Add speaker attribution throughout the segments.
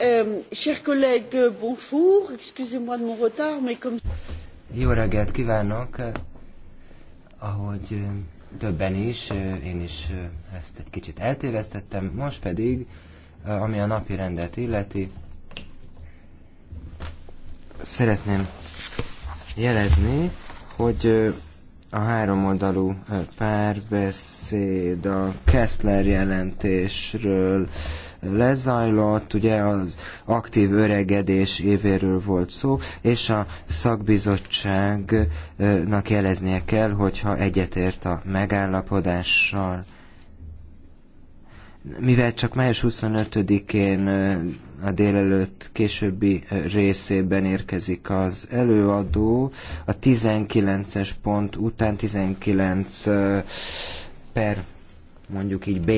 Speaker 1: Euh, chers collègues, bonjour. Excusez-moi de mon retard, mais comme...
Speaker 2: Jó reggelt kívánok! Ahogy többen is, én is ezt egy kicsit eltévesztettem. Most pedig, ami a napi rendet illeti, szeretném jelezni, hogy a háromoldalú eh, párbeszéd a Kessler jelentésről lezajlott, ugye az aktív öregedés évéről volt szó, és a szakbizottságnak jeleznie kell, hogyha egyetért a megállapodással. Mivel csak május 25-én a délelőtt későbbi részében érkezik az előadó. A 19-es pont után 19 per mondjuk így B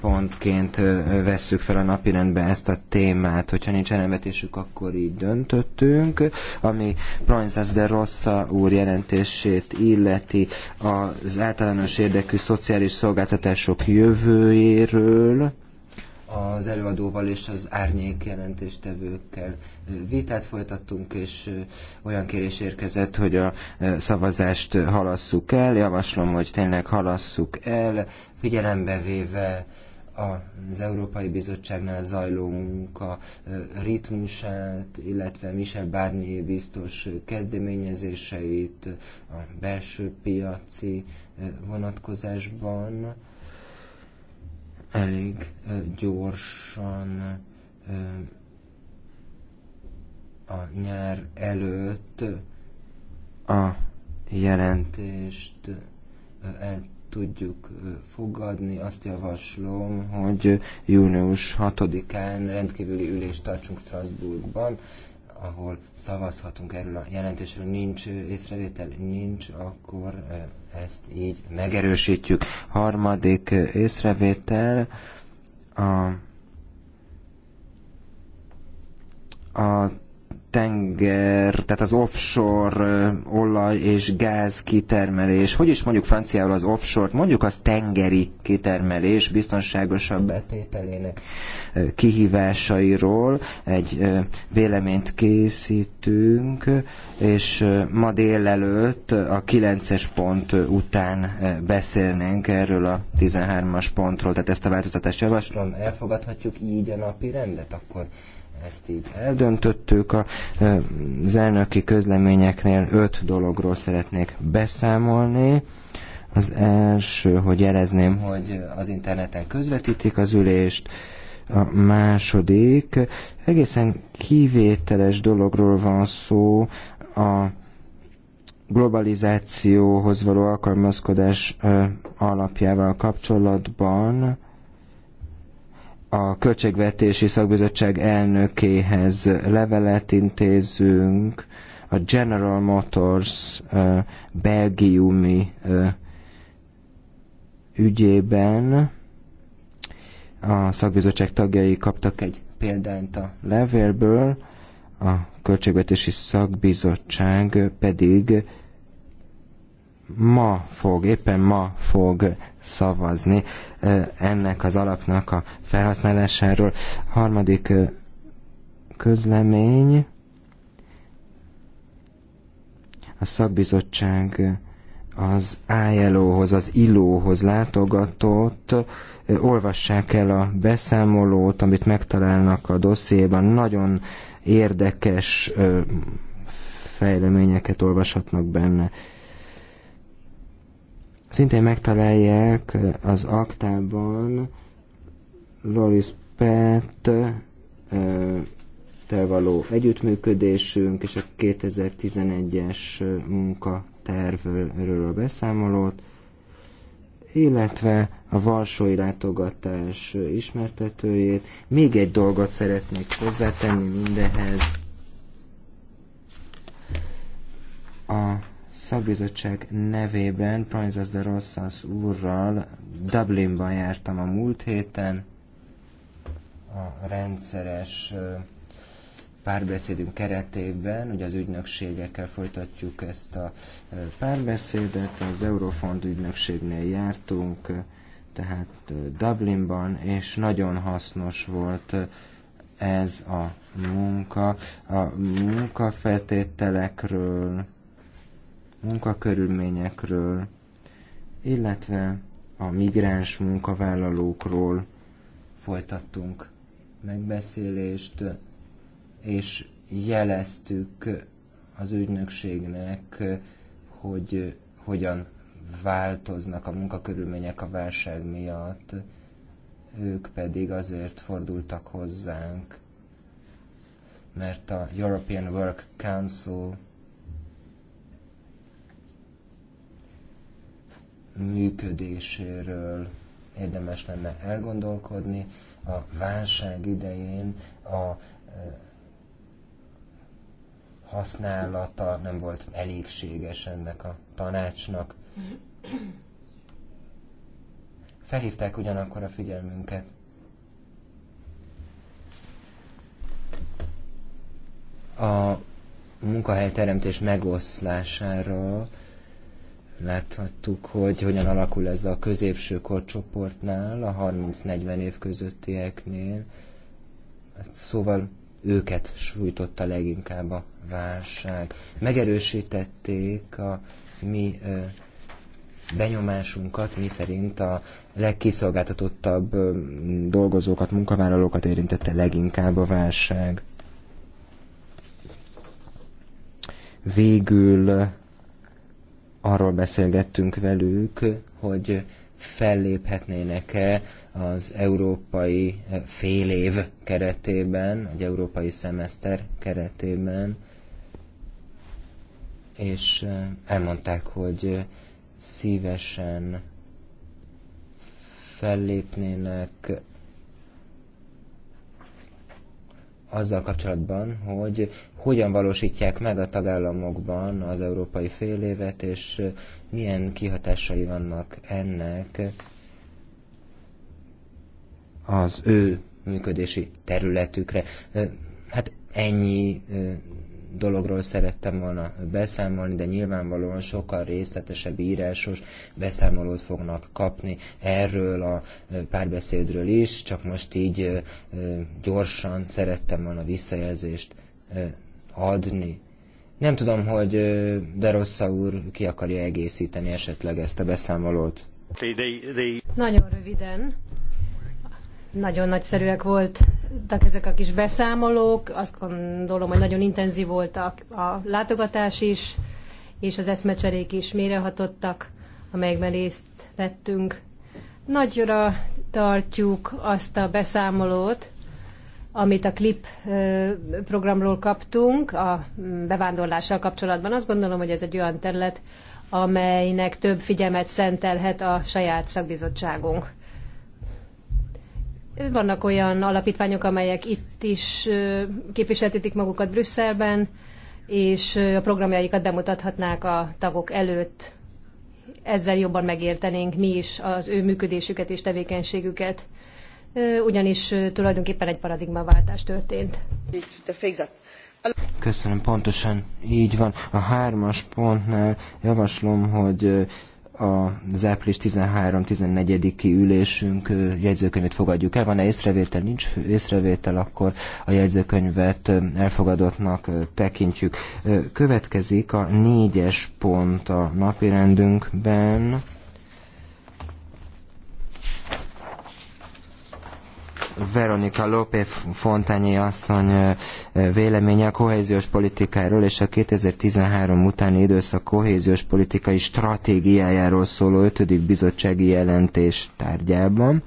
Speaker 2: pontként vesszük fel a napirendbe ezt a témát. Hogyha nincs elemetésük, akkor így döntöttünk. Ami Pranzas de Rossa úr jelentését illeti az általános érdekű szociális szolgáltatások jövőjéről, az előadóval és az árnyék jelentéstevőkkel vitát folytattunk, és olyan kérés érkezett, hogy a szavazást halasszuk el. Javaslom, hogy tényleg halasszuk el, figyelembe véve az Európai Bizottságnál zajló munka ritmusát, illetve Michel Barnier biztos kezdeményezéseit a belső piaci vonatkozásban elég gyorsan a nyár előtt a jelentést el tudjuk fogadni. Azt javaslom, hogy június 6-án rendkívüli ülést tartsunk Strasbourgban, ahol szavazhatunk erről a jelentésről. Nincs észrevétel, nincs, akkor ezt így megerősítjük. Harmadik észrevétel a, a tenger, tehát az offshore olaj és gáz kitermelés. Hogy is mondjuk franciául az offshore Mondjuk az tengeri kitermelés biztonságosabb betételének kihívásairól. Egy véleményt készítünk, és ma délelőtt a 9-es pont után beszélnénk erről a 13-as pontról, tehát ezt a változtatást javaslom. Elfogadhatjuk így a napi rendet, akkor ezt így eldöntöttük. E, az elnöki közleményeknél öt dologról szeretnék beszámolni. Az első, hogy jelezném, hogy az interneten közvetítik az ülést. A második, egészen kivételes dologról van szó, a globalizációhoz való alkalmazkodás e, alapjával kapcsolatban a Költségvetési Szakbizottság elnökéhez levelet intézünk, a General Motors uh, belgiumi uh, ügyében a szakbizottság tagjai kaptak egy példányt a levélből, a Költségvetési Szakbizottság pedig ma fog, éppen ma fog szavazni ennek az alapnak a felhasználásáról. Harmadik közlemény a szakbizottság az ILO-hoz, az ILO-hoz látogatott, olvassák el a beszámolót, amit megtalálnak a dossziéban. Nagyon érdekes fejleményeket olvashatnak benne. Szintén megtalálják az aktában Loris Pett tel való együttműködésünk és a 2011-es munkatervről a beszámolót, illetve a Varsói látogatás ismertetőjét. Még egy dolgot szeretnék hozzátenni mindehez. A szakbizottság nevében Princess de Rossas úrral Dublinban jártam a múlt héten. A rendszeres párbeszédünk keretében, ugye az ügynökségekkel folytatjuk ezt a párbeszédet, az Eurofond ügynökségnél jártunk, tehát Dublinban, és nagyon hasznos volt ez a munka. A munkafeltételekről, munkakörülményekről, illetve a migráns munkavállalókról folytattunk megbeszélést, és jeleztük az ügynökségnek, hogy hogyan változnak a munkakörülmények a válság miatt, ők pedig azért fordultak hozzánk, mert a European Work Council működéséről érdemes lenne elgondolkodni. A válság idején a e, használata nem volt elégséges ennek a tanácsnak. Felhívták ugyanakkor a figyelmünket a munkahelyteremtés megoszlásáról, Láthattuk, hogy hogyan alakul ez a középső korcsoportnál, a 30-40 év közöttieknél. Hát szóval őket sújtotta leginkább a válság. Megerősítették a mi ö, benyomásunkat, mi szerint a legkiszolgáltatottabb dolgozókat, munkavállalókat érintette leginkább a válság. Végül arról beszélgettünk velük, hogy felléphetnének-e az európai eh, fél év keretében, egy európai szemeszter keretében, és eh, elmondták, hogy eh, szívesen fellépnének azzal kapcsolatban, hogy hogyan valósítják meg a tagállamokban az európai fél évet, és milyen kihatásai vannak ennek az ő működési területükre. Hát ennyi dologról szerettem volna beszámolni, de nyilvánvalóan sokkal részletesebb írásos beszámolót fognak kapni erről a párbeszédről is, csak most így gyorsan szerettem volna visszajelzést adni. Nem tudom, hogy De Rossza úr ki akarja egészíteni esetleg ezt a beszámolót.
Speaker 3: Nagyon röviden. Nagyon nagyszerűek voltak ezek a kis beszámolók, azt gondolom, hogy nagyon intenzív volt a, a látogatás is, és az eszmecserék is mérehatottak, amelyekben részt vettünk. Nagyra tartjuk azt a beszámolót, amit a klip programról kaptunk a mm, bevándorlással kapcsolatban. Azt gondolom, hogy ez egy olyan terület, amelynek több figyelmet szentelhet a saját szakbizottságunk. Vannak olyan alapítványok, amelyek itt is képviseltetik magukat Brüsszelben, és a programjaikat bemutathatnák a tagok előtt. Ezzel jobban megértenénk mi is az ő működésüket és tevékenységüket, ugyanis tulajdonképpen egy paradigmaváltás történt.
Speaker 2: Köszönöm, pontosan így van. A hármas pontnál javaslom, hogy az április 13-14-i ülésünk jegyzőkönyvét fogadjuk el. Van-e észrevétel? Nincs észrevétel, akkor a jegyzőkönyvet elfogadottnak tekintjük. Következik a négyes pont a napirendünkben. Veronika López Fontányi asszony véleménye a kohéziós politikáról és a 2013 utáni időszak kohéziós politikai stratégiájáról szóló 5. bizottsági jelentés tárgyában.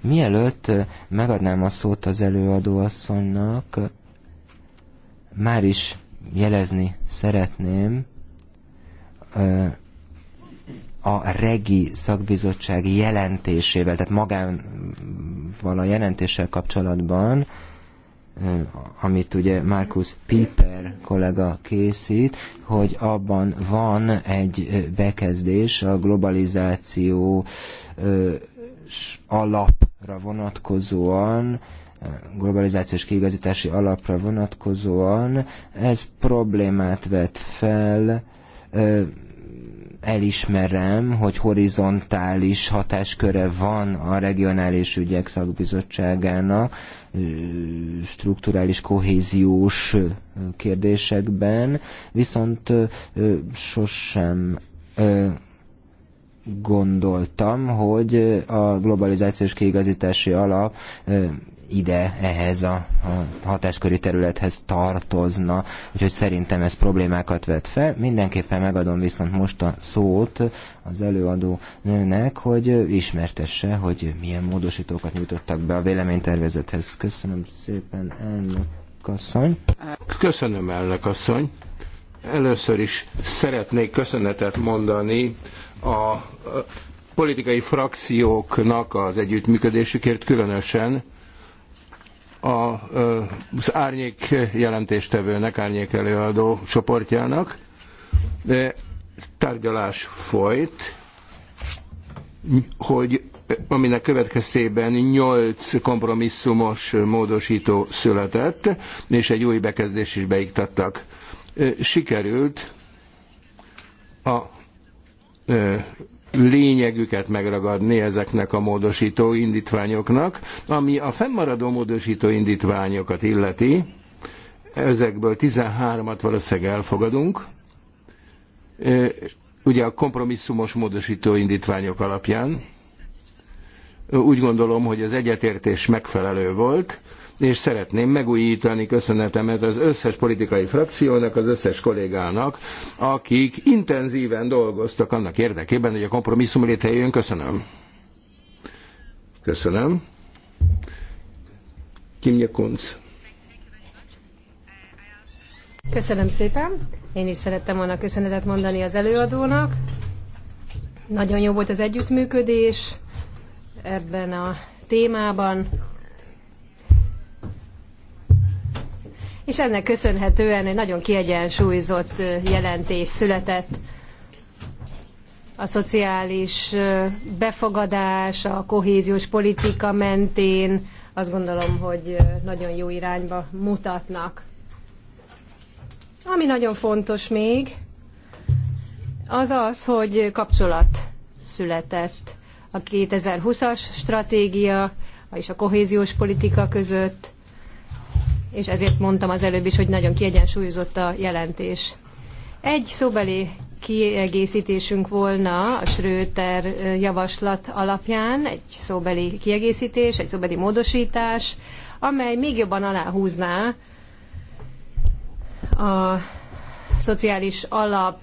Speaker 2: Mielőtt megadnám a szót az előadó asszonynak, már is jelezni szeretném, a regi szakbizottság jelentésével, tehát magával a jelentéssel kapcsolatban, amit ugye Markus Piper kollega készít, hogy abban van egy bekezdés a globalizáció alapra vonatkozóan, globalizációs kiigazítási alapra vonatkozóan, ez problémát vet fel, elismerem, hogy horizontális hatásköre van a regionális ügyek szakbizottságának strukturális kohéziós kérdésekben, viszont sosem gondoltam, hogy a globalizációs kiigazítási alap ide, ehhez a, a hatáskörű területhez tartozna, úgyhogy szerintem ez problémákat vet fel. Mindenképpen megadom viszont most a szót az előadó nőnek, hogy ismertesse, hogy milyen módosítókat nyújtottak be a véleménytervezethez. Köszönöm szépen, elnök asszony.
Speaker 4: Köszönöm, elnök asszony. Először is szeretnék köszönetet mondani a politikai frakcióknak az együttműködésükért különösen, a, az árnyék jelentéstevőnek, árnyék előadó csoportjának. Tárgyalás folyt, hogy aminek következtében nyolc kompromisszumos módosító született, és egy új bekezdés is beiktattak. Sikerült a lényegüket megragadni ezeknek a módosító indítványoknak, ami a fennmaradó módosító indítványokat illeti, ezekből 13-at valószínűleg elfogadunk, ugye a kompromisszumos módosító indítványok alapján. Úgy gondolom, hogy az egyetértés megfelelő volt, és szeretném megújítani köszönetemet az összes politikai frakciónak, az összes kollégának, akik intenzíven dolgoztak annak érdekében, hogy a kompromisszum létrejöjjön. Köszönöm. Köszönöm. Kimje Kunc.
Speaker 3: Köszönöm szépen. Én is szerettem volna köszönetet mondani az előadónak. Nagyon jó volt az együttműködés ebben a témában. és ennek köszönhetően egy nagyon kiegyensúlyozott jelentés született. A szociális befogadás, a kohéziós politika mentén azt gondolom, hogy nagyon jó irányba mutatnak. Ami nagyon fontos még, az az, hogy kapcsolat született a 2020-as stratégia és a kohéziós politika között, és ezért mondtam az előbb is, hogy nagyon kiegyensúlyozott a jelentés. Egy szóbeli kiegészítésünk volna a Schröter javaslat alapján, egy szóbeli kiegészítés, egy szóbeli módosítás, amely még jobban aláhúzná a szociális alap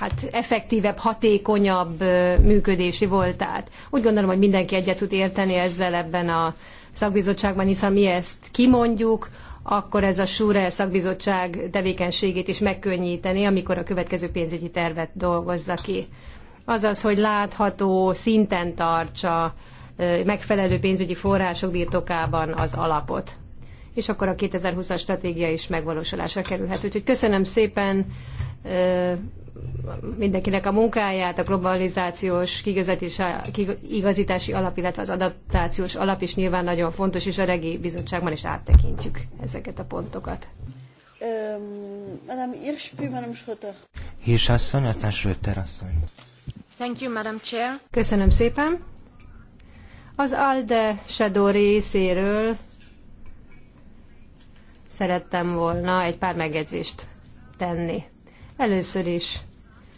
Speaker 3: hát effektívebb, hatékonyabb működési voltát. Úgy gondolom, hogy mindenki egyet tud érteni ezzel ebben a szakbizottságban, hiszen mi ezt kimondjuk, akkor ez a SURE szakbizottság tevékenységét is megkönnyíteni, amikor a következő pénzügyi tervet dolgozza ki. Azaz, hogy látható szinten tartsa megfelelő pénzügyi források birtokában az alapot. És akkor a 2020-as stratégia is megvalósulásra kerülhet. Úgyhogy köszönöm szépen mindenkinek a munkáját, a globalizációs igazítási alap, illetve az adaptációs alap is nyilván nagyon fontos, és a regi bizottságban is áttekintjük ezeket a pontokat. Hírsasszony, Hirsch,
Speaker 2: Hirsch asszony, aztán Schröter asszony.
Speaker 3: Thank you, Madam Chair. Köszönöm szépen. Az ALDE Shadow részéről szerettem volna egy pár megjegyzést tenni. Először is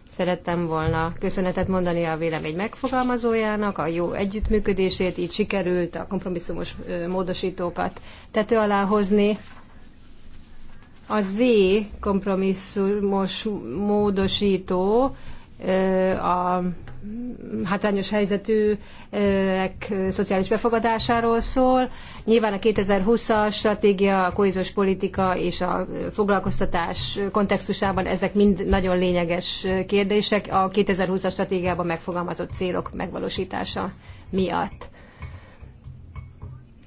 Speaker 3: szerettem volna köszönetet mondani a vélemény megfogalmazójának, a jó együttműködését, így sikerült a kompromisszumos módosítókat tető alá hozni. A Z kompromisszumos módosító a hátrányos helyzetűek szociális befogadásáról szól. Nyilván a 2020-as stratégia, a kohéziós politika és a foglalkoztatás kontextusában ezek mind nagyon lényeges kérdések a 2020-as stratégiában megfogalmazott célok megvalósítása miatt.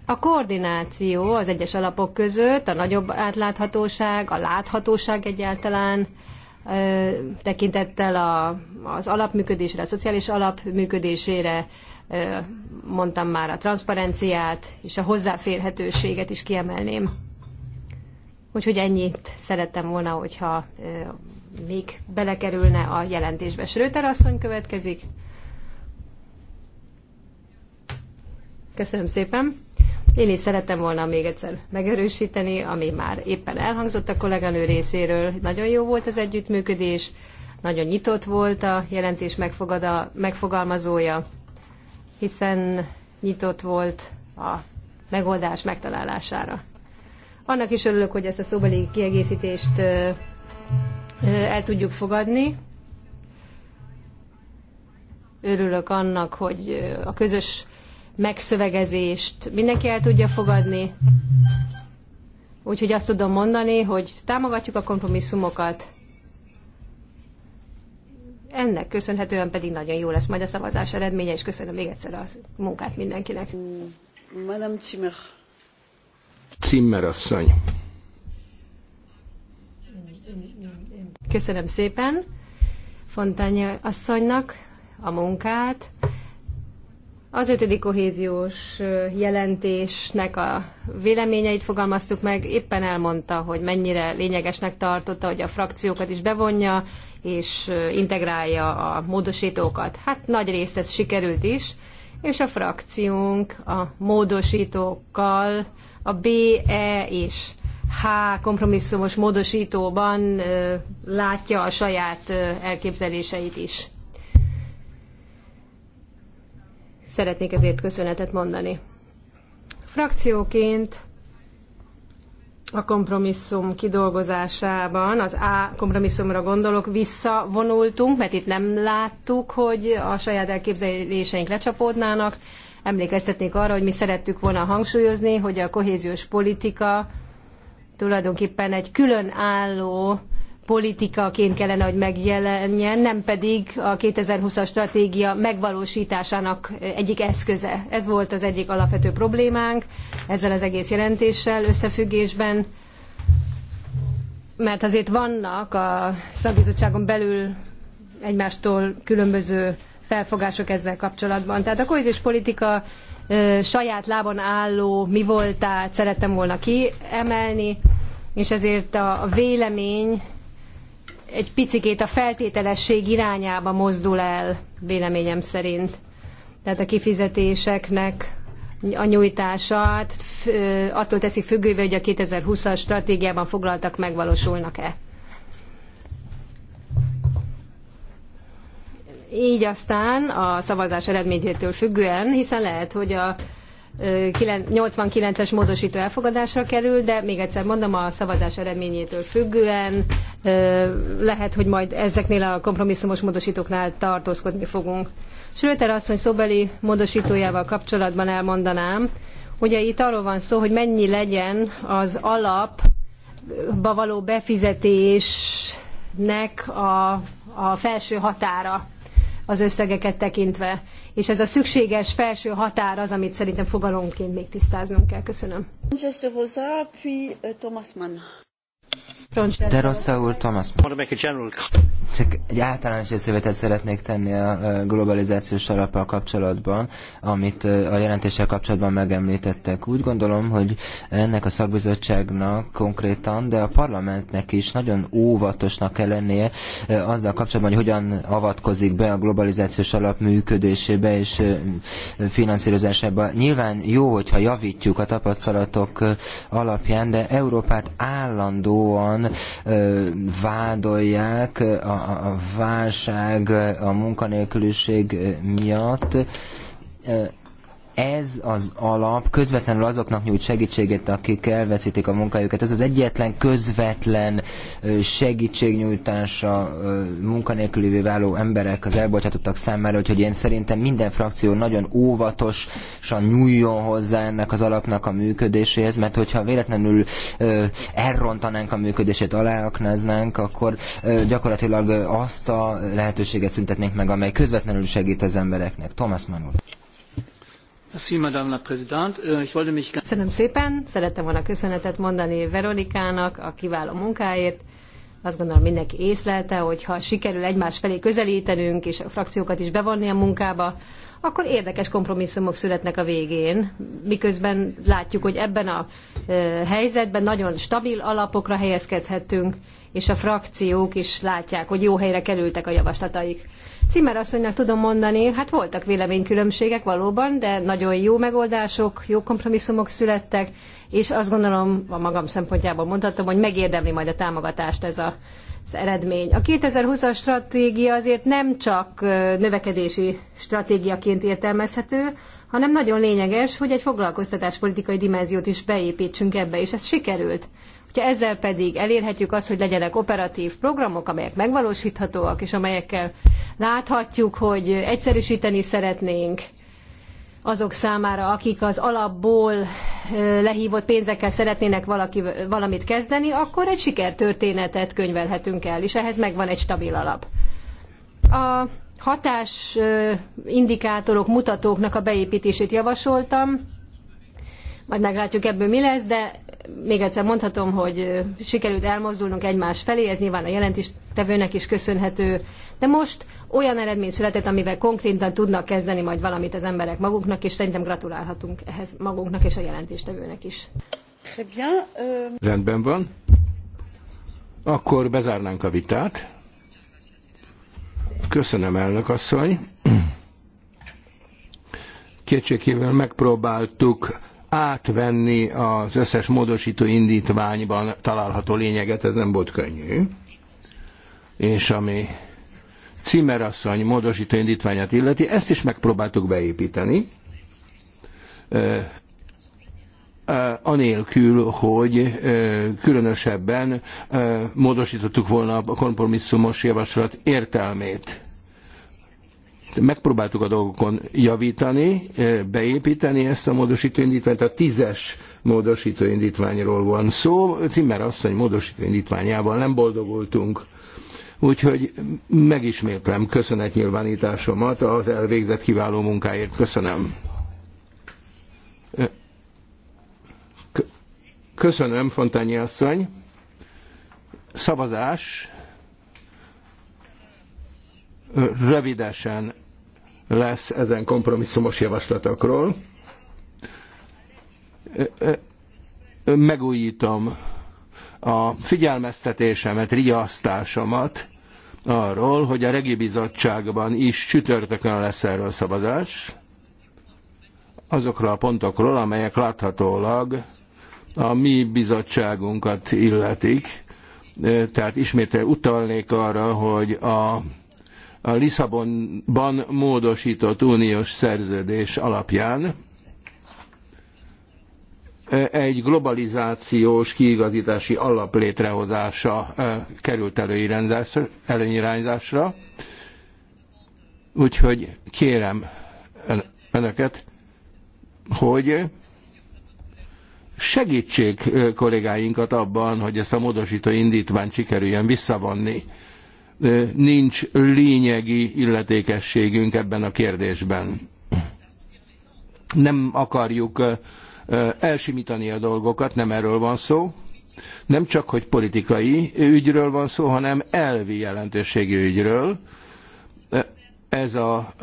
Speaker 3: A koordináció az egyes alapok között, a nagyobb átláthatóság, a láthatóság egyáltalán, tekintettel a, az alapműködésre, a szociális alapműködésére, mondtam már a transzparenciát és a hozzáférhetőséget is kiemelném. Úgyhogy ennyit szerettem volna, hogyha még belekerülne a jelentésbe. Sröter asszony következik. Köszönöm szépen. Én is szeretem volna még egyszer megerősíteni, ami már éppen elhangzott a kolléganő részéről. Nagyon jó volt az együttműködés, nagyon nyitott volt a jelentés megfogada, megfogalmazója, hiszen nyitott volt a megoldás megtalálására. Annak is örülök, hogy ezt a szóbeli kiegészítést el tudjuk fogadni. Örülök annak, hogy a közös megszövegezést mindenki el tudja fogadni. Úgyhogy azt tudom mondani, hogy támogatjuk a kompromisszumokat. Ennek köszönhetően pedig nagyon jó lesz majd a szavazás eredménye, és köszönöm még egyszer a munkát mindenkinek. Madame Zimmer.
Speaker 4: Zimmer asszony.
Speaker 3: Köszönöm szépen Fontánya asszonynak a munkát, az ötödik kohéziós jelentésnek a véleményeit fogalmaztuk meg, éppen elmondta, hogy mennyire lényegesnek tartotta, hogy a frakciókat is bevonja, és integrálja a módosítókat. Hát nagy részt ez sikerült is, és a frakciónk a módosítókkal a B, E és H kompromisszumos módosítóban látja a saját elképzeléseit is. Szeretnék ezért köszönetet mondani. Frakcióként a kompromisszum kidolgozásában, az A kompromisszumra gondolok, visszavonultunk, mert itt nem láttuk, hogy a saját elképzeléseink lecsapódnának. Emlékeztetnék arra, hogy mi szerettük volna hangsúlyozni, hogy a kohéziós politika tulajdonképpen egy különálló politikaként kellene, hogy megjelenjen, nem pedig a 2020-as stratégia megvalósításának egyik eszköze. Ez volt az egyik alapvető problémánk ezzel az egész jelentéssel összefüggésben, mert azért vannak a szakbizottságon belül egymástól különböző felfogások ezzel kapcsolatban. Tehát a kohéziós politika saját lábon álló mi voltát szerettem volna kiemelni, és ezért a vélemény egy picikét a feltételesség irányába mozdul el, véleményem szerint. Tehát a kifizetéseknek a nyújtását attól teszik függővé, hogy a 2020-as stratégiában foglaltak megvalósulnak-e. Így aztán a szavazás eredményétől függően, hiszen lehet, hogy a 89-es módosító elfogadásra kerül, de még egyszer mondom, a szavazás eredményétől függően lehet, hogy majd ezeknél a kompromisszumos módosítóknál tartózkodni fogunk. Schröter asszony szobeli módosítójával kapcsolatban elmondanám, ugye itt arról van szó, hogy mennyi legyen az alapba való befizetésnek a, a felső határa az összegeket tekintve. És ez a szükséges felső határ az, amit szerintem fogalomként még tisztáznunk kell. Köszönöm.
Speaker 1: Euh, Thomas Mann. De Rossza
Speaker 2: úr, Thomas. Csak egy általános észrevételt szeretnék tenni a globalizációs alappal kapcsolatban, amit a jelentéssel kapcsolatban megemlítettek. Úgy gondolom, hogy ennek a szakbizottságnak konkrétan, de a parlamentnek is nagyon óvatosnak kell lennie azzal kapcsolatban, hogy hogyan avatkozik be a globalizációs alap működésébe és finanszírozásába. Nyilván jó, hogyha javítjuk a tapasztalatok alapján, de Európát állandóan sokan vádolják a válság, a munkanélküliség miatt ez az alap közvetlenül azoknak nyújt segítséget, akik elveszítik a munkájukat. Ez az egyetlen közvetlen segítségnyújtása munkanélkülévé váló emberek, az elbocsátottak számára, úgyhogy én szerintem minden frakció nagyon óvatosan nyúljon hozzá ennek az alapnak a működéséhez, mert hogyha véletlenül elrontanánk a működését, aláaknáznánk, akkor gyakorlatilag azt a lehetőséget szüntetnénk meg, amely közvetlenül segít az embereknek. Thomas Mann úr.
Speaker 4: Euh,
Speaker 3: Köszönöm szépen, szerettem volna köszönetet mondani Veronikának a kiváló munkáért. Azt gondolom mindenki észlelte, hogy ha sikerül egymás felé közelítenünk, és a frakciókat is bevonni a munkába, akkor érdekes kompromisszumok születnek a végén, miközben látjuk, hogy ebben a helyzetben nagyon stabil alapokra helyezkedhetünk, és a frakciók is látják, hogy jó helyre kerültek a javaslataik. Cimer asszonynak tudom mondani, hát voltak véleménykülönbségek valóban, de nagyon jó megoldások, jó kompromisszumok születtek, és azt gondolom, a magam szempontjából mondhatom, hogy megérdemli majd a támogatást ez a az eredmény. A 2020-as stratégia azért nem csak növekedési stratégiaként értelmezhető, hanem nagyon lényeges, hogy egy foglalkoztatáspolitikai dimenziót is beépítsünk ebbe, és ez sikerült támogatja, ezzel pedig elérhetjük azt, hogy legyenek operatív programok, amelyek megvalósíthatóak, és amelyekkel láthatjuk, hogy egyszerűsíteni szeretnénk azok számára, akik az alapból lehívott pénzekkel szeretnének valaki, valamit kezdeni, akkor egy sikertörténetet könyvelhetünk el, és ehhez megvan egy stabil alap. A hatás indikátorok, mutatóknak a beépítését javasoltam, majd meglátjuk ebből mi lesz, de még egyszer mondhatom, hogy sikerült elmozdulnunk egymás felé, ez nyilván a jelentéstevőnek is köszönhető, de most olyan eredmény született, amivel konkrétan tudnak kezdeni majd valamit az emberek maguknak, és szerintem gratulálhatunk ehhez magunknak és a jelentéstevőnek is. Euh,
Speaker 4: Rendben van. Akkor bezárnánk a vitát. Köszönöm, elnök asszony. Kétségkívül megpróbáltuk átvenni az összes módosító indítványban található lényeget, ez nem volt könnyű. És ami címerasszony módosító indítványát illeti, ezt is megpróbáltuk beépíteni, anélkül, hogy különösebben módosítottuk volna a kompromisszumos javaslat értelmét Megpróbáltuk a dolgokon javítani, beépíteni ezt a módosító indítványt. A tízes módosító indítványról van szó. Cimmer asszony módosító indítványával nem boldogultunk. Úgyhogy megismétlem köszönetnyilvánításomat az elvégzett kiváló munkáért. Köszönöm. Köszönöm, Fontányi asszony. Szavazás. Rövidesen lesz ezen kompromisszumos javaslatokról. Megújítom a figyelmeztetésemet, riasztásomat arról, hogy a Regi Bizottságban is csütörtökön lesz erről szavazás, azokról a pontokról, amelyek láthatólag a mi bizottságunkat illetik. Tehát ismét utalnék arra, hogy a a Lisszabonban módosított uniós szerződés alapján egy globalizációs kiigazítási alap létrehozása került előirányzásra. Úgyhogy kérem önöket, hogy segítsék kollégáinkat abban, hogy ezt a módosító indítványt sikerüljön visszavonni nincs lényegi illetékességünk ebben a kérdésben. Nem akarjuk elsimítani a dolgokat, nem erről van szó. Nem csak, hogy politikai ügyről van szó, hanem elvi jelentőségű ügyről. Ez a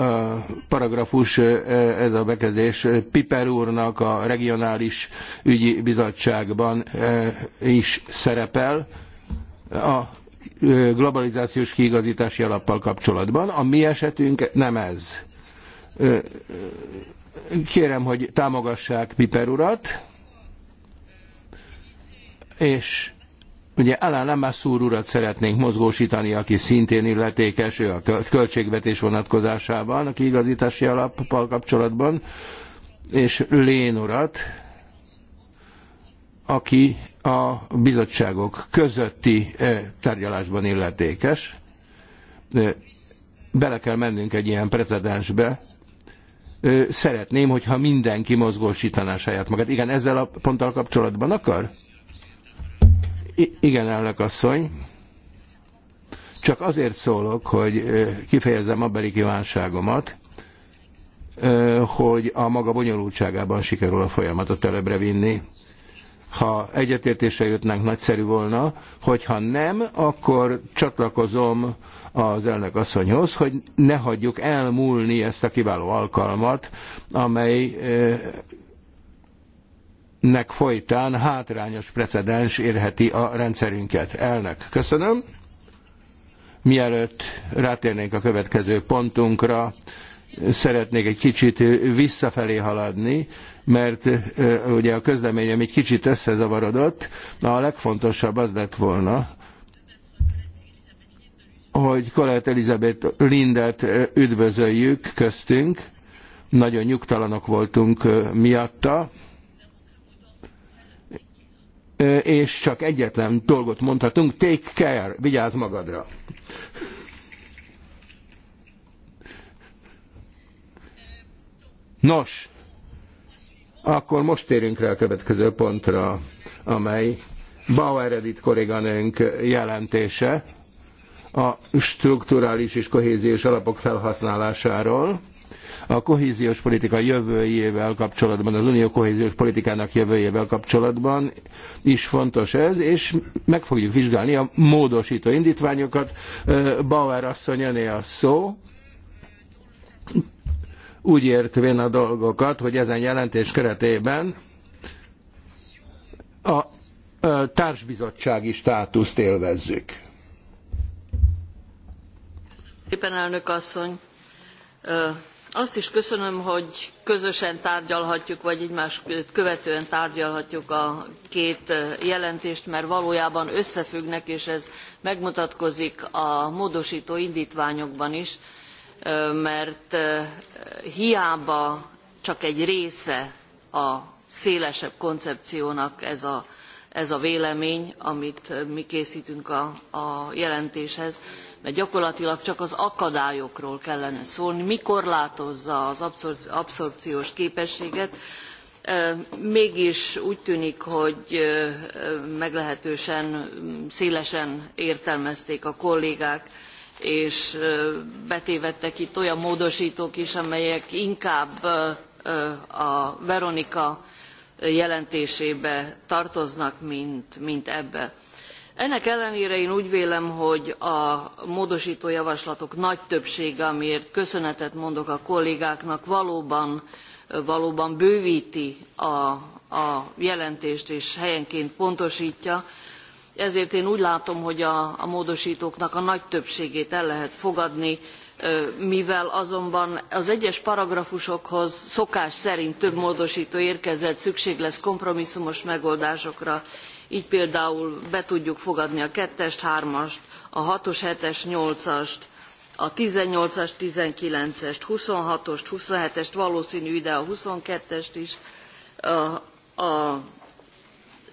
Speaker 4: paragrafus, ez a bekezdés Piper úrnak a regionális ügyi bizottságban is szerepel. A globalizációs kiigazítási alappal kapcsolatban. A mi esetünk nem ez. Kérem, hogy támogassák Piper urat, és ugye Alain Lemassur urat szeretnénk mozgósítani, aki szintén illetékes, ő a költségvetés vonatkozásában, a kiigazítási alappal kapcsolatban, és Lén urat, aki a bizottságok közötti eh, tárgyalásban illetékes. Eh, bele kell mennünk egy ilyen precedensbe. Eh, szeretném, hogyha mindenki mozgósítaná saját magát. Igen, ezzel a ponttal kapcsolatban akar? I igen, elnök asszony. Csak azért szólok, hogy kifejezem a beli kívánságomat, hogy a maga bonyolultságában sikerül a folyamatot előbbre vinni ha egyetértésre jutnánk, nagyszerű volna, hogyha nem, akkor csatlakozom az elnök asszonyhoz, hogy ne hagyjuk elmúlni ezt a kiváló alkalmat, amely eh, nek folytán hátrányos precedens érheti a rendszerünket. Elnök, köszönöm. Mielőtt rátérnénk a következő pontunkra, szeretnék egy kicsit visszafelé haladni, mert ugye a közleményem egy kicsit összezavarodott. A legfontosabb az lett volna, hogy Colette Elizabeth Lindet üdvözöljük köztünk. Nagyon nyugtalanok voltunk miatta és csak egyetlen dolgot mondhatunk, take care, vigyázz magadra. Nos, akkor most térünk rá a következő pontra, amely Bauer Edith kolléganőnk jelentése a strukturális és kohéziós alapok felhasználásáról a kohéziós politika jövőjével kapcsolatban, az unió kohéziós politikának jövőjével kapcsolatban is fontos ez, és meg fogjuk vizsgálni a módosító indítványokat. Bauer asszony, öné a szó úgy értvén a dolgokat, hogy ezen jelentés keretében a társbizottsági státuszt élvezzük.
Speaker 1: Szépen elnök asszony! Azt is köszönöm, hogy közösen tárgyalhatjuk, vagy egymás követően tárgyalhatjuk a két jelentést, mert valójában összefüggnek, és ez megmutatkozik a módosító indítványokban is mert hiába csak egy része a szélesebb koncepciónak ez a, ez a vélemény, amit mi készítünk a, a jelentéshez, mert gyakorlatilag csak az akadályokról kellene szólni, mi korlátozza az abszorpciós képességet, mégis úgy tűnik, hogy meglehetősen szélesen értelmezték a kollégák és betévettek itt olyan módosítók is, amelyek inkább a Veronika jelentésébe tartoznak, mint, mint ebbe. Ennek ellenére én úgy vélem, hogy a módosító javaslatok nagy többsége, amiért köszönetet mondok a kollégáknak, valóban, valóban bővíti a, a jelentést és helyenként pontosítja, ezért én úgy látom, hogy a, a módosítóknak a nagy többségét el lehet fogadni, mivel azonban az egyes paragrafusokhoz szokás szerint több módosító érkezett, szükség lesz kompromisszumos megoldásokra, így például be tudjuk fogadni a 2-est, 3-ast, a 6-os, 7-es, 8-ast, a 18-as, 19-est, 26-ost, 27-est, valószínű ide a 22-est is, a, a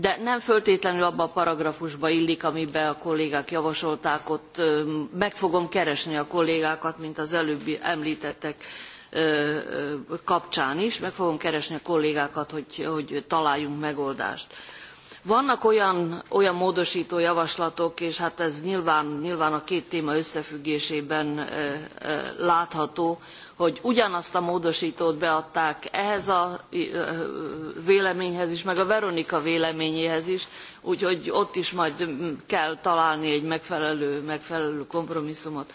Speaker 1: de nem föltétlenül abba a paragrafusba illik, amiben a kollégák javasolták, ott meg fogom keresni a kollégákat, mint az előbbi említettek kapcsán is, meg fogom keresni a kollégákat, hogy, hogy találjunk megoldást. Vannak olyan, olyan módosító javaslatok, és hát ez nyilván, nyilván a két téma összefüggésében látható, hogy ugyanazt a módosítót beadták ehhez a véleményhez is, meg a Veronika véleményéhez is, úgyhogy ott is majd kell találni egy megfelelő, megfelelő kompromisszumot,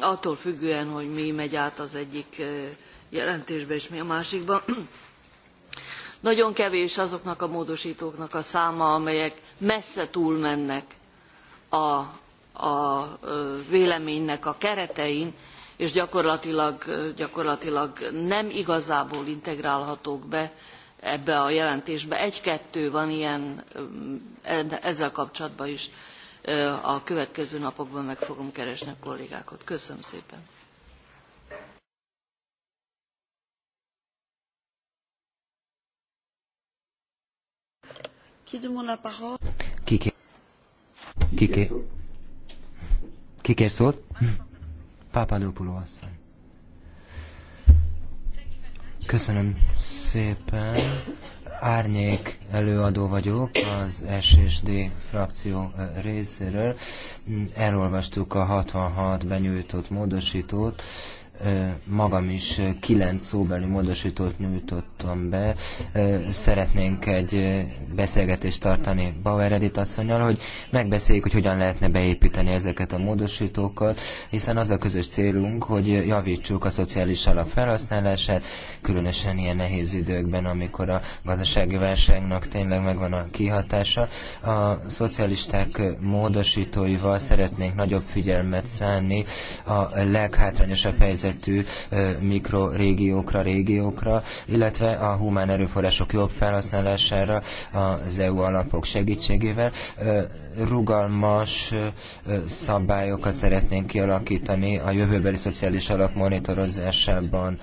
Speaker 1: attól függően, hogy mi megy át az egyik jelentésbe és mi a másikba. Nagyon kevés azoknak a módosítóknak a száma, amelyek messze túlmennek a, a véleménynek a keretein, és gyakorlatilag, gyakorlatilag nem igazából integrálhatók be ebbe a jelentésbe. Egy-kettő van ilyen, ezzel kapcsolatban is a következő napokban meg fogom keresni a kollégákat. Köszönöm szépen. Ki demande la parole?
Speaker 2: Pápádópuló asszony. Köszönöm szépen. Árnyék előadó vagyok az SSD frakció részéről. Elolvastuk a 66 benyújtott módosítót magam is kilenc szóbeli módosítót nyújtottam be. Szeretnénk egy beszélgetést tartani Bauer Edith asszonyal, hogy megbeszéljük, hogy hogyan lehetne beépíteni ezeket a módosítókat, hiszen az a közös célunk, hogy javítsuk a szociális alap felhasználását, különösen ilyen nehéz időkben, amikor a gazdasági válságnak tényleg megvan a kihatása. A szocialisták módosítóival szeretnénk nagyobb figyelmet szánni a leghátrányosabb helyzet helyzetű mikrorégiókra, régiókra, illetve a humán erőforrások jobb felhasználására az EU alapok segítségével rugalmas szabályokat szeretnénk kialakítani a jövőbeli szociális alap monitorozásában.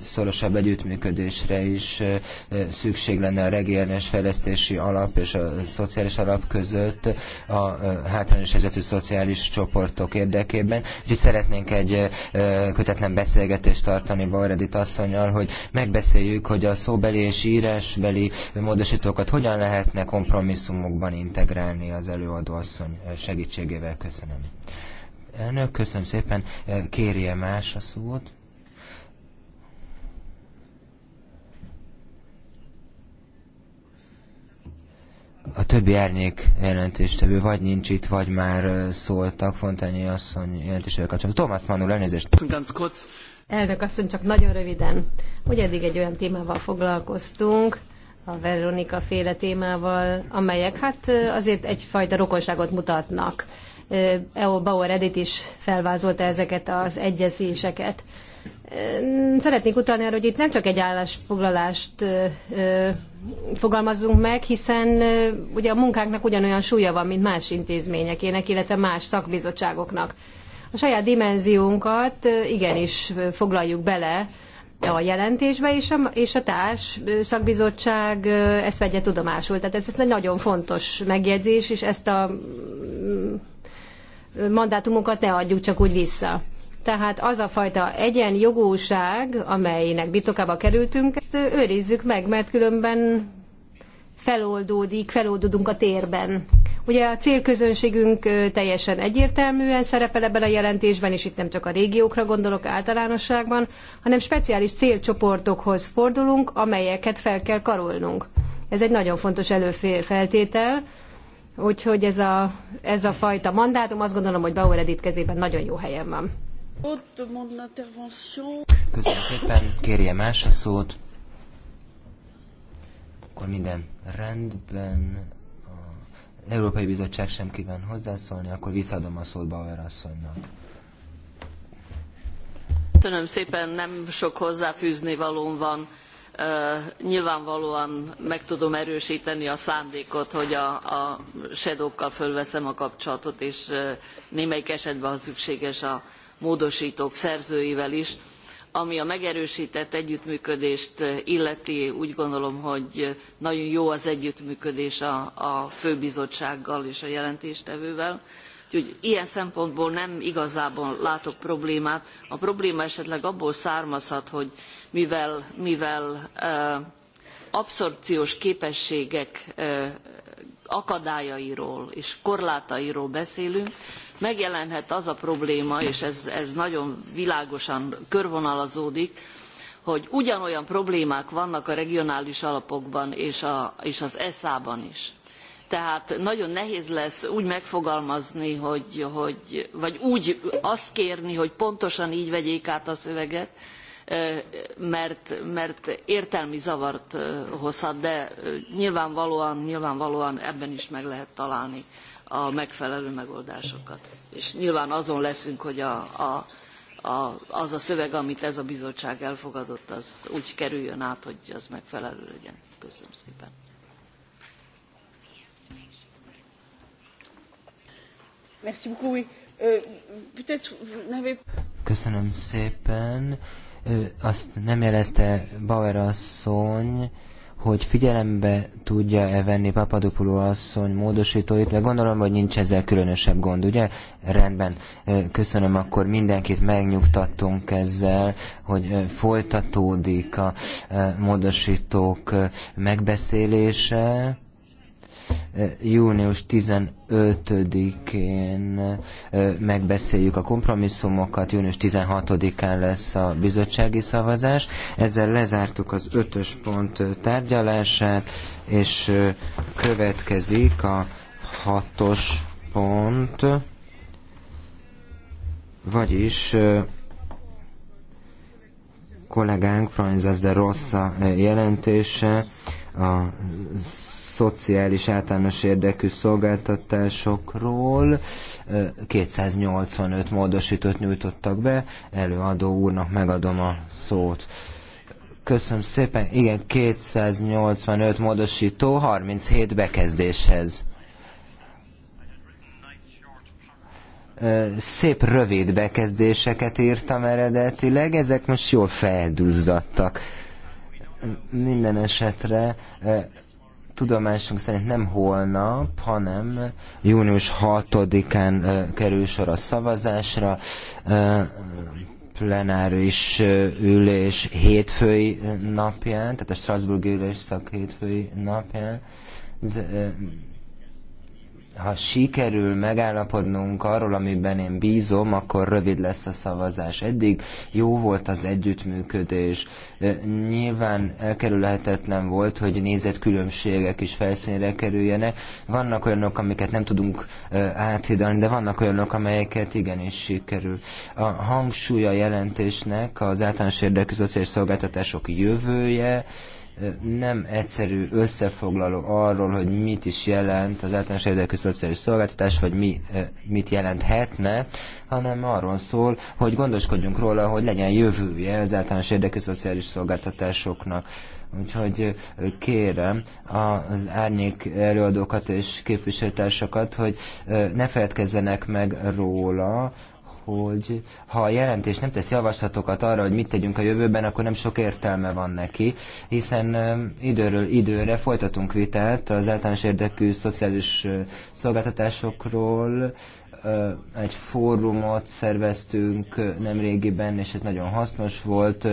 Speaker 2: Szorosabb együttműködésre is szükség lenne a regionális fejlesztési alap és a szociális alap között a hátrányos helyzetű szociális csoportok érdekében. Úgyhogy szeretnénk egy kötetlen beszélgetést tartani Bajredit asszonyal, hogy megbeszéljük, hogy a szóbeli és írásbeli módosítókat hogyan lehetne kompromisszumokban integrálni az előadó asszony eh, segítségével köszönöm. Elnök, köszönöm szépen. Eh, kérje más a szót. a többi árnyék jelentéstevő vagy nincs itt, vagy már eh, szóltak Fontányi asszony jelentésével kapcsolatban. Thomas Manuel, elnézést.
Speaker 3: Elnök asszony, csak nagyon röviden, hogy eddig egy olyan témával foglalkoztunk, a Veronika féle témával, amelyek hát azért egyfajta rokonságot mutatnak. EO Bauer Edith is felvázolta ezeket az egyezéseket. Szeretnék utalni arra, hogy itt nem csak egy állásfoglalást fogalmazzunk meg, hiszen ugye a munkánknak ugyanolyan súlya van, mint más intézményekének, illetve más szakbizottságoknak. A saját dimenziónkat igenis foglaljuk bele a jelentésbe, és a, és a társ szakbizottság ezt vegye tudomásul. Tehát ez, ez egy nagyon fontos megjegyzés, és ezt a mm, mandátumokat ne adjuk csak úgy vissza. Tehát az a fajta egyen jogóság, amelynek birtokába kerültünk, ezt őrizzük meg, mert különben feloldódik, feloldódunk a térben. Ugye a célközönségünk teljesen egyértelműen szerepel ebben a jelentésben, és itt nem csak a régiókra gondolok általánosságban, hanem speciális célcsoportokhoz fordulunk, amelyeket fel kell karolnunk. Ez egy nagyon fontos előfeltétel, úgyhogy ez a, ez a fajta mandátum azt gondolom, hogy Bauer Edith kezében nagyon jó helyen van.
Speaker 1: Köszönöm
Speaker 2: szépen, kérje más a szót. Akkor minden rendben Európai Bizottság sem kíván hozzászólni, akkor visszadom a szót Bauer asszonynak.
Speaker 1: Köszönöm szépen, nem sok hozzáfűzni valóm van. Uh, nyilvánvalóan meg tudom erősíteni a szándékot, hogy a, a sedókkal fölveszem a kapcsolatot, és uh, némelyik esetben, ha szükséges, a módosítók szerzőivel is ami a megerősített együttműködést eh, illeti, úgy gondolom, hogy eh, nagyon jó az együttműködés a, a főbizottsággal és a jelentéstevővel. Úgyhogy ilyen szempontból nem igazából látok problémát. A probléma esetleg abból származhat, hogy mivel, mivel eh, abszorpciós képességek akadályairól és korlátairól beszélünk, megjelenhet az a probléma, és ez, ez nagyon világosan körvonalazódik, hogy ugyanolyan problémák vannak a regionális alapokban és, a, és az esza ban is. Tehát nagyon nehéz lesz úgy megfogalmazni, hogy, hogy, vagy úgy azt kérni, hogy pontosan így vegyék át a szöveget, mert, értelmi zavart hozhat, de nyilvánvalóan, nyilvánvalóan ebben is meg lehet találni a megfelelő megoldásokat. És nyilván azon leszünk, hogy a, a, a, az a szöveg, amit ez a bizottság elfogadott, az úgy kerüljön át, hogy az megfelelő legyen. Köszönöm szépen. Euh,
Speaker 2: Köszönöm szépen azt nem jelezte Bauer asszony, hogy figyelembe tudja-e venni Papadopoulou asszony módosítóit, mert gondolom, hogy nincs ezzel különösebb gond, ugye? Rendben, köszönöm, akkor mindenkit megnyugtattunk ezzel, hogy folytatódik a módosítók megbeszélése június 15-én megbeszéljük a kompromisszumokat, június 16-án lesz a bizottsági szavazás. Ezzel lezártuk az ötös pont tárgyalását, és következik a hatos pont, vagyis kollégánk Franz de Rossa jelentése, a szociális általános érdekű szolgáltatásokról 285 módosítót nyújtottak be. Előadó úrnak megadom a szót. Köszönöm szépen. Igen, 285 módosító, 37 bekezdéshez. szép rövid bekezdéseket írtam eredetileg, ezek most jól felduzzadtak. Minden esetre e, tudomásunk szerint nem holnap, hanem június 6-án e, kerül sor a szavazásra e, plenáris ülés hétfői napján, tehát a Strasbourg ülés szak hétfői napján, de, ha sikerül megállapodnunk arról, amiben én bízom, akkor rövid lesz a szavazás. Eddig jó volt az együttműködés. Nyilván elkerülhetetlen volt, hogy nézetkülönbségek is felszínre kerüljenek. Vannak olyanok, amiket nem tudunk áthidalni, de vannak olyanok, amelyeket igenis sikerül. A hangsúly a jelentésnek az általános érdekű szociális szolgáltatások jövője, nem egyszerű összefoglaló arról, hogy mit is jelent az általános érdekű szociális szolgáltatás, vagy mi, eh, mit jelenthetne, hanem arról szól, hogy gondoskodjunk róla, hogy legyen jövője az általános érdekű szociális szolgáltatásoknak. Úgyhogy eh, kérem az árnyék előadókat és képviselőtársakat, hogy eh, ne feledkezzenek meg róla, hogy ha a jelentés nem tesz javaslatokat arra, hogy mit tegyünk a jövőben, akkor nem sok értelme van neki, hiszen um, időről időre folytatunk vitát az általános érdekű szociális uh, szolgáltatásokról, uh, egy fórumot szerveztünk uh, nemrégiben, és ez nagyon hasznos volt,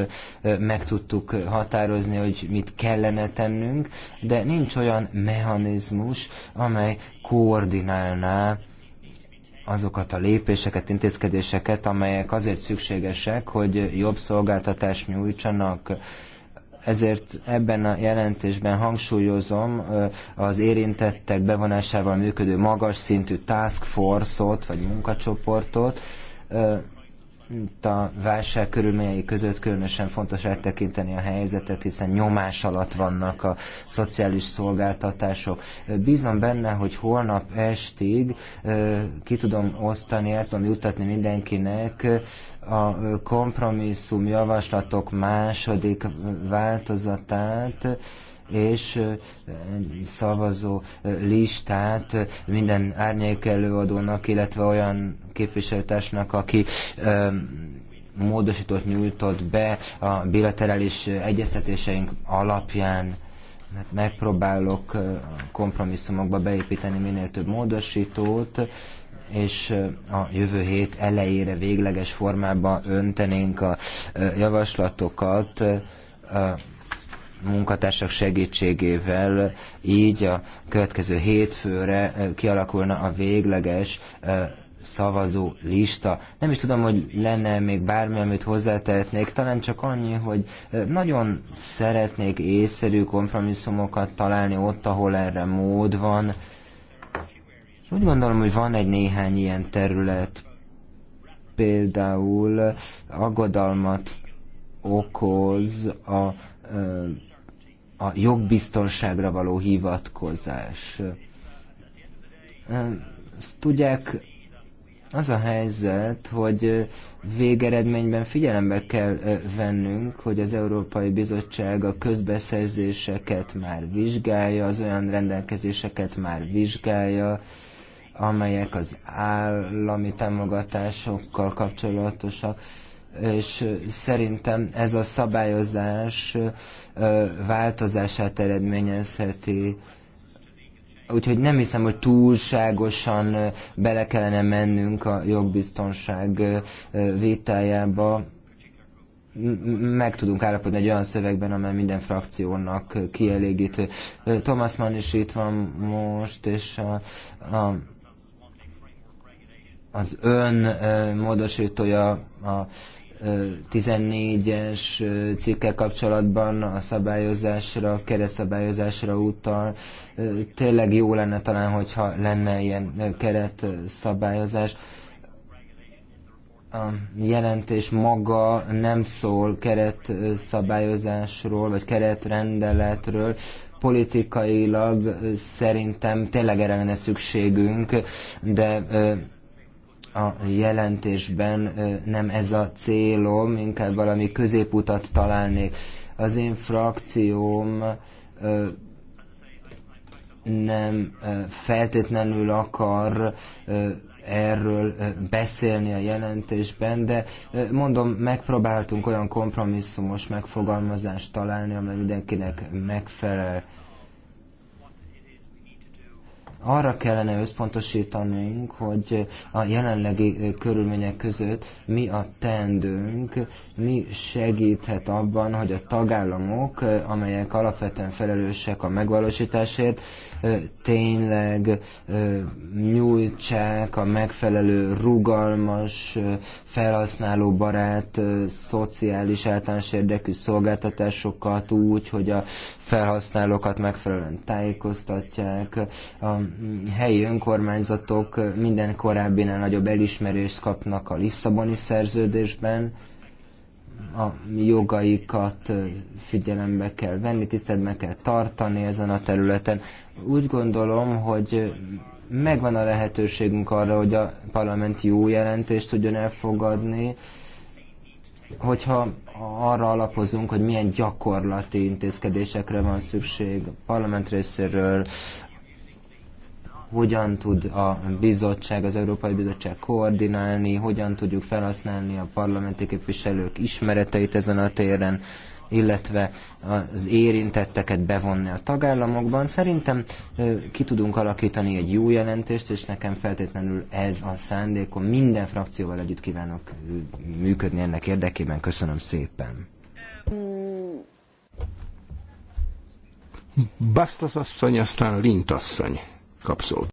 Speaker 2: meg tudtuk határozni, hogy mit kellene tennünk, de nincs olyan mechanizmus, amely koordinálná azokat a lépéseket, intézkedéseket, amelyek azért szükségesek, hogy jobb szolgáltatást nyújtsanak. Ezért ebben a jelentésben hangsúlyozom az érintettek bevonásával működő magas szintű task force-ot, vagy munkacsoportot, a válság körülményei között különösen fontos áttekinteni a helyzetet, hiszen nyomás alatt vannak a szociális szolgáltatások. Bízom benne, hogy holnap estig ki tudom osztani, el tudom jutatni mindenkinek a kompromisszum javaslatok második változatát, és szavazó listát minden árnyék előadónak, illetve olyan képviselőtársnak, aki módosított nyújtott be a bilaterális egyeztetéseink alapján hát megpróbálok kompromisszumokba beépíteni minél több módosítót, és a jövő hét elejére végleges formában öntenénk a javaslatokat munkatársak segítségével így a következő hétfőre kialakulna a végleges szavazó lista. Nem is tudom, hogy lenne még bármi, amit hozzátehetnék, talán csak annyi, hogy nagyon szeretnék észszerű kompromisszumokat találni ott, ahol erre mód van. Úgy gondolom, hogy van egy néhány ilyen terület, például aggodalmat okoz a a jogbiztonságra való hivatkozás. Ezt tudják, az a helyzet, hogy végeredményben figyelembe kell vennünk, hogy az Európai Bizottság a közbeszerzéseket már vizsgálja, az olyan rendelkezéseket már vizsgálja, amelyek az állami támogatásokkal kapcsolatosak és szerintem ez a szabályozás változását eredményezheti. Úgyhogy nem hiszem, hogy túlságosan bele kellene mennünk a jogbiztonság vétájába. Meg tudunk állapodni egy olyan szövegben, amely minden frakciónak kielégítő. Thomas Mann is itt van most, és a, a az ön módosítója a 14-es cikkel kapcsolatban a szabályozásra, keretszabályozásra utal. Tényleg jó lenne talán, hogyha lenne ilyen keretszabályozás. A jelentés maga nem szól keretszabályozásról, vagy keretrendeletről, politikailag szerintem tényleg erre lenne szükségünk, de a jelentésben nem ez a célom, inkább valami középutat találnék. Az én frakcióm nem feltétlenül akar erről beszélni a jelentésben, de mondom, megpróbáltunk olyan kompromisszumos megfogalmazást találni, amely mindenkinek megfelel arra kellene összpontosítanunk, hogy a jelenlegi körülmények között mi a tendőnk, mi segíthet abban, hogy a tagállamok, amelyek alapvetően felelősek a megvalósításért, tényleg nyújtsák a megfelelő rugalmas, felhasználóbarát, szociális általános érdekű szolgáltatásokat úgy, hogy a felhasználókat megfelelően tájékoztatják, a helyi önkormányzatok minden korábbinál nagyobb elismerést kapnak a Lisszaboni szerződésben, a jogaikat figyelembe kell venni, tiszteletben kell tartani ezen a területen. Úgy gondolom, hogy megvan a lehetőségünk arra, hogy a parlament jó jelentést tudjon elfogadni, hogyha arra alapozunk, hogy milyen gyakorlati intézkedésekre van szükség a parlament részéről, hogyan tud a bizottság, az Európai Bizottság koordinálni, hogyan tudjuk felhasználni a parlamenti képviselők ismereteit ezen a téren, illetve az érintetteket bevonni a tagállamokban. Szerintem ki tudunk alakítani egy jó jelentést, és nekem feltétlenül ez a szándékom. Minden frakcióval együtt kívánok működni ennek érdekében. Köszönöm szépen.
Speaker 4: Bastos asszony, aztán Lint asszony kapszol.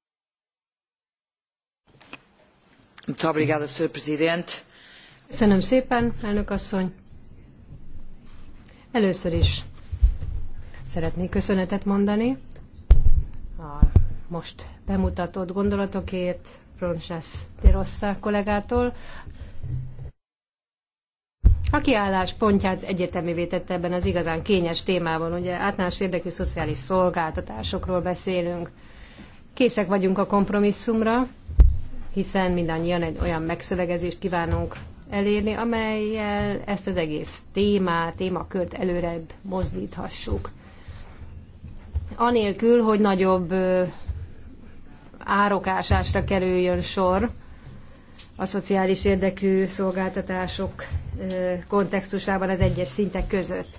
Speaker 3: Köszönöm szépen, elnök asszony. Először is szeretnék köszönetet mondani a most bemutatott gondolatokért de Rossa kollégától, aki álláspontját egyértelművé tette ebben az igazán kényes témában. Ugye általános érdekű szociális szolgáltatásokról beszélünk. Készek vagyunk a kompromisszumra, hiszen mindannyian egy olyan megszövegezést kívánunk elérni, amelyel ezt az egész témát, témakört előrebb mozdíthassuk. Anélkül, hogy nagyobb árokásásra kerüljön sor a szociális érdekű szolgáltatások kontextusában az egyes szintek között.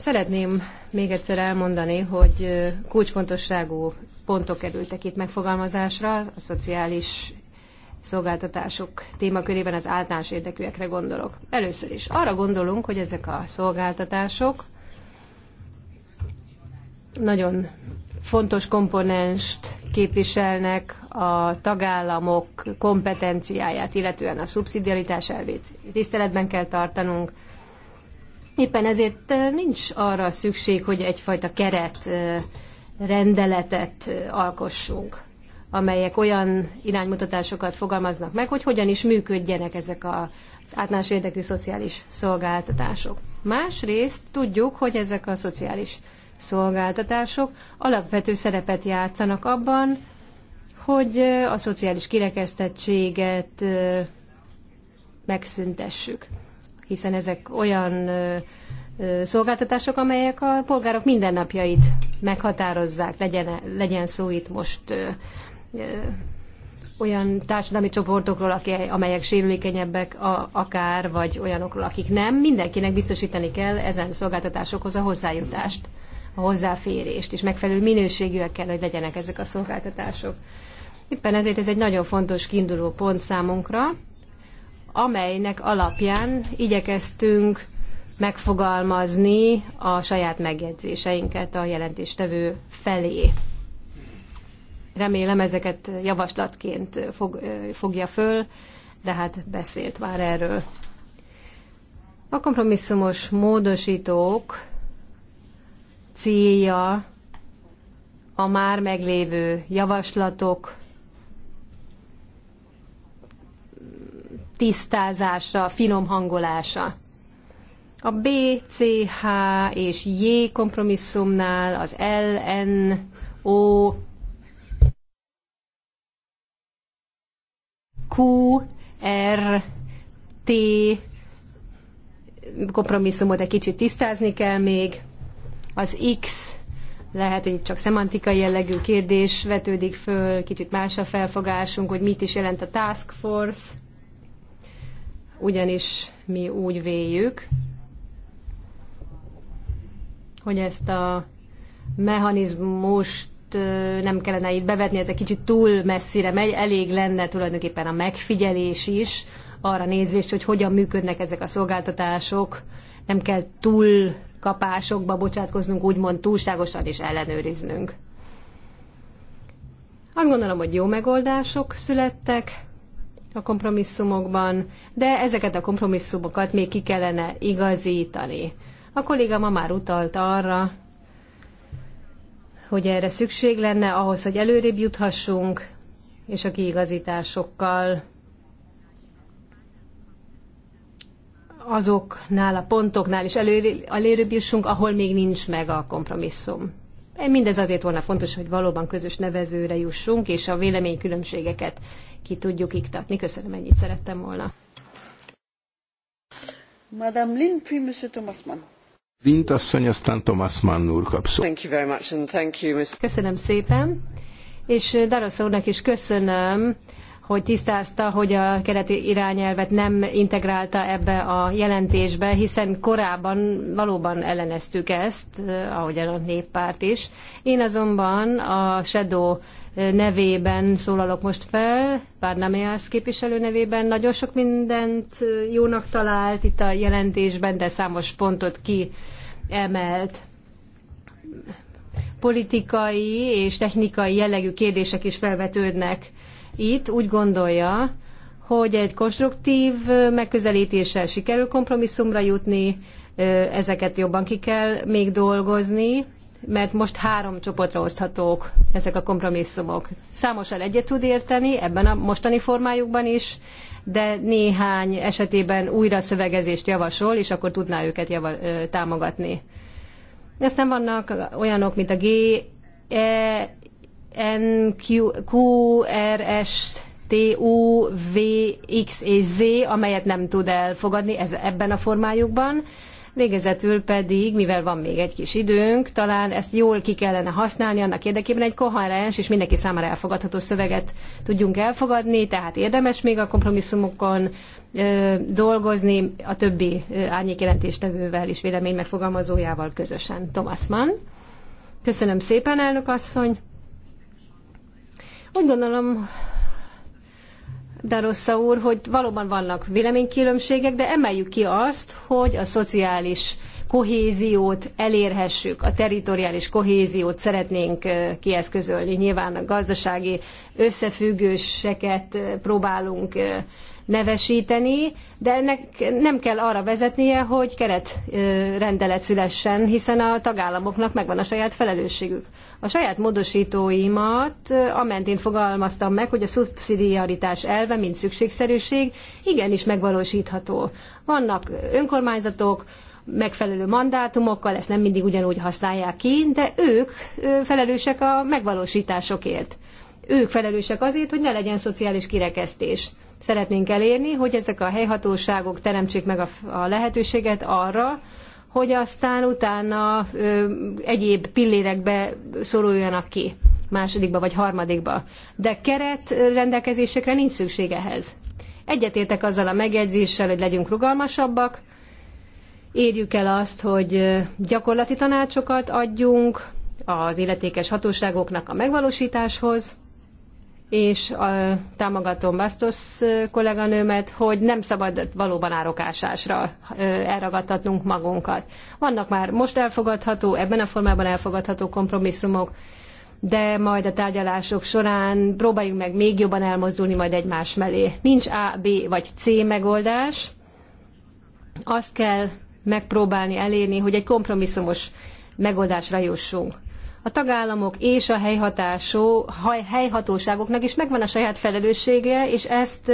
Speaker 3: Szeretném még egyszer elmondani, hogy kulcsfontosságú pontok kerültek itt megfogalmazásra, a szociális szolgáltatások témakörében az általános érdekűekre gondolok. Először is arra gondolunk, hogy ezek a szolgáltatások nagyon fontos komponenst képviselnek a tagállamok kompetenciáját, illetően a szubszidiaritás elvét tiszteletben kell tartanunk, Éppen ezért nincs arra szükség, hogy egyfajta keret rendeletet alkossunk, amelyek olyan iránymutatásokat fogalmaznak meg, hogy hogyan is működjenek ezek az általános érdekű szociális szolgáltatások. Másrészt tudjuk, hogy ezek a szociális szolgáltatások alapvető szerepet játszanak abban, hogy a szociális kirekesztettséget megszüntessük hiszen ezek olyan szolgáltatások, amelyek a polgárok mindennapjait meghatározzák, legyen, legyen szó itt most olyan társadalmi csoportokról, amelyek sérülékenyebbek a, akár, vagy olyanokról, akik nem. Mindenkinek biztosítani kell ezen szolgáltatásokhoz a hozzájutást, a hozzáférést, és megfelelő minőségűek kell, hogy legyenek ezek a szolgáltatások. Éppen ezért ez egy nagyon fontos kiinduló pont számunkra, amelynek alapján igyekeztünk megfogalmazni a saját megjegyzéseinket a jelentéstevő felé. Remélem ezeket javaslatként fog, fogja föl, de hát beszélt már erről. A kompromisszumos módosítók célja a már meglévő javaslatok tisztázása, finom hangolása. A B, C, H és J kompromisszumnál az L, N, O, Q, R, T kompromisszumot egy kicsit tisztázni kell még. Az X lehet, hogy csak szemantikai jellegű kérdés vetődik föl, kicsit más a felfogásunk, hogy mit is jelent a task force ugyanis mi úgy véljük, hogy ezt a mechanizmust nem kellene itt bevetni, ez egy kicsit túl messzire megy, elég lenne tulajdonképpen a megfigyelés is, arra nézvést, hogy hogyan működnek ezek a szolgáltatások, nem kell túl kapásokba bocsátkoznunk, úgymond túlságosan is ellenőriznünk. Azt gondolom, hogy jó megoldások születtek, a kompromisszumokban, de ezeket a kompromisszumokat még ki kellene igazítani. A kolléga ma már utalt arra, hogy erre szükség lenne ahhoz, hogy előrébb juthassunk, és a kiigazításokkal azoknál a pontoknál is előrébb jussunk, ahol még nincs meg a kompromisszum. Mindez azért volna fontos, hogy valóban közös nevezőre jussunk, és a véleménykülönbségeket ki tudjuk iktatni. Köszönöm, ennyit szerettem volna.
Speaker 1: Madame Lin, puis Monsieur Thomas Mann.
Speaker 4: Lint asszony, aztán Thomas Mann úr kap szó.
Speaker 1: Thank you very much and thank you,
Speaker 3: Mr. Köszönöm szépen, és Darosz úrnak is köszönöm hogy tisztázta, hogy a keleti irányelvet nem integrálta ebbe a jelentésbe, hiszen korábban valóban elleneztük ezt, eh, ahogyan a néppárt is. Én azonban a Shadow eh, nevében szólalok most fel, Várnameász képviselő nevében. Nagyon sok mindent eh, jónak talált itt a jelentésben, de számos pontot kiemelt politikai és technikai jellegű kérdések is felvetődnek itt úgy gondolja, hogy egy konstruktív megközelítéssel sikerül kompromisszumra jutni, ezeket jobban ki kell még dolgozni, mert most három csoportra oszthatók ezek a kompromisszumok. Számosan egyet tud érteni, ebben a mostani formájukban is, de néhány esetében újra szövegezést javasol, és akkor tudná őket java, támogatni. Aztán vannak olyanok, mint a G, E, N Q, R, S, T, U, V, X és Z, amelyet nem tud elfogadni ez, ebben a formájukban. Végezetül pedig, mivel van még egy kis időnk, talán ezt jól ki kellene használni, annak érdekében egy koherens és mindenki számára elfogadható szöveget tudjunk elfogadni, tehát érdemes még a kompromisszumokon ö, dolgozni a többi ö, árnyékjelentéstevővel és vélemény megfogalmazójával közösen. Thomas Mann. Köszönöm szépen, elnök asszony! Úgy gondolom, Darossa úr, hogy valóban vannak véleménykülönbségek, de emeljük ki azt, hogy a szociális kohéziót elérhessük, a teritoriális kohéziót szeretnénk kieszközölni. Nyilván a gazdasági összefüggőseket próbálunk nevesíteni, de ennek nem kell arra vezetnie, hogy keretrendelet szülessen, hiszen a tagállamoknak megvan a saját felelősségük. A saját módosítóimat amentén fogalmaztam meg, hogy a szubszidiaritás elve, mint szükségszerűség, igenis megvalósítható. Vannak önkormányzatok, megfelelő mandátumokkal, ezt nem mindig ugyanúgy használják ki, de ők felelősek a megvalósításokért. Ők felelősek azért, hogy ne legyen szociális kirekesztés szeretnénk elérni, hogy ezek a helyhatóságok teremtsék meg a, a lehetőséget arra, hogy aztán utána ö, egyéb pillérekbe szoruljanak ki, másodikba vagy harmadikba. De keret rendelkezésekre nincs szükség ehhez. Egyetértek azzal a megjegyzéssel, hogy legyünk rugalmasabbak, érjük el azt, hogy gyakorlati tanácsokat adjunk az illetékes hatóságoknak a megvalósításhoz, és a, támogatom Bastos kolléganőmet, hogy nem szabad valóban árokásásra elragadtatnunk magunkat. Vannak már most elfogadható, ebben a formában elfogadható kompromisszumok, de majd a tárgyalások során próbáljunk meg még jobban elmozdulni majd egymás mellé. Nincs A, B vagy C megoldás. Azt kell megpróbálni elérni, hogy egy kompromisszumos megoldásra jussunk a tagállamok és a helyhatású, helyhatóságoknak is megvan a saját felelőssége, és ezt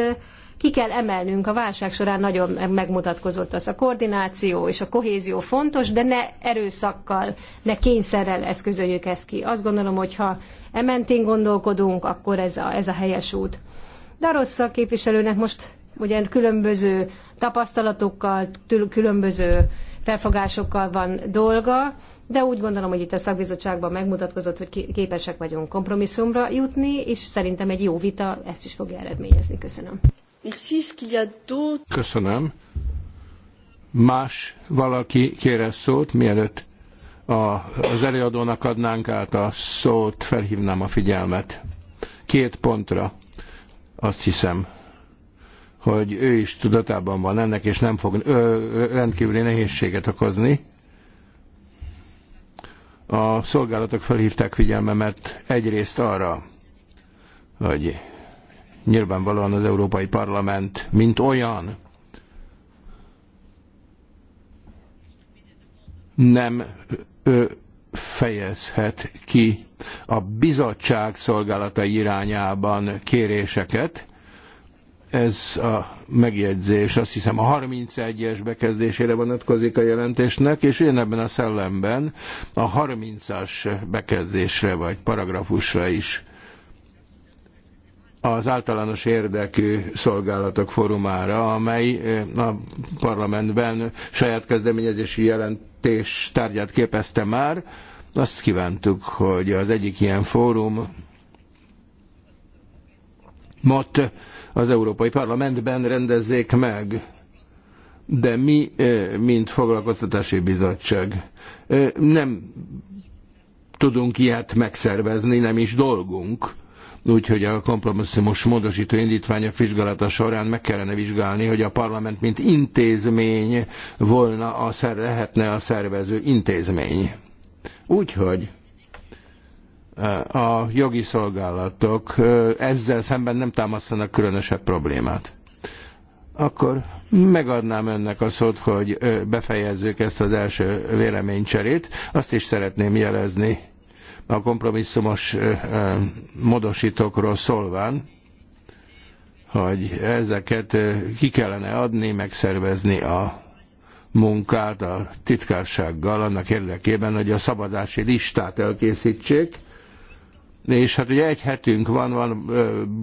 Speaker 3: ki kell emelnünk, a válság során nagyon megmutatkozott az. A koordináció és a kohézió fontos, de ne erőszakkal, ne kényszerrel eszközöljük ezt ki. Azt gondolom, hogy ha ementén gondolkodunk, akkor ez a, ez a helyes út. De a a képviselőnek most ugye különböző tapasztalatokkal, különböző felfogásokkal van dolga, de úgy gondolom, hogy itt a szakbizottságban megmutatkozott, hogy képesek vagyunk kompromisszumra jutni, és szerintem egy jó vita ezt is fogja eredményezni. Köszönöm.
Speaker 4: Köszönöm. Más valaki kére szót, mielőtt a, az előadónak adnánk át a szót, felhívnám a figyelmet. Két pontra, azt hiszem, hogy ő is tudatában van ennek, és nem fog ö, rendkívüli nehézséget okozni. A szolgálatok felhívták figyelmemet egyrészt arra, hogy nyilvánvalóan az Európai Parlament, mint olyan, nem ö, fejezhet ki a bizottság szolgálatai irányában kéréseket, ez a megjegyzés, azt hiszem a 31-es bekezdésére vonatkozik a jelentésnek, és én ebben a szellemben a 30-as bekezdésre vagy paragrafusra is az általános érdekű szolgálatok forumára, amely eh, a parlamentben saját kezdeményezési jelentés tárgyát képezte már. Azt kívántuk, hogy az egyik ilyen fórum mott az Európai Parlamentben rendezzék meg. De mi, eh, mint foglalkoztatási bizottság, eh, nem tudunk ilyet megszervezni, nem is dolgunk. Úgyhogy a kompromisszumos módosító indítványok vizsgálata során meg kellene vizsgálni, hogy a parlament mint intézmény volna a, lehetne a szervező intézmény. Úgyhogy a jogi szolgálatok ezzel szemben nem támasztanak különösebb problémát. Akkor megadnám önnek a szót, hogy befejezzük ezt az első véleménycserét. Azt is szeretném jelezni a kompromisszumos módosítókról szólván, hogy ezeket ki kellene adni, megszervezni a munkát a titkársággal annak érdekében, hogy a szabadási listát elkészítsék, és hát ugye egy hetünk van, van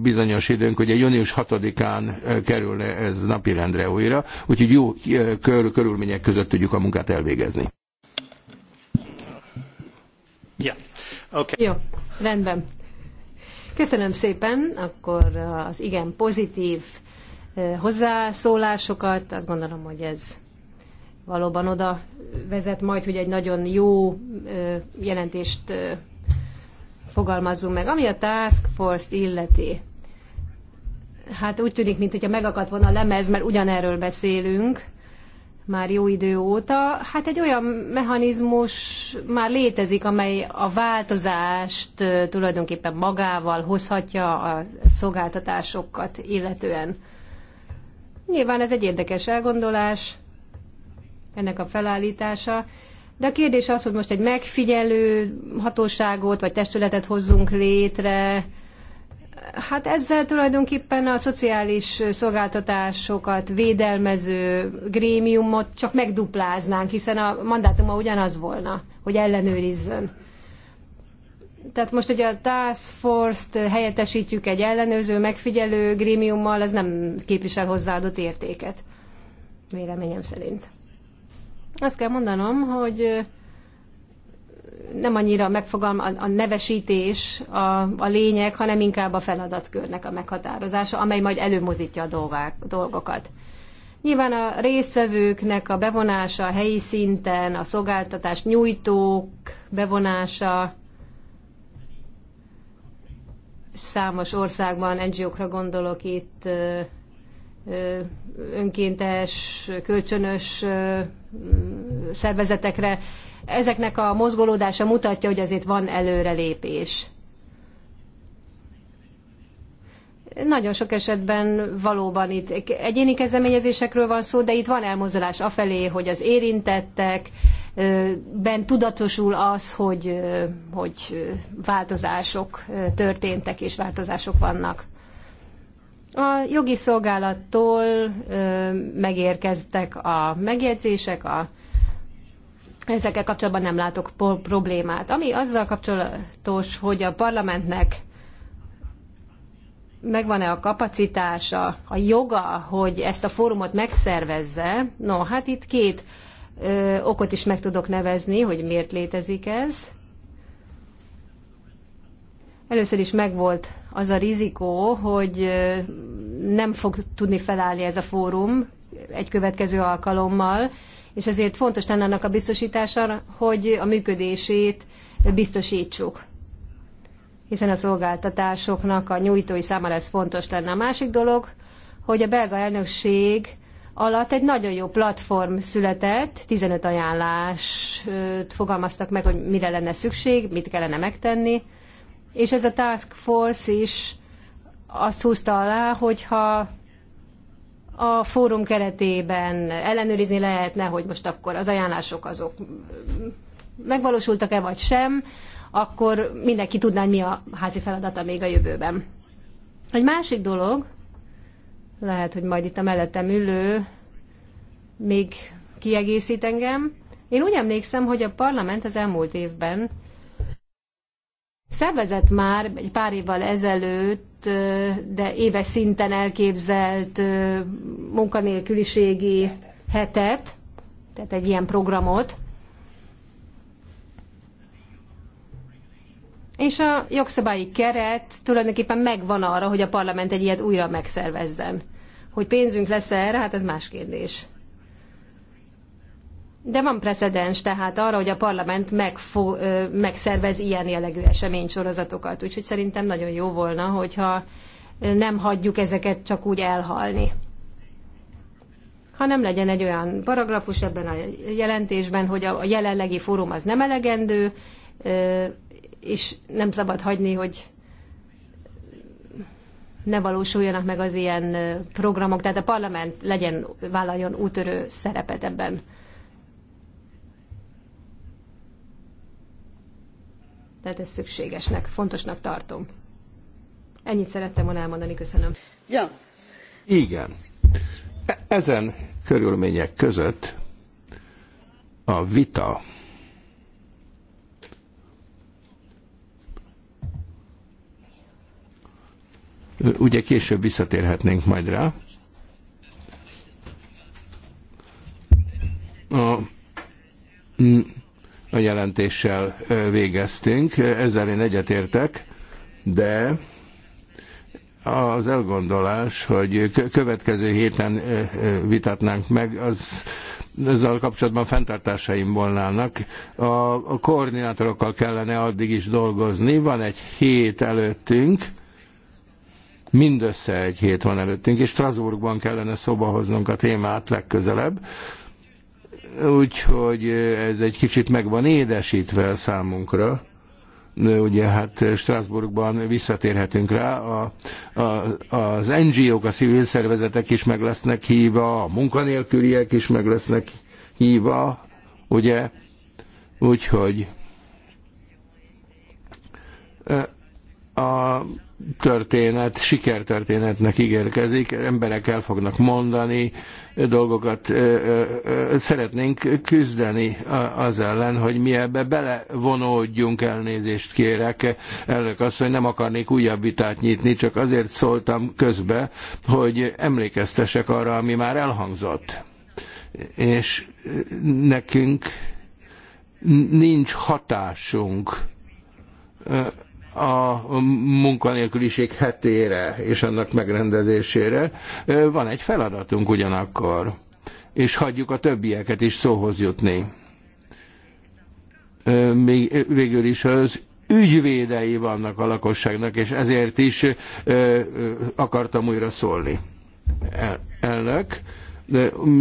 Speaker 4: bizonyos időnk, ugye június 6-án kerülne ez napirendre újra, úgyhogy jó kör, körülmények között tudjuk a munkát elvégezni.
Speaker 1: Yeah.
Speaker 3: Okay. Jó, rendben. Köszönöm szépen, akkor az igen pozitív hozzászólásokat, azt gondolom, hogy ez valóban oda vezet majd, hogy egy nagyon jó jelentést fogalmazzunk meg. Ami a Task Force-t illeti, hát úgy tűnik, mintha megakadt volna a lemez, mert ugyanerről beszélünk már jó idő óta. Hát egy olyan mechanizmus már létezik, amely a változást tulajdonképpen magával hozhatja a szolgáltatásokat illetően. Nyilván ez egy érdekes elgondolás, ennek a felállítása, de a kérdés az, hogy most egy megfigyelő hatóságot vagy testületet hozzunk létre, Hát ezzel tulajdonképpen a szociális szolgáltatásokat védelmező grémiumot csak megdupláznánk, hiszen a mandátuma ugyanaz volna, hogy ellenőrizzön. Tehát most, hogy a Task Force-t helyettesítjük egy ellenőző, megfigyelő grémiummal, ez nem képvisel hozzáadott értéket, véleményem szerint. Azt kell mondanom, hogy nem annyira megfogalma a nevesítés a, a lényeg, hanem inkább a feladatkörnek a meghatározása, amely majd előmozítja a dolgák, dolgokat. Nyilván a résztvevőknek a bevonása a helyi szinten, a szolgáltatás nyújtók bevonása, számos országban, NGO-kra gondolok itt, önkéntes, kölcsönös szervezetekre. Ezeknek a mozgolódása mutatja, hogy azért van előrelépés. Nagyon sok esetben valóban itt egyéni kezdeményezésekről van szó, de itt van elmozdulás afelé, hogy az érintettek, ben tudatosul az, hogy, hogy változások történtek és változások vannak. A jogi szolgálattól ö, megérkeztek a megjegyzések, a, ezekkel kapcsolatban nem látok problémát. Ami azzal kapcsolatos, hogy a parlamentnek megvan-e a kapacitása, a joga, hogy ezt a fórumot megszervezze, no, hát itt két ö, okot is meg tudok nevezni, hogy miért létezik ez. Először is megvolt az a rizikó, hogy nem fog tudni felállni ez a fórum egy következő alkalommal, és ezért fontos lenne annak a biztosítása, hogy a működését biztosítsuk hiszen a szolgáltatásoknak a nyújtói számára ez fontos lenne. A másik dolog, hogy a belga elnökség alatt egy nagyon jó platform született, 15 ajánlást fogalmaztak meg, hogy mire lenne szükség, mit kellene megtenni, és ez a task force is azt húzta alá, hogyha a fórum keretében ellenőrizni lehetne, hogy most akkor az ajánlások azok megvalósultak-e vagy sem, akkor mindenki tudná, hogy mi a házi feladata még a jövőben. Egy másik dolog, lehet, hogy majd itt a mellettem ülő még kiegészít engem. Én úgy emlékszem, hogy a parlament az elmúlt évben szervezett már egy pár évvel ezelőtt, de éves szinten elképzelt munkanélküliségi hetet, tehát egy ilyen programot. És a jogszabályi keret tulajdonképpen megvan arra, hogy a parlament egy ilyet újra megszervezzen. Hogy pénzünk lesz erre, hát ez más kérdés. De van precedens tehát arra, hogy a parlament megfo- megszervez ilyen jellegű eseménysorozatokat. Úgyhogy szerintem nagyon jó volna, hogyha nem hagyjuk ezeket csak úgy elhalni. Hanem legyen egy olyan paragrafus ebben a jelentésben, hogy a jelenlegi fórum az nem elegendő, és nem szabad hagyni, hogy ne valósuljanak meg az ilyen programok, tehát a parlament legyen, vállaljon útörő szerepet ebben. tehát ezt szükségesnek, fontosnak tartom. Ennyit szerettem volna elmondani, köszönöm. Ja.
Speaker 4: Igen. E- ezen körülmények között a vita ugye később visszatérhetnénk majd rá. A a jelentéssel végeztünk. Ezzel én egyetértek, de az elgondolás, hogy következő héten vitatnánk meg, az ezzel kapcsolatban fenntartásaim volnának. A koordinátorokkal kellene addig is dolgozni, van egy hét előttünk, mindössze egy hét van előttünk, és Strasbourgban kellene szóba hoznunk a témát legközelebb, Úgyhogy ez egy kicsit meg van édesítve a számunkra. Ugye hát Strasbourgban visszatérhetünk rá, a, a, az NGO-k, a civil szervezetek is meg lesznek híva, a munkanélküliek is meg lesznek híva, ugye? Úgyhogy a történet sikertörténetnek ígérkezik, emberek el fognak mondani dolgokat, szeretnénk küzdeni az ellen, hogy mi ebbe belevonódjunk, elnézést kérek. Elnök azt, hogy nem akarnék újabb vitát nyitni, csak azért szóltam közbe, hogy emlékeztesek arra, ami már elhangzott. És nekünk nincs hatásunk a munkanélküliség hetére és annak megrendezésére. Van egy feladatunk ugyanakkor, és hagyjuk a többieket is szóhoz jutni. Még végül is az ügyvédei vannak a lakosságnak, és ezért is ö, ö, akartam újra szólni. El, elnök,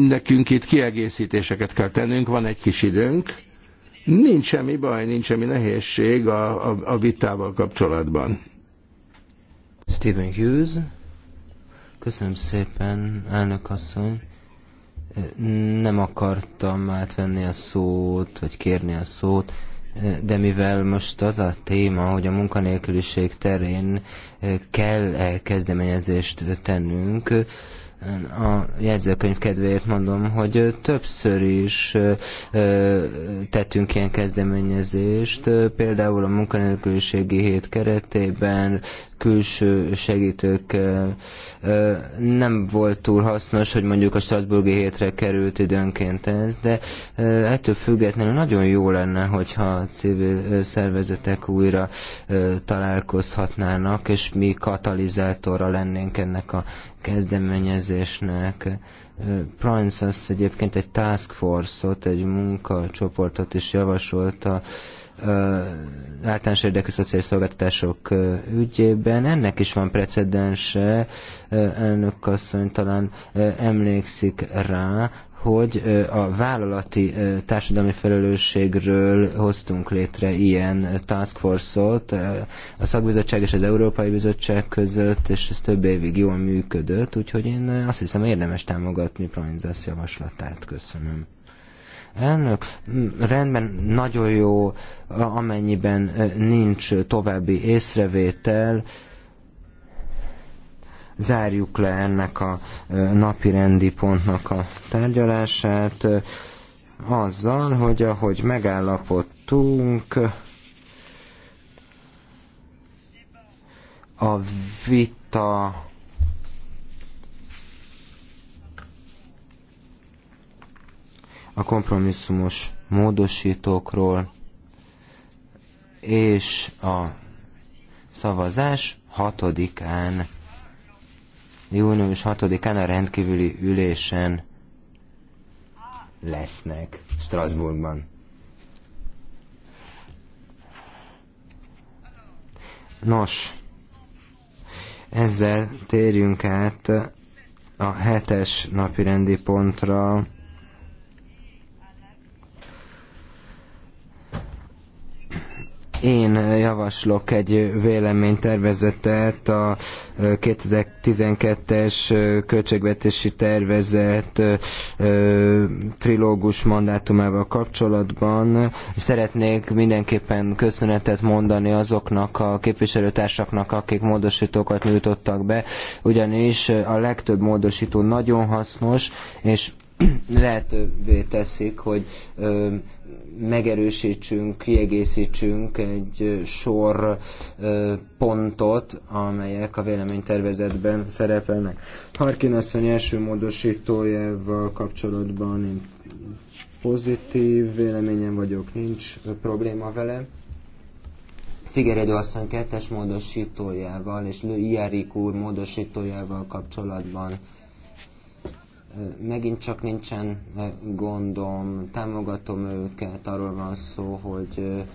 Speaker 4: nekünk itt kiegészítéseket kell tennünk, van egy kis időnk Nincs semmi baj, nincs semmi nehézség a, a, a vitával kapcsolatban. Stephen Hughes,
Speaker 2: köszönöm szépen, elnök asszony. Nem akartam átvenni a szót, vagy kérni a szót, de mivel most az a téma, hogy a munkanélküliség terén kell -e kezdeményezést tennünk, a jegyzőkönyv kedvéért mondom, hogy többször is tettünk ilyen kezdeményezést, például a munkanélküliségi hét keretében, külső segítők Nem volt túl hasznos, hogy mondjuk a Strasburgi hétre került időnként ez, de ettől függetlenül nagyon jó lenne, hogyha a civil szervezetek újra találkozhatnának, és mi katalizátora lennénk ennek a kezdeményezésnek. Princess egyébként egy task force-ot, egy munkacsoportot is javasolt a általános érdekű szociális szolgáltatások ügyében. Ennek is van precedense, elnök asszony talán emlékszik rá, hogy a vállalati társadalmi felelősségről hoztunk létre ilyen task force-ot a szakbizottság és az Európai Bizottság között, és ez több évig jól működött, úgyhogy én azt hiszem érdemes támogatni Proinzász javaslatát. Köszönöm. Elnök, rendben, nagyon jó, amennyiben nincs további észrevétel, zárjuk le ennek a napi rendi pontnak a tárgyalását azzal, hogy ahogy megállapodtunk, a vita a kompromisszumos módosítókról és a szavazás hatodikán június 6-án a rendkívüli ülésen lesznek Strasbourgban. Nos, ezzel térjünk át a hetes napi rendi pontra, Én javaslok egy véleménytervezetet a 2012-es költségvetési tervezet trilógus mandátumával kapcsolatban. Szeretnék mindenképpen köszönetet mondani azoknak a képviselőtársaknak, akik módosítókat nyújtottak be, ugyanis a legtöbb módosító nagyon hasznos, és lehetővé teszik, hogy megerősítsünk, kiegészítsünk egy sor pontot, amelyek a véleménytervezetben szerepelnek. Harkin asszony első módosítójával kapcsolatban én pozitív véleményem vagyok, nincs probléma vele. Figeredő asszony kettes módosítójával és Lő Ijárik úr módosítójával kapcsolatban megint csak nincsen eh, gondom, támogatom őket, arról van szó, hogy eh,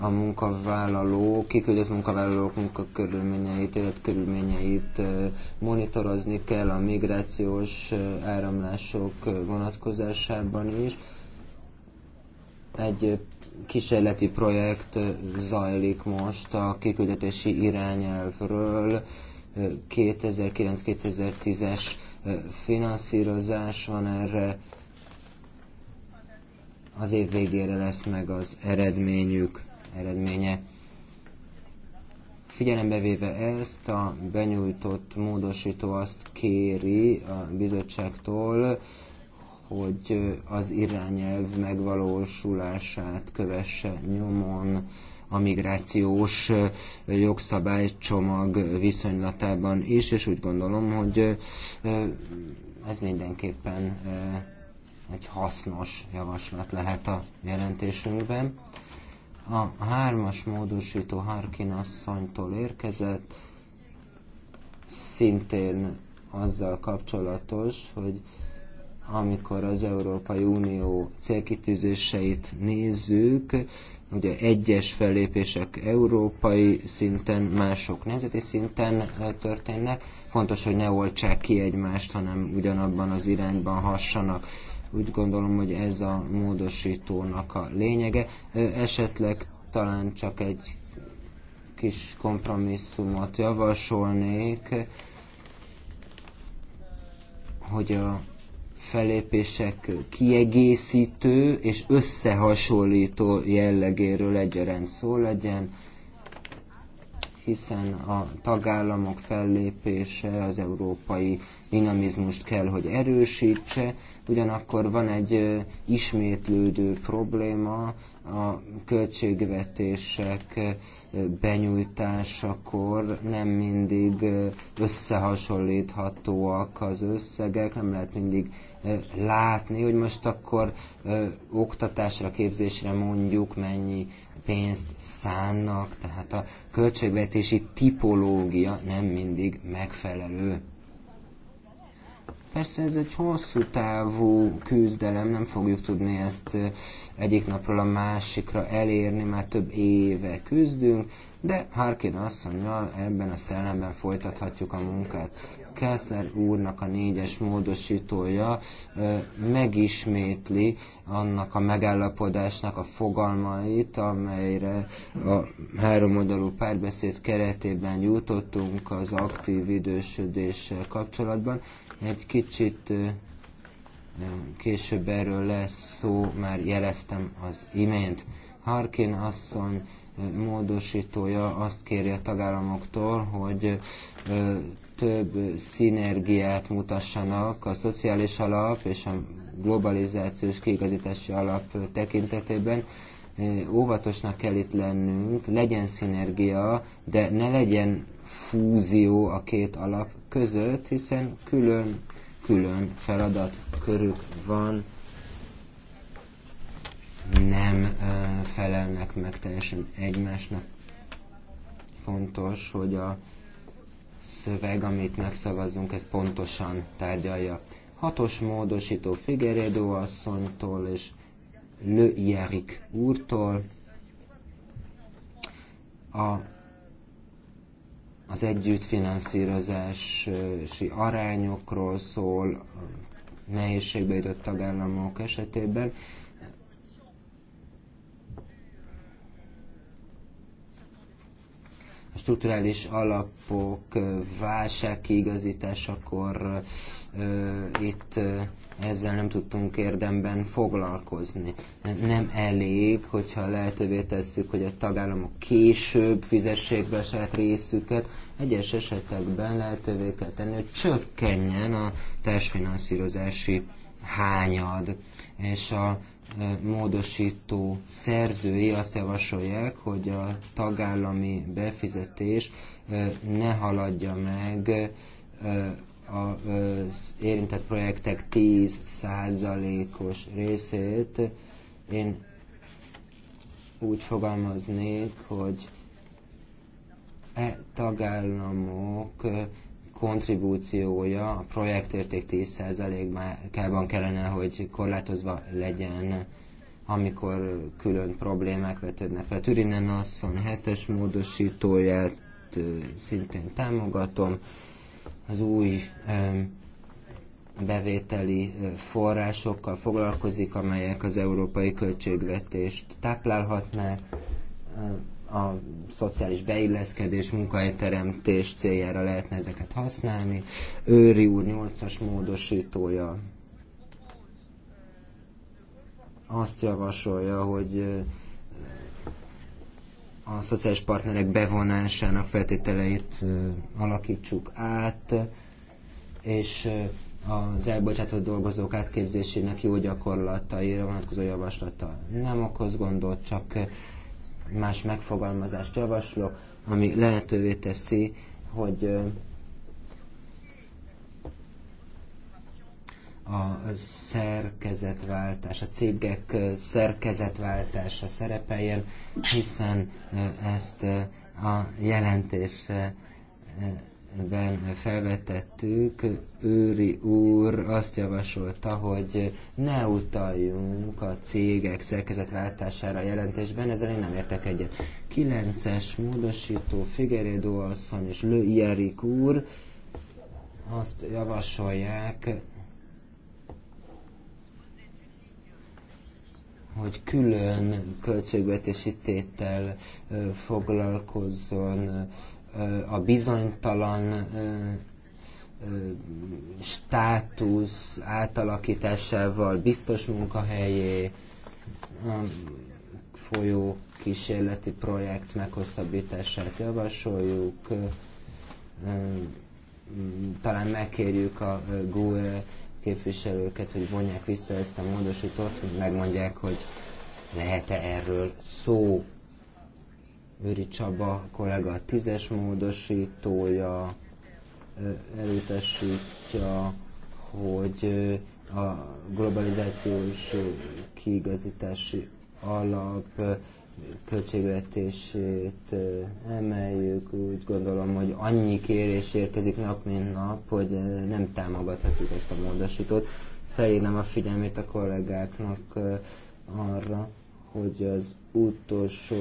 Speaker 2: a munkavállaló, kiküldött munkavállalók munkakörülményeit, életkörülményeit eh, monitorozni kell a migrációs áramlások vonatkozásában is. Egy kísérleti projekt zajlik most a kiküldetési irányelvről 2009-2010-es finanszírozás van erre, az év végére lesz meg az eredményük, eredménye. Figyelembe véve ezt, a benyújtott módosító azt kéri a bizottságtól, hogy az irányelv megvalósulását kövesse nyomon a migrációs jogszabálycsomag viszonylatában is, és úgy gondolom, hogy ez mindenképpen egy hasznos javaslat lehet a jelentésünkben. A hármas módosító Harkin asszonytól érkezett, szintén azzal kapcsolatos, hogy amikor az Európai Unió célkitűzéseit nézzük, Ugye egyes fellépések európai szinten, mások nemzeti szinten eh, történnek. Fontos, hogy ne oltsák ki egymást, hanem ugyanabban az irányban hassanak úgy gondolom, hogy ez a módosítónak a lényege. Eh, esetleg talán csak egy kis kompromisszumot javasolnék, hogy a fellépések kiegészítő és összehasonlító jellegéről egyaránt szó legyen, hiszen a tagállamok fellépése az európai dinamizmust kell, hogy erősítse, ugyanakkor van egy ismétlődő probléma a költségvetések benyújtásakor nem mindig összehasonlíthatóak az összegek, nem lehet mindig látni, hogy most akkor oktatásra, képzésre mondjuk mennyi pénzt szánnak, tehát a költségvetési tipológia nem mindig megfelelő. Persze ez egy hosszú távú küzdelem, nem fogjuk tudni ezt egyik napról a másikra elérni, már több éve küzdünk, de Harkin asszonynal ebben a szellemben folytathatjuk a munkát. Kessler úrnak a négyes módosítója megismétli annak a megállapodásnak a fogalmait, amelyre a háromoldalú párbeszéd keretében jutottunk az aktív idősödés kapcsolatban. Egy kicsit később erről lesz szó, már jeleztem az imént. Harkin asszony módosítója azt kéri a tagállamoktól, hogy több szinergiát mutassanak a szociális alap és a globalizációs kiigazítási alap tekintetében. Óvatosnak kell itt lennünk, legyen szinergia, de ne legyen fúzió a két alap között, hiszen külön-külön feladatkörük van, nem felelnek meg teljesen egymásnak. Fontos, hogy a szöveg, amit megszavazunk, ez pontosan tárgyalja. Hatos módosító Figueredo asszonytól és Le Jerik úrtól. A, az együttfinanszírozási arányokról szól nehézségbe jutott tagállamok esetében. a strukturális alapok válságkiigazításakor itt ezzel nem tudtunk érdemben foglalkozni. Nem elég, hogyha lehetővé tesszük, hogy a tagállamok később fizessék be saját részüket, egyes esetekben lehetővé kell tenni, hogy csökkenjen a társfinanszírozási hányad, és a módosító szerzői azt javasolják, hogy a tagállami befizetés ne haladja meg az érintett projektek 10%-os részét. Én úgy fogalmaznék, hogy e tagállamok kontribúciója a projektérték 10%-ában kellene, hogy korlátozva legyen, amikor külön problémák vetődnek fel. Türinen asszony hetes módosítóját szintén támogatom. Az új bevételi forrásokkal foglalkozik, amelyek az európai költségvetést táplálhatnák a szociális beilleszkedés, munkahelyteremtés céljára lehetne ezeket használni. Őri úr 8-as módosítója azt javasolja, hogy a szociális partnerek bevonásának feltételeit alakítsuk át, és az elbocsátott dolgozók átképzésének jó gyakorlataira vonatkozó javaslata nem okoz gondot, csak más megfogalmazást javaslok, ami lehetővé teszi, hogy a szerkezetváltás, a cégek szerkezetváltása szerepeljen, hiszen ezt a jelentés ben felvetettük, Őri úr azt javasolta, hogy ne utaljunk a cégek szerkezetváltására a jelentésben, ezzel én nem értek egyet. 9-es módosító Figueredo asszony és Lő Ierik úr azt javasolják, hogy külön költségvetési tétel foglalkozzon a bizonytalan státusz átalakításával biztos munkahelyé, folyó kísérleti projekt meghosszabbítását javasoljuk, talán megkérjük a GUE képviselőket, hogy vonják vissza ezt a módosítót, hogy megmondják, hogy lehet-e erről szó Őri Csaba kollega tízes módosítója elutasítja, hogy a globalizációs kiigazítási alap költségvetését emeljük. Úgy gondolom, hogy annyi kérés érkezik nap mint nap, hogy nem támogathatjuk ezt a módosítót. Felírnám a figyelmét a kollégáknak arra, hogy az utolsó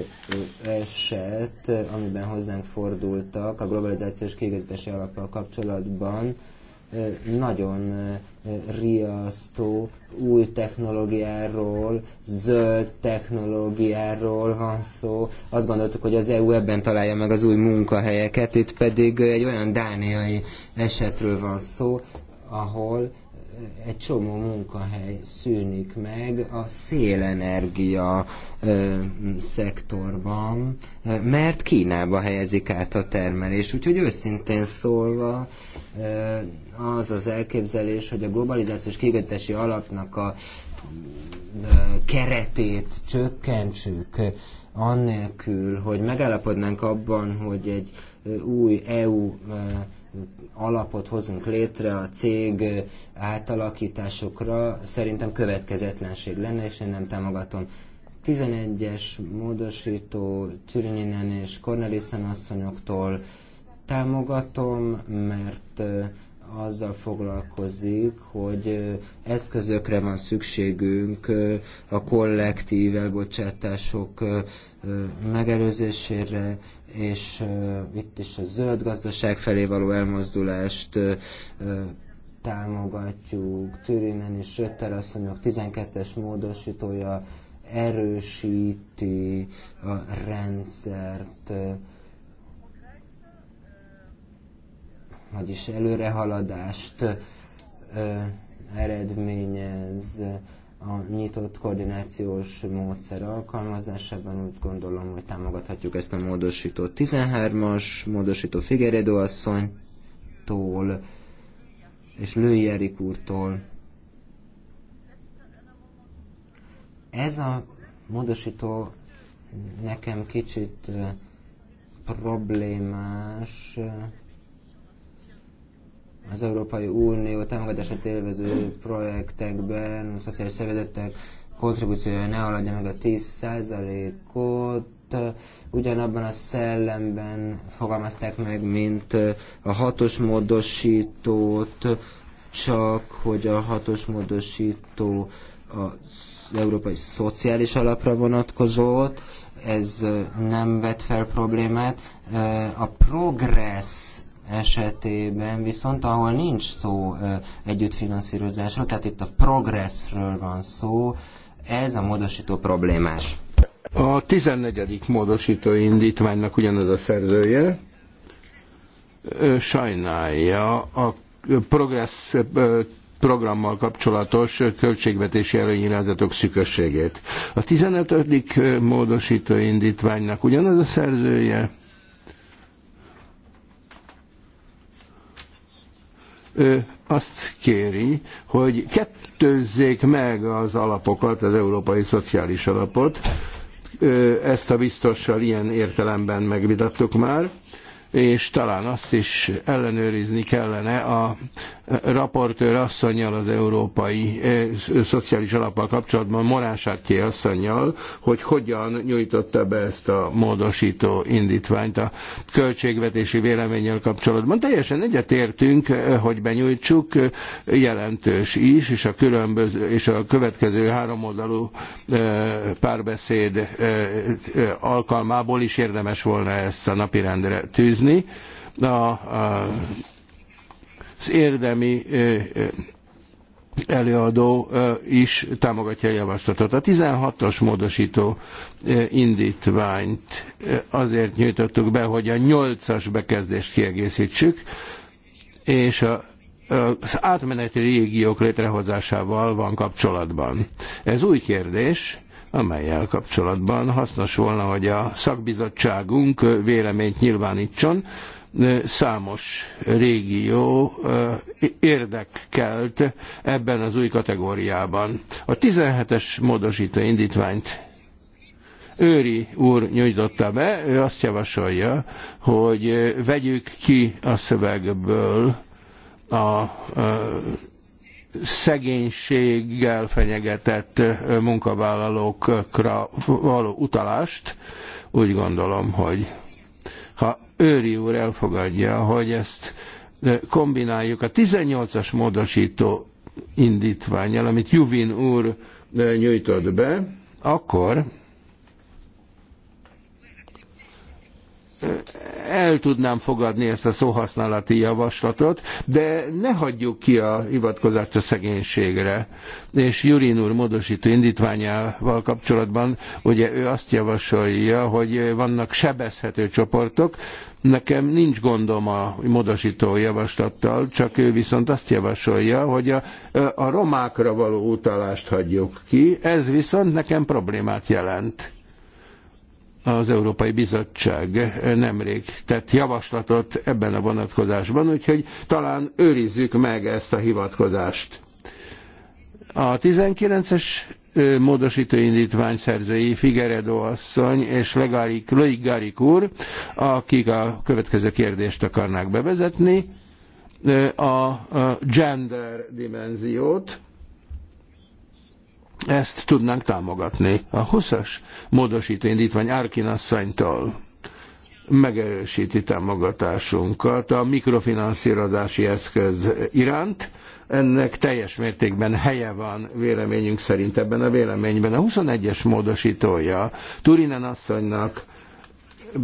Speaker 2: eset, amiben hozzánk fordultak a globalizációs kiegészítési alappal kapcsolatban, nagyon riasztó új technológiáról, zöld technológiáról van szó. Azt gondoltuk, hogy az EU ebben találja meg az új munkahelyeket, itt pedig egy olyan dániai esetről van szó, ahol egy csomó munkahely szűnik meg a szélenergia ö, szektorban, mert Kínába helyezik át a termelés. Úgyhogy őszintén szólva ö, az az elképzelés, hogy a globalizációs kiigazítási alapnak a ö, keretét csökkentsük, annélkül, hogy megállapodnánk abban, hogy egy új EU alapot hozunk létre a cég átalakításokra, szerintem következetlenség lenne, és én nem támogatom. 11-es módosító Türininen és Cornelissen asszonyoktól támogatom, mert azzal foglalkozik, hogy eszközökre van szükségünk a kollektív elbocsátások megelőzésére, és itt is a zöld gazdaság felé való elmozdulást támogatjuk. Türinen is Rötter asszonyok 12-es módosítója erősíti a rendszert, vagyis előrehaladást eredményez a nyitott koordinációs módszer alkalmazásában úgy gondolom, hogy támogathatjuk ezt a módosító 13-as, módosító Figueredo asszonytól és Lői Erik úrtól. Ez a módosító nekem kicsit problémás, az Európai Unió támogatását élvező projektekben a szociális szervezetek kontribúciója ne haladja meg a 10%-ot, ugyanabban a szellemben fogalmazták meg, mint a hatos módosítót, csak hogy a hatos módosító az Európai Szociális Alapra vonatkozott, ez nem vet fel problémát. A progress esetében viszont, ahol nincs szó együttfinanszírozásról, tehát itt a progresszről van szó, ez a módosító problémás.
Speaker 4: A 14. módosító indítványnak ugyanaz a szerzője sajnálja a progressz programmal kapcsolatos költségvetési előnyirányzatok szükösségét. A 15. módosító indítványnak ugyanaz a szerzője azt kéri, hogy kettőzzék meg az alapokat, az Európai Szociális Alapot. Ezt a biztossal ilyen értelemben megvitattuk már és talán azt is ellenőrizni kellene a raportőr asszonyjal az Európai Szociális Alappal kapcsolatban, Morán Sártyé asszonyjal, hogy hogyan nyújtotta be ezt a módosító indítványt a költségvetési véleménnyel kapcsolatban. Teljesen egyetértünk, hogy benyújtsuk, jelentős is, és a, különböző, és a következő háromoldalú párbeszéd alkalmából is érdemes volna ezt a napirendre tűzni, megőrizni a, a, az érdemi előadó is támogatja a javaslatot. A 16-os módosító indítványt azért nyújtottuk be, hogy a 8-as bekezdést kiegészítsük, és a az átmeneti régiók létrehozásával van kapcsolatban. Ez új kérdés, amelyel kapcsolatban hasznos volna, hogy a szakbizottságunk véleményt nyilvánítson. Számos régió érdekelt ebben az új kategóriában. A 17-es módosító indítványt Őri úr nyújtotta be, ő azt javasolja, hogy vegyük ki a szövegből a, a szegénységgel fenyegetett munkavállalókra való utalást, úgy gondolom, hogy ha Őri úr elfogadja, hogy ezt kombináljuk a 18-as módosító indítványjal, amit Juvin úr nyújtott be, akkor el tudnám fogadni ezt a szóhasználati javaslatot, de ne hagyjuk ki a hivatkozást a szegénységre. És Jurin úr módosító indítványával kapcsolatban, ugye ő azt javasolja, hogy vannak sebezhető csoportok, Nekem nincs gondom a modosító javaslattal, csak ő viszont azt javasolja, hogy a, a romákra való utalást hagyjuk ki, ez viszont nekem problémát jelent az Európai Bizottság nemrég tett javaslatot ebben a vonatkozásban, úgyhogy talán őrizzük meg ezt a hivatkozást. A 19-es módosító indítvány szerzői Figueredo asszony és Legarik, Loik Garik úr, akik a következő kérdést akarnák bevezetni, a gender dimenziót, ezt tudnánk támogatni. A 20-as módosító indítvány Árkin asszonytól megerősíti támogatásunkat a mikrofinanszírozási eszköz iránt. Ennek teljes mértékben helye van véleményünk szerint ebben a véleményben. A 21-es módosítója Turinen asszonynak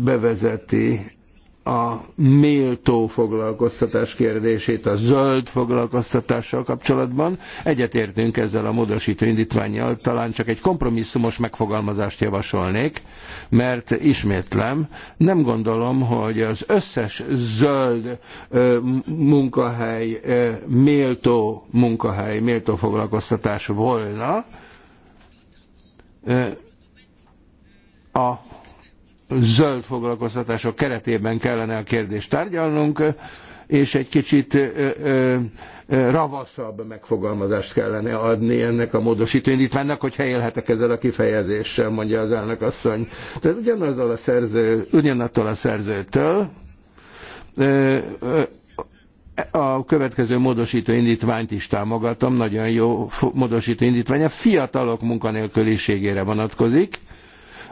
Speaker 4: bevezeti a méltó foglalkoztatás kérdését a zöld foglalkoztatással kapcsolatban. Egyetértünk ezzel a módosító indítványjal, talán csak egy kompromisszumos megfogalmazást javasolnék, mert ismétlem, nem gondolom, hogy az összes zöld munkahely méltó munkahely, méltó foglalkoztatás volna. a zöld foglalkoztatások keretében kellene a kérdést tárgyalnunk, és egy kicsit ö, ö, ravaszabb megfogalmazást kellene adni ennek a módosító indítványnak, hogy élhetek ezzel a kifejezéssel, mondja az elnök asszony. Tehát ugyanazzal a szerző, ugyanattól a szerzőtől ö, ö, a következő módosító indítványt is támogatom, nagyon jó módosító indítvány, a fiatalok munkanélküliségére vonatkozik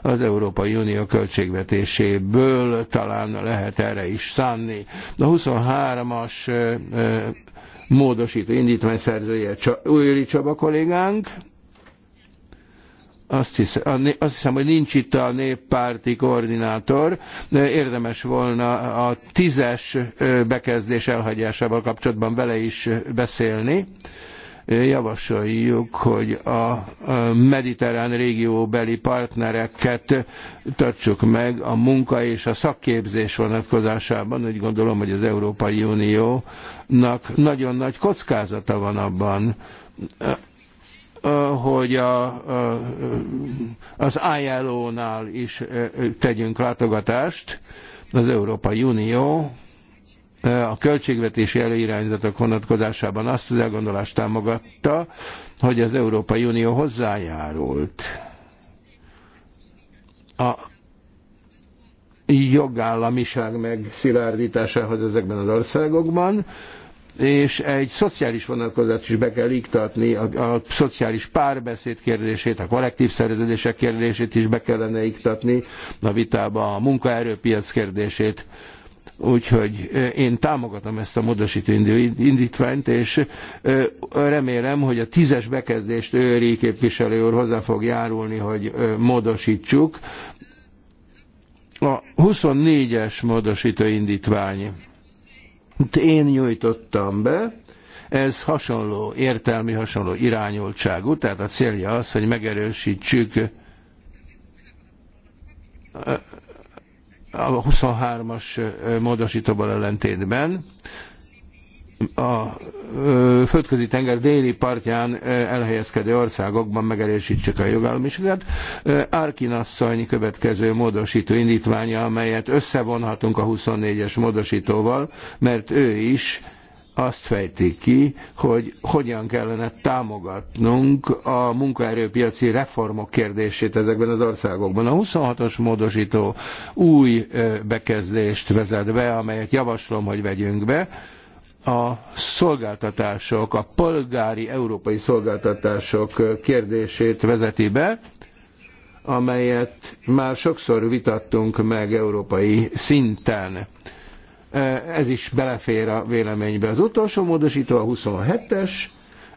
Speaker 4: az Európai Unió költségvetéséből talán lehet erre is szánni. A 23-as módosító indítvány szerzője Újri Csaba kollégánk, azt hiszem, azt hiszem, hogy nincs itt a néppárti koordinátor, érdemes volna a tízes bekezdés elhagyásával kapcsolatban vele is beszélni javasoljuk, hogy a mediterrán régióbeli partnereket tartsuk meg a munka és a szakképzés vonatkozásában. Úgy gondolom, hogy az Európai Uniónak nagyon nagy kockázata van abban, hogy a, az ILO-nál is tegyünk látogatást. Az Európai Unió a költségvetési előirányzatok vonatkozásában azt az elgondolást támogatta, hogy az Európai Unió hozzájárult a jogállamiság megszilárdításához ezekben az országokban, és egy szociális vonatkozást is be kell iktatni, a, a szociális párbeszéd kérdését, a kollektív szerződések kérdését is be kellene iktatni a vitába, a munkaerőpiac kérdését Úgyhogy én támogatom ezt a módosító indítványt, és remélem, hogy a tízes bekezdést őri képviselő úr hozzá fog járulni, hogy módosítsuk. A 24-es módosító indítvány. Én nyújtottam be, ez hasonló, értelmi hasonló irányultságú, tehát a célja az, hogy megerősítsük a 23-as módosítóval ellentétben a földközi tenger déli partján elhelyezkedő országokban megerősítsük a jogállamiságát. Árkin asszony következő módosító indítványa, amelyet összevonhatunk a 24-es módosítóval, mert ő is azt fejti ki, hogy hogyan kellene támogatnunk a munkaerőpiaci reformok kérdését ezekben az országokban. A 26-os módosító új bekezdést vezet be, amelyet javaslom, hogy vegyünk be. A szolgáltatások, a polgári európai szolgáltatások kérdését vezeti be, amelyet már sokszor vitattunk meg európai szinten ez is belefér a véleménybe. Az utolsó módosító a 27-es,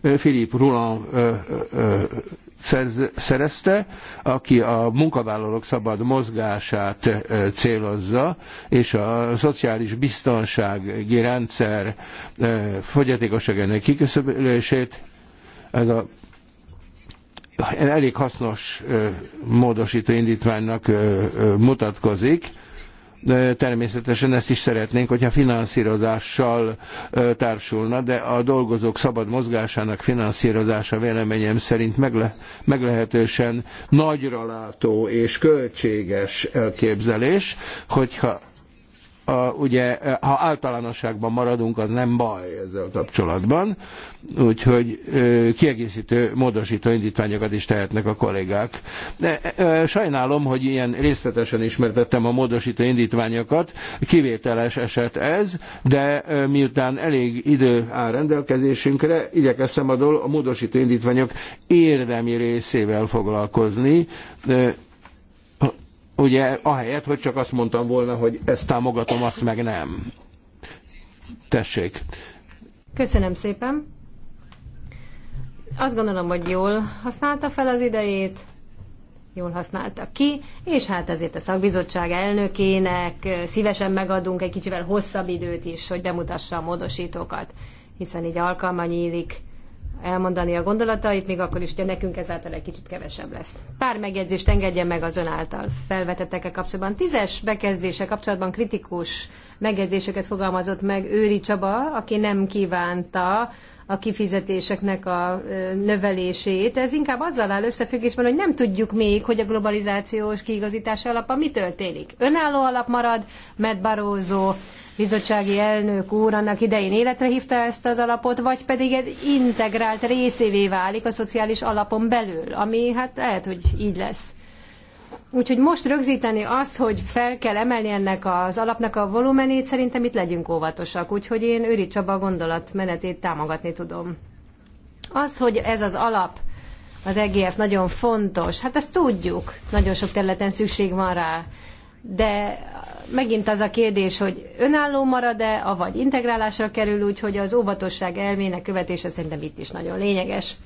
Speaker 4: Philippe Roland szerezte, aki a munkavállalók szabad mozgását célozza, és a szociális biztonsági rendszer fogyatékosságának kiköszöbölését. Ez a elég hasznos módosító indítványnak mutatkozik Természetesen ezt is szeretnénk, hogyha finanszírozással társulna, de a dolgozók szabad mozgásának finanszírozása véleményem szerint megle- meglehetősen nagyralátó és költséges elképzelés, hogyha a, ugye, ha általánosságban maradunk, az nem baj ezzel kapcsolatban, úgyhogy kiegészítő, módosító indítványokat is tehetnek a kollégák. De, sajnálom, hogy ilyen részletesen ismertettem a módosító indítványokat, kivételes eset ez, de miután elég idő áll rendelkezésünkre, igyekeztem a, dol- a módosító indítványok érdemi részével foglalkozni, Ugye ahelyett, hogy csak azt mondtam volna, hogy ezt támogatom, azt meg nem. Tessék.
Speaker 3: Köszönöm szépen. Azt gondolom, hogy jól használta fel az idejét, jól használta ki, és hát ezért a szakbizottság elnökének szívesen megadunk egy kicsivel hosszabb időt is, hogy bemutassa a módosítókat, hiszen így alkalma nyílik elmondani a gondolatait, még akkor is, hogy nekünk ezáltal egy kicsit kevesebb lesz. Pár megjegyzést engedjen meg ön által felvetettekkel kapcsolatban. Tízes bekezdése kapcsolatban kritikus megjegyzéseket fogalmazott meg Őri Csaba, aki nem kívánta a kifizetéseknek a növelését. Ez inkább azzal áll összefüggésben, hogy nem tudjuk még, hogy a globalizációs kiigazítási alapban mi történik. Önálló alap marad, Matt Barózó bizottsági elnök úr annak idején életre hívta ezt az alapot, vagy pedig egy integrált részévé válik a szociális alapon belül, ami hát lehet, hogy így lesz. Úgyhogy most rögzíteni azt, hogy fel kell emelni ennek az alapnak a volumenét, szerintem itt legyünk óvatosak. Úgyhogy én Őri Csaba gondolatmenetét támogatni tudom. Az, hogy ez az alap, az EGF nagyon fontos, hát ezt tudjuk, nagyon sok területen szükség van rá. De megint az a kérdés, hogy önálló marad-e, avagy integrálásra kerül, úgyhogy az óvatosság elvének követése szerintem itt is nagyon lényeges.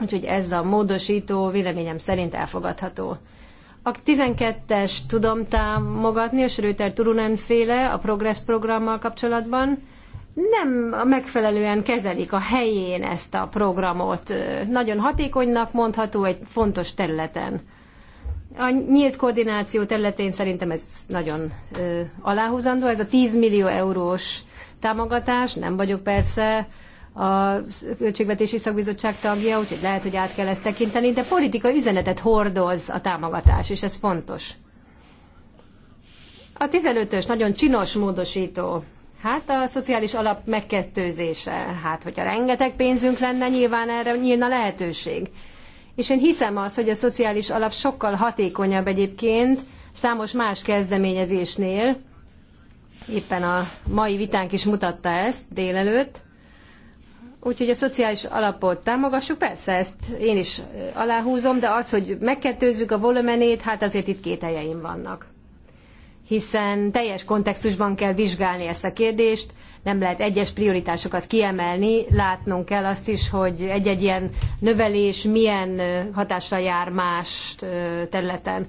Speaker 3: Úgyhogy ez a módosító véleményem szerint elfogadható. A 12-es tudom támogatni, a Schröter Turunen féle a Progress programmal kapcsolatban. Nem megfelelően kezelik a helyén ezt a programot. Nagyon hatékonynak mondható egy fontos területen. A nyílt koordináció területén szerintem ez nagyon ö, aláhúzandó. Ez a 10 millió eurós támogatás, nem vagyok persze a Költségvetési Szakbizottság tagja, úgyhogy lehet, hogy át kell ezt tekinteni, de politikai üzenetet hordoz a támogatás, és ez fontos. A 15-ös nagyon csinos módosító. Hát a szociális alap megkettőzése. Hát, hogyha rengeteg pénzünk lenne, nyilván erre nyílna lehetőség. És én hiszem az, hogy a szociális alap sokkal hatékonyabb egyébként számos más kezdeményezésnél. Éppen a mai vitánk is mutatta ezt délelőtt. Úgyhogy a szociális alapot támogassuk, persze ezt én is aláhúzom, de az, hogy megkettőzzük a volumenét, hát azért itt két helyeim vannak. Hiszen teljes kontextusban kell vizsgálni ezt a kérdést, nem lehet egyes prioritásokat kiemelni, látnunk kell azt is, hogy egy-egy ilyen növelés milyen hatással jár más területen.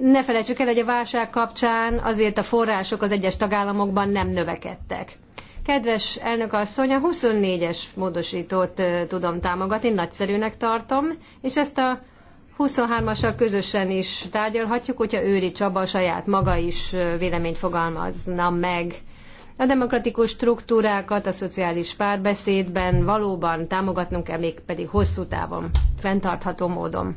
Speaker 3: Ne felejtsük el, hogy a válság kapcsán azért a források az egyes tagállamokban nem növekedtek. Kedves elnök asszony, a 24-es módosítót tudom támogatni, nagyszerűnek tartom, és ezt a 23-assal közösen is tárgyalhatjuk, hogyha Őri Csaba saját maga is véleményt fogalmazna meg. A demokratikus struktúrákat a szociális párbeszédben valóban támogatnunk kell, még pedig hosszú távon, fenntartható módon.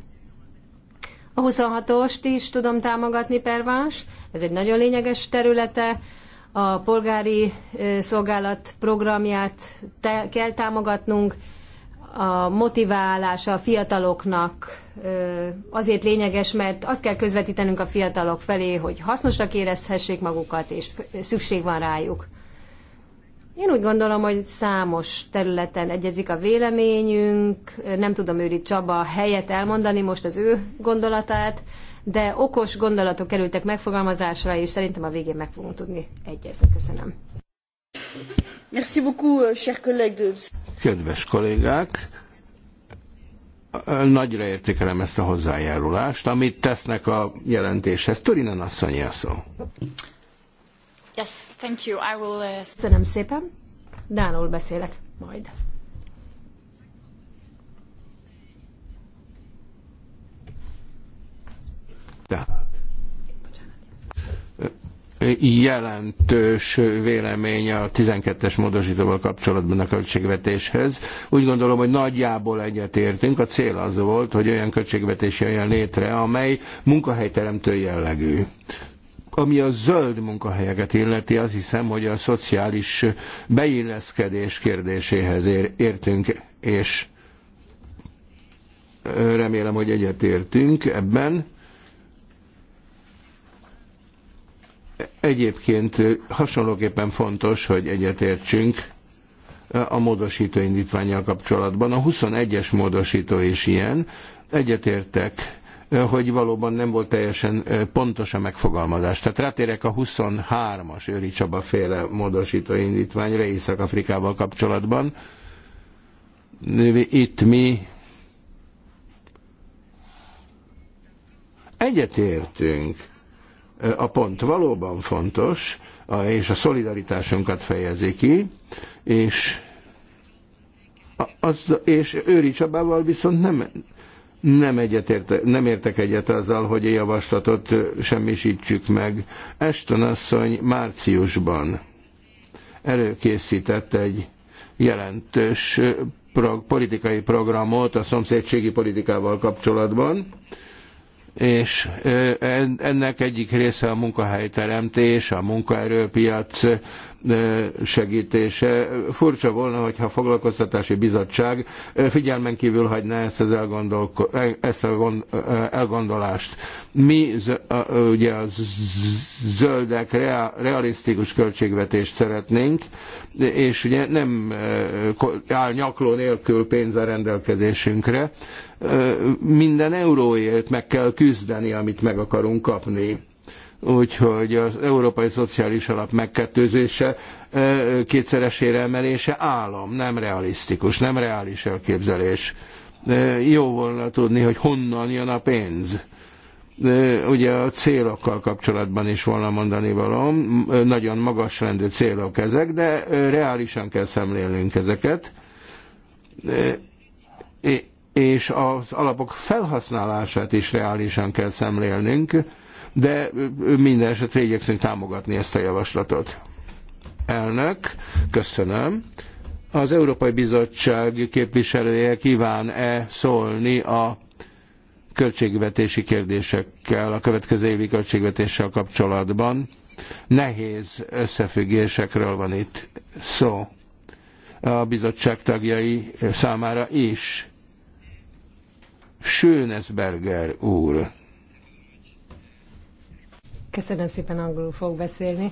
Speaker 3: A 26-ost is tudom támogatni, Pervans, ez egy nagyon lényeges területe a polgári szolgálat programját kell támogatnunk, a motiválása a fiataloknak azért lényeges, mert azt kell közvetítenünk a fiatalok felé, hogy hasznosak érezhessék magukat, és szükség van rájuk. Én úgy gondolom, hogy számos területen egyezik a véleményünk, nem tudom Őri Csaba helyet elmondani most az ő gondolatát, de okos gondolatok kerültek megfogalmazásra, és szerintem a végén meg fogunk tudni egyezni. Köszönöm.
Speaker 1: Merci beaucoup, euh,
Speaker 4: Kedves kollégák, nagyra értékelem ezt a hozzájárulást, amit tesznek a jelentéshez. Turinen asszony a szó.
Speaker 3: Yes, thank you. I will... Uh, Köszönöm szépen. Dánul beszélek majd.
Speaker 4: De jelentős vélemény a 12-es módosítóval kapcsolatban a költségvetéshez. Úgy gondolom, hogy nagyjából egyetértünk. A cél az volt, hogy olyan költségvetés jöjjön létre, amely munkahelyteremtő jellegű. Ami a zöld munkahelyeket illeti, azt hiszem, hogy a szociális beilleszkedés kérdéséhez értünk, és remélem, hogy egyetértünk ebben Egyébként hasonlóképpen fontos, hogy egyetértsünk a módosító indítványjal kapcsolatban. A 21-es módosító is ilyen. Egyetértek, hogy valóban nem volt teljesen pontos a megfogalmazás. Tehát rátérek a 23-as Őri Csaba féle módosító indítványra Észak-Afrikával kapcsolatban. Itt mi egyetértünk a pont valóban fontos, és a szolidaritásunkat fejezi ki, és, az, és Őri Csabával viszont nem, nem, egyetérte, nem értek egyet azzal, hogy a javaslatot semmisítsük meg. Eston asszony márciusban előkészített egy jelentős politikai programot a szomszédségi politikával kapcsolatban, és ennek egyik része a munkahelyteremtés, a munkaerőpiac segítése. Furcsa volna, hogyha a foglalkoztatási bizottság figyelmen kívül hagyná ezt az ezt a elgondolást. Mi ugye a zöldek realisztikus költségvetést szeretnénk, és ugye nem áll nyakló nélkül pénz a rendelkezésünkre. Minden euróért meg kell küzdeni, amit meg akarunk kapni úgyhogy az Európai Szociális Alap megkettőzése, kétszeresére emelése állam, nem realisztikus, nem reális elképzelés. Jó volna tudni, hogy honnan jön a pénz. Ugye a célokkal kapcsolatban is volna mondani valam, nagyon magas rendű célok ezek, de reálisan kell szemlélnünk ezeket és az alapok felhasználását is reálisan kell szemlélnünk de minden esetre igyekszünk támogatni ezt a javaslatot. Elnök, köszönöm. Az Európai Bizottság képviselője kíván-e szólni a költségvetési kérdésekkel, a következő évi költségvetéssel kapcsolatban? Nehéz összefüggésekről van itt szó a bizottság tagjai számára is. Schönesberger úr.
Speaker 3: Köszönöm szépen, angolul fog beszélni.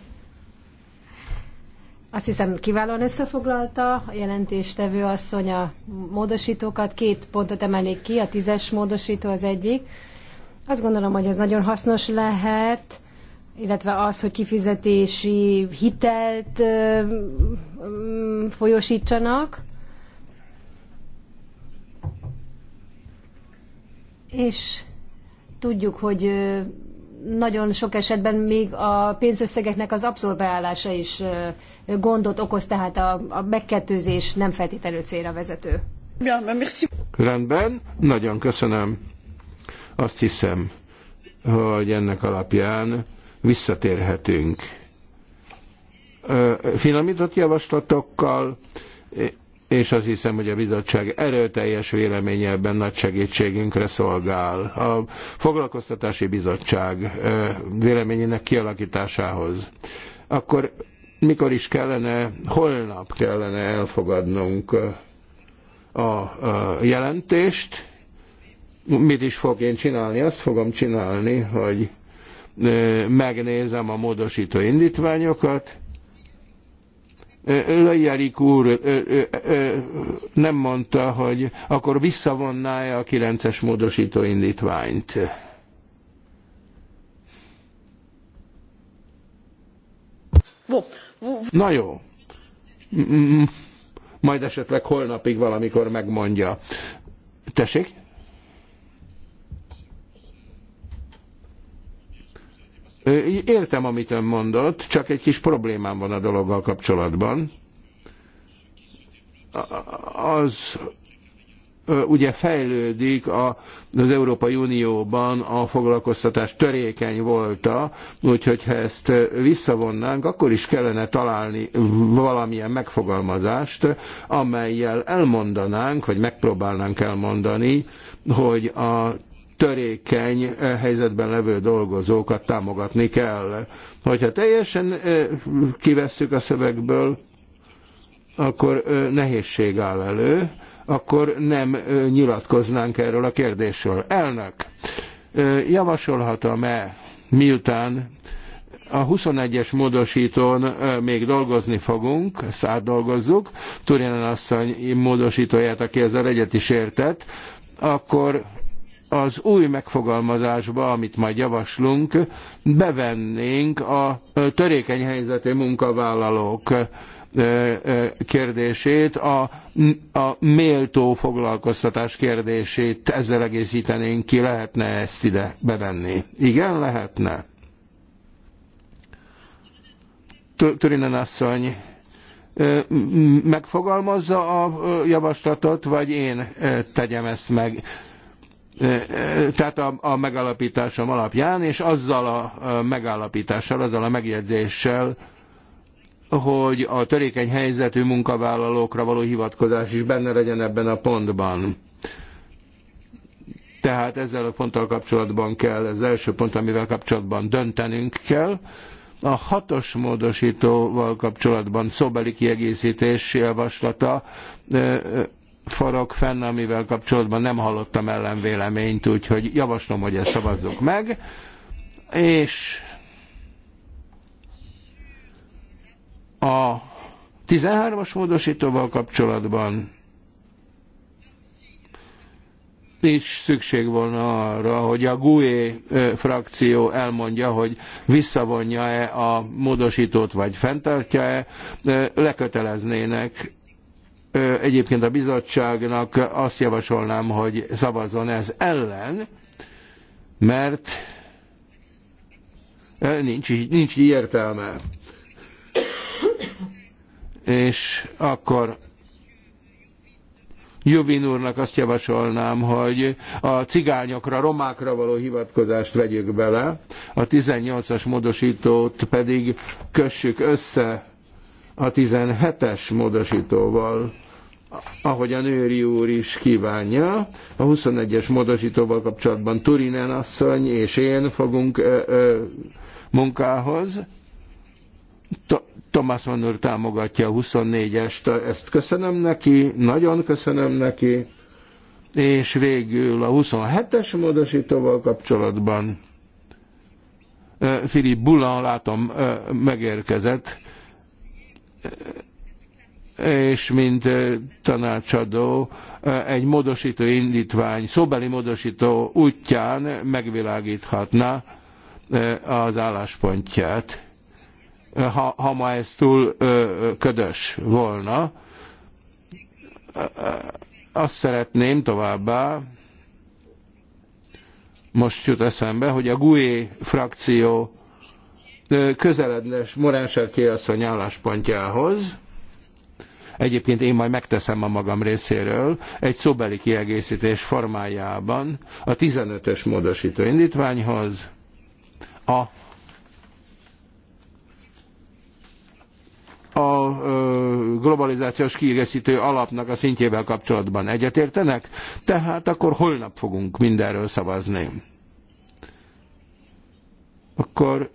Speaker 3: Azt hiszem kiválóan összefoglalta a jelentéstevő asszony a módosítókat. Két pontot emelnék ki, a tízes módosító az egyik. Azt gondolom, hogy ez nagyon hasznos lehet, illetve az, hogy kifizetési hitelt folyosítsanak. És tudjuk, hogy nagyon sok esetben még a pénzösszegeknek az abszorbálása is gondot okoz, tehát a, a megkettőzés nem feltétlenül célra vezető.
Speaker 4: Rendben, nagyon köszönöm. Azt hiszem, hogy ennek alapján visszatérhetünk finomított javaslatokkal, és azt hiszem, hogy a bizottság erőteljes véleménye ebben nagy segítségünkre szolgál. A foglalkoztatási bizottság véleményének kialakításához. Akkor mikor is kellene, holnap kellene elfogadnunk a jelentést, mit is fog én csinálni? Azt fogom csinálni, hogy megnézem a módosító indítványokat, Lejárik úr nem mondta, hogy akkor visszavonná-e a 9-es módosító indítványt. Na jó. Majd esetleg holnapig valamikor megmondja. Tessék? Értem, amit ön mondott, csak egy kis problémám van a dologgal kapcsolatban. Az ugye fejlődik a, az Európai Unióban a foglalkoztatás törékeny volta, úgyhogy ha ezt visszavonnánk, akkor is kellene találni valamilyen megfogalmazást, amelyel elmondanánk, vagy megpróbálnánk elmondani, hogy a törékeny eh, helyzetben levő dolgozókat támogatni kell. Hogyha teljesen eh, kivesszük a szövegből, akkor eh, nehézség áll elő, akkor nem nyilatkoznánk erről a kérdésről. Elnök, javasolhatom-e, miután a 21-es módosítón még dolgozni fogunk, ezt átdolgozzuk, Turjánan asszony módosítóját, aki ezzel egyet is értett, akkor az új megfogalmazásba, amit majd javaslunk, bevennénk a törékeny helyzetű munkavállalók kérdését, a, a méltó foglalkoztatás kérdését ezzel egészítenénk ki, lehetne ezt ide bevenni? Igen, lehetne. Törinen asszony megfogalmazza a javaslatot, vagy én tegyem ezt meg? tehát a, a alapján, és azzal a megállapítással, azzal a megjegyzéssel, hogy a törékeny helyzetű munkavállalókra való hivatkozás is benne legyen ebben a pontban. Tehát ezzel a ponttal kapcsolatban kell, ez az első pont, amivel kapcsolatban döntenünk kell. A hatos módosítóval kapcsolatban szóbeli kiegészítés javaslata forog fenn, amivel kapcsolatban nem hallottam ellenvéleményt, úgyhogy javaslom, hogy ezt szavazzuk meg. És a 13-as módosítóval kapcsolatban nincs szükség volna arra, hogy a GUE frakció elmondja, hogy visszavonja-e a módosítót, vagy fenntartja-e, leköteleznének Egyébként a bizottságnak azt javasolnám, hogy szavazzon ez ellen, mert nincs, nincs értelme. És akkor Jövin úrnak azt javasolnám, hogy a cigányokra, romákra való hivatkozást vegyük bele, a 18-as módosítót pedig kössük össze a 17-es módosítóval ahogy a Nőri úr is kívánja. A 21-es módosítóval kapcsolatban Turinen asszony és én fogunk ö, ö, munkához. To- Thomas úr támogatja a 24-est, ezt köszönöm neki, nagyon köszönöm neki. És végül a 27-es módosítóval kapcsolatban Filip Bulan látom megérkezett és mint tanácsadó egy módosító indítvány, szóbeli módosító útján megvilágíthatná az álláspontját, ha, ha ma ez túl ködös volna. Azt szeretném továbbá, most jut eszembe, hogy a GUE frakció közeledne Morán Serké asszony álláspontjához, Egyébként én majd megteszem a magam részéről egy szóbeli kiegészítés formájában a 15-ös módosító indítványhoz a a globalizációs kiegészítő alapnak a szintjével kapcsolatban egyetértenek, tehát akkor holnap fogunk mindenről szavazni. Akkor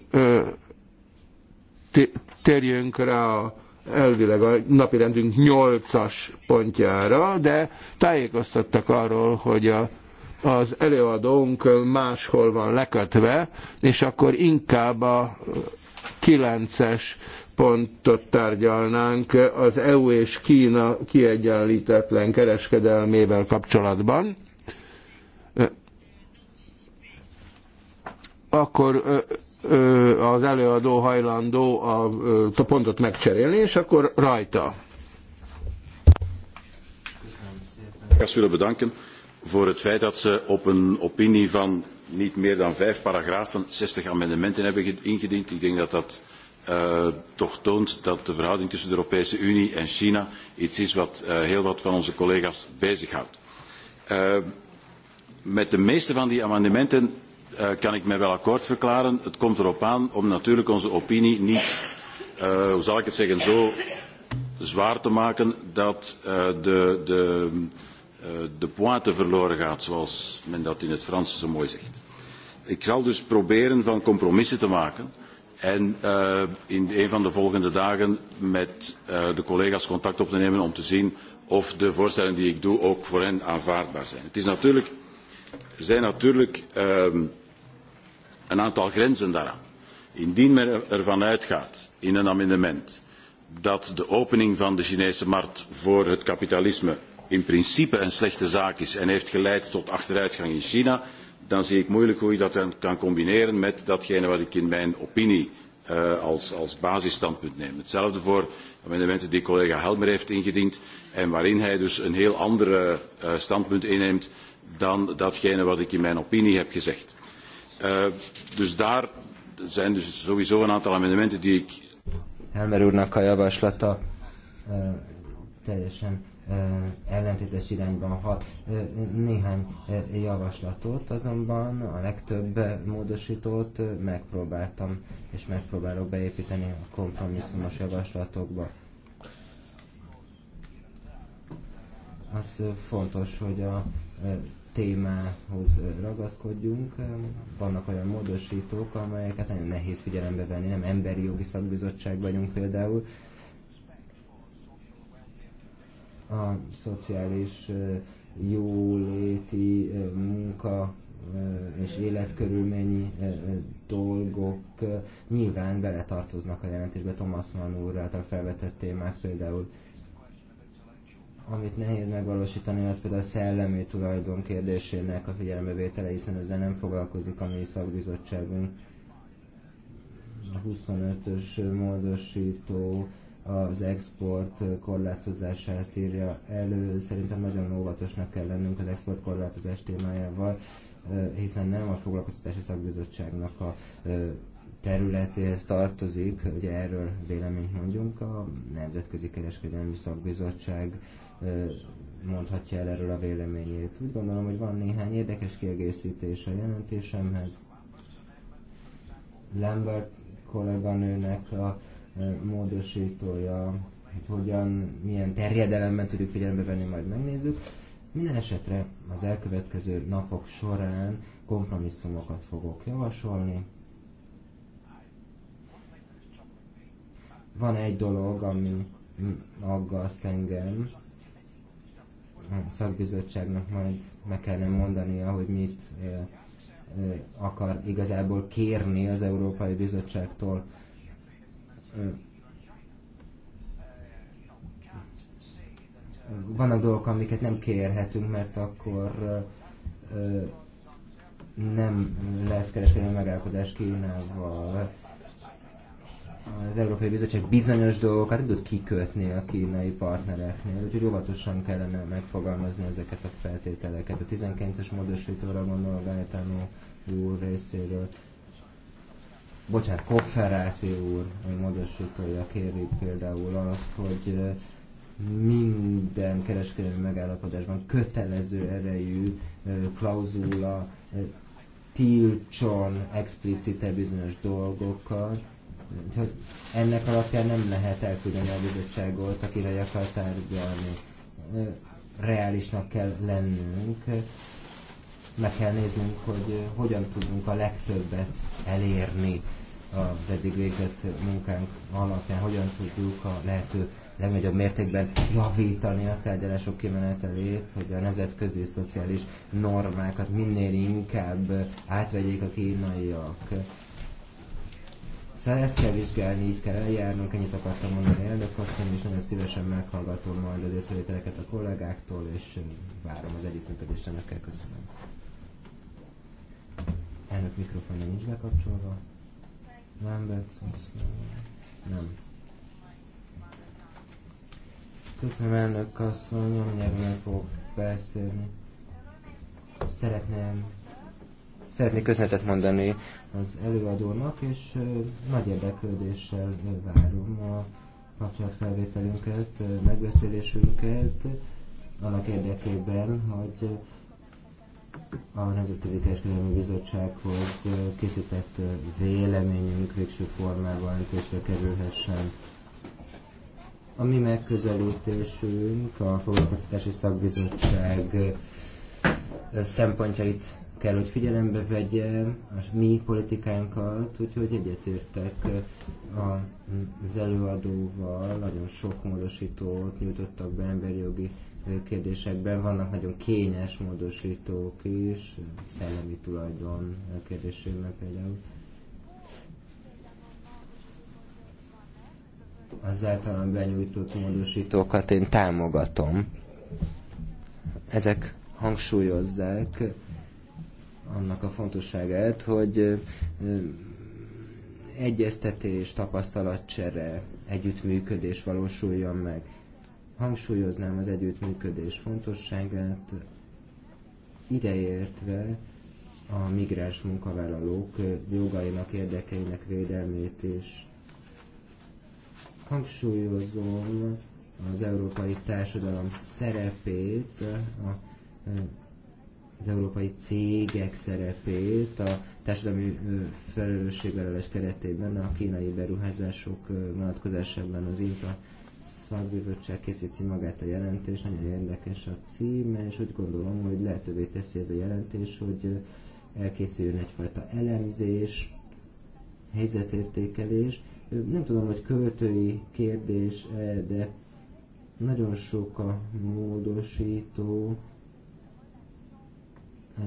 Speaker 4: térjünk rá a elvileg a rendünk 8-as pontjára, de tájékoztattak arról, hogy a, az előadónk máshol van lekötve, és akkor inkább a 9-es pontot tárgyalnánk az EU és Kína kiegyenlítetlen kereskedelmével kapcsolatban. Akkor az előadó hajlandó a, a pontot megcserélni, és akkor
Speaker 5: rajta. Köszönöm willen voor het feit dat ze op een opinie van niet meer dan vijf paragrafen 60 amendementen hebben ingediend. Ik denk dat dat uh, toch toont dat de verhouding tussen de Europese Unie en China iets is wat uh, heel wat van onze collega's bezighoudt. Uh, eh, met de meeste van die amendementen Eh, kan ik mij wel akkoord verklaren. Het komt erop aan om natuurlijk onze opinie niet, uh, hoe zal ik het zeggen, zo zwaar te maken dat uh, de, de, uh, de pointe verloren gaat, zoals men dat in het Frans zo mooi zegt. Ik zal dus proberen van compromissen te maken en uh, in een van de volgende dagen met uh, de collega's contact op te nemen om te zien of de voorstellen die ik doe ook voor hen aanvaardbaar zijn. Het is natuurlijk, er zijn natuurlijk um, een aantal grenzen daaraan. Indien men er- ervan uitgaat in een amendement dat de opening van de Chinese markt voor het kapitalisme in principe een slechte zaak is en heeft geleid tot achteruitgang in China, dan zie ik moeilijk hoe je dat kan combineren met datgene wat ik in mijn opinie uh, als, als basisstandpunt neem. Hetzelfde voor amendementen die collega Helmer heeft ingediend en waarin hij dus een heel ander uh, eh, standpunt inneemt dan datgene wat ik in mijn opinie heb gezegd. Uh, dus daar zijn dus sowieso een aantal amendementen die ik...
Speaker 2: Helmer úrnak a javaslata uh, teljesen uh, ellentétes irányban hat. Néhány javaslatot, azonban a legtöbb módosítót megpróbáltam, és megpróbálok beépíteni a kompromisszumos javaslatokba. Az fontos, hogy a témához ragaszkodjunk. Vannak olyan módosítók, amelyeket nagyon nehéz figyelembe venni, nem emberi jogi szakbizottság vagyunk például. A szociális jóléti munka és életkörülményi dolgok nyilván beletartoznak a jelentésbe Thomas Mann úr által felvetett témák például amit nehéz megvalósítani, az például a szellemi tulajdon kérdésének a figyelembevétele, hiszen ezzel nem foglalkozik a mi szakbizottságunk. A 25-ös módosító az export korlátozását írja elő. Szerintem nagyon óvatosnak kell lennünk az export korlátozás témájával, hiszen nem a foglalkoztatási szakbizottságnak a területéhez tartozik, ugye erről véleményt mondjunk, a Nemzetközi Kereskedelmi Szakbizottság mondhatja el erről a véleményét. Úgy gondolom, hogy van néhány érdekes kiegészítés a jelentésemhez. Lambert kolléganőnek a módosítója, hogy hogyan, milyen terjedelemben tudjuk figyelembe venni, majd megnézzük. Minden esetre az elkövetkező napok során kompromisszumokat fogok javasolni. Van egy dolog, ami aggaszt engem, a szakbizottságnak majd meg kellene mondania, hogy mit akar igazából kérni az Európai Bizottságtól. Vannak dolgok, amiket nem kérhetünk, mert akkor nem lesz kereskedelmi megállapodás Kínával az Európai Bizottság bizonyos dolgokat tud kikötni a kínai partnereknél, úgyhogy óvatosan kellene megfogalmazni ezeket a feltételeket. A 19-es módosítóra gondol Gaetano úr részéről, bocsánat, Kofferáti úr módosítója kéri például azt, hogy minden kereskedelmi megállapodásban kötelező erejű klauzula tiltson explicite bizonyos dolgokat, Úgyhogy ennek alapján nem lehet elküldeni a bizottságot, akire akar tárgyalni. Reálisnak kell lennünk, meg kell néznünk, hogy hogyan tudunk a legtöbbet elérni az eddig végzett munkánk alapján, hogyan tudjuk a lehető legnagyobb mértékben javítani a tárgyalások kimenetelét, hogy a nemzetközi szociális normákat minél inkább átvegyék a kínaiak Szóval ezt kell vizsgálni, így kell eljárnunk, ennyit akartam mondani elnök asszony, és nagyon szívesen meghallgatom majd az észrevételeket a kollégáktól, és várom az együttműködést kell Köszönöm. Elnök mikrofonja nincs bekapcsolva. Lambert Nem. Köszönöm elnök asszony, mindjárt meg fogok beszélni. Szeretném Szeretnék köszönetet mondani az előadónak, és nagy érdeklődéssel várom a kapcsolatfelvételünket, megbeszélésünket, annak érdekében, hogy a Nemzetközi Kereskedelmi Bizottsághoz készített véleményünk végső formában intésre kerülhessen. A mi megközelítésünk a Foglalkoztatási Szakbizottság szempontjait kell, hogy figyelembe vegye a mi politikánkat, úgyhogy egyetértek az előadóval, nagyon sok módosítót nyújtottak be emberi jogi kérdésekben, vannak nagyon kényes módosítók is, szellemi tulajdon kérdésében például. Az általam benyújtott módosítókat én támogatom. Ezek hangsúlyozzák annak a fontosságát, hogy egyeztetés, tapasztalatcsere, együttműködés valósuljon meg. Hangsúlyoznám az együttműködés fontosságát, ideértve a migráns munkavállalók jogainak, érdekeinek védelmét is. Hangsúlyozom az európai társadalom szerepét a az európai cégek szerepét a társadalmi felelősségvállalás keretében a kínai beruházások vonatkozásában az INTA szakbizottság készíti magát a jelentés, nagyon érdekes a cím, és úgy gondolom, hogy lehetővé teszi ez a jelentés, hogy elkészüljön egyfajta elemzés, helyzetértékelés. Nem tudom, hogy költői kérdés, de nagyon sok a módosító,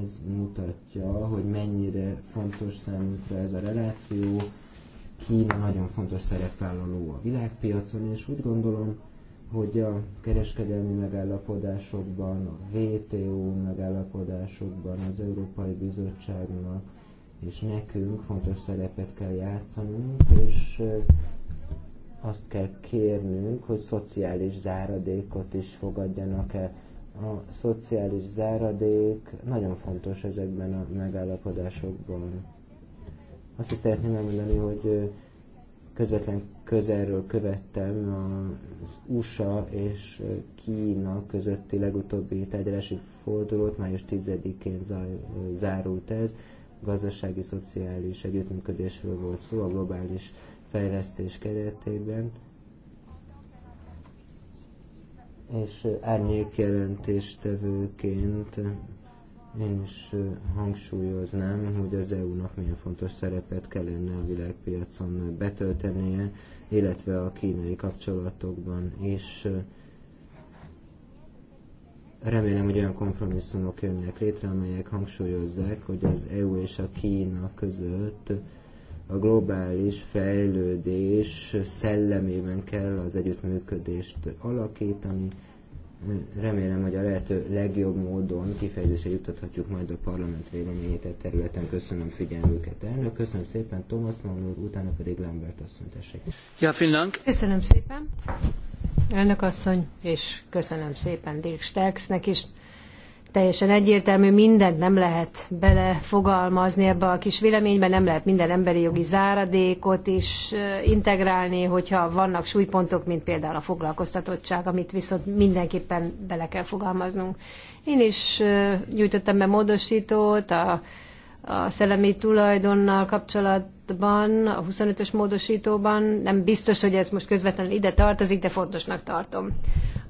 Speaker 2: ez mutatja, hogy mennyire fontos számunkra ez a reláció. Kína nagyon fontos szerepvállaló a világpiacon, és úgy gondolom, hogy a kereskedelmi megállapodásokban, a WTO megállapodásokban az Európai Bizottságnak és nekünk fontos szerepet kell játszanunk, és azt kell kérnünk, hogy szociális záradékot is fogadjanak el a szociális záradék nagyon fontos ezekben a megállapodásokban. Azt is szeretném elmondani, hogy közvetlen közelről követtem az USA és Kína közötti legutóbbi tárgyalási fordulót, május 10-én zárult ez, gazdasági-szociális együttműködésről volt szó a globális fejlesztés keretében és árnyék jelentéstevőként én is hangsúlyoznám, hogy az EU-nak milyen fontos szerepet kellene a világpiacon betöltenie, illetve a kínai kapcsolatokban is. Remélem, hogy olyan kompromisszumok jönnek létre, amelyek hangsúlyozzák, hogy az EU és a Kína között a globális fejlődés szellemében kell az együttműködést alakítani. Remélem, hogy a lehető legjobb módon kifejezésre juttathatjuk majd a parlament véleményét e területen. Köszönöm figyelmüket, elnök. Köszönöm szépen Thomas Mann utána pedig Lambert asszony tessék. Ja, Finland.
Speaker 3: Köszönöm szépen, elnök asszony, és köszönöm szépen Dirk Sterksnek is. És teljesen egyértelmű, mindent nem lehet belefogalmazni ebbe a kis véleménybe, nem lehet minden emberi jogi záradékot is integrálni, hogyha vannak súlypontok, mint például a foglalkoztatottság, amit viszont mindenképpen bele kell fogalmaznunk. Én is nyújtottam be módosítót a, a szellemi tulajdonnal kapcsolatban, a 25-ös módosítóban. Nem biztos, hogy ez most közvetlenül ide tartozik, de fontosnak tartom.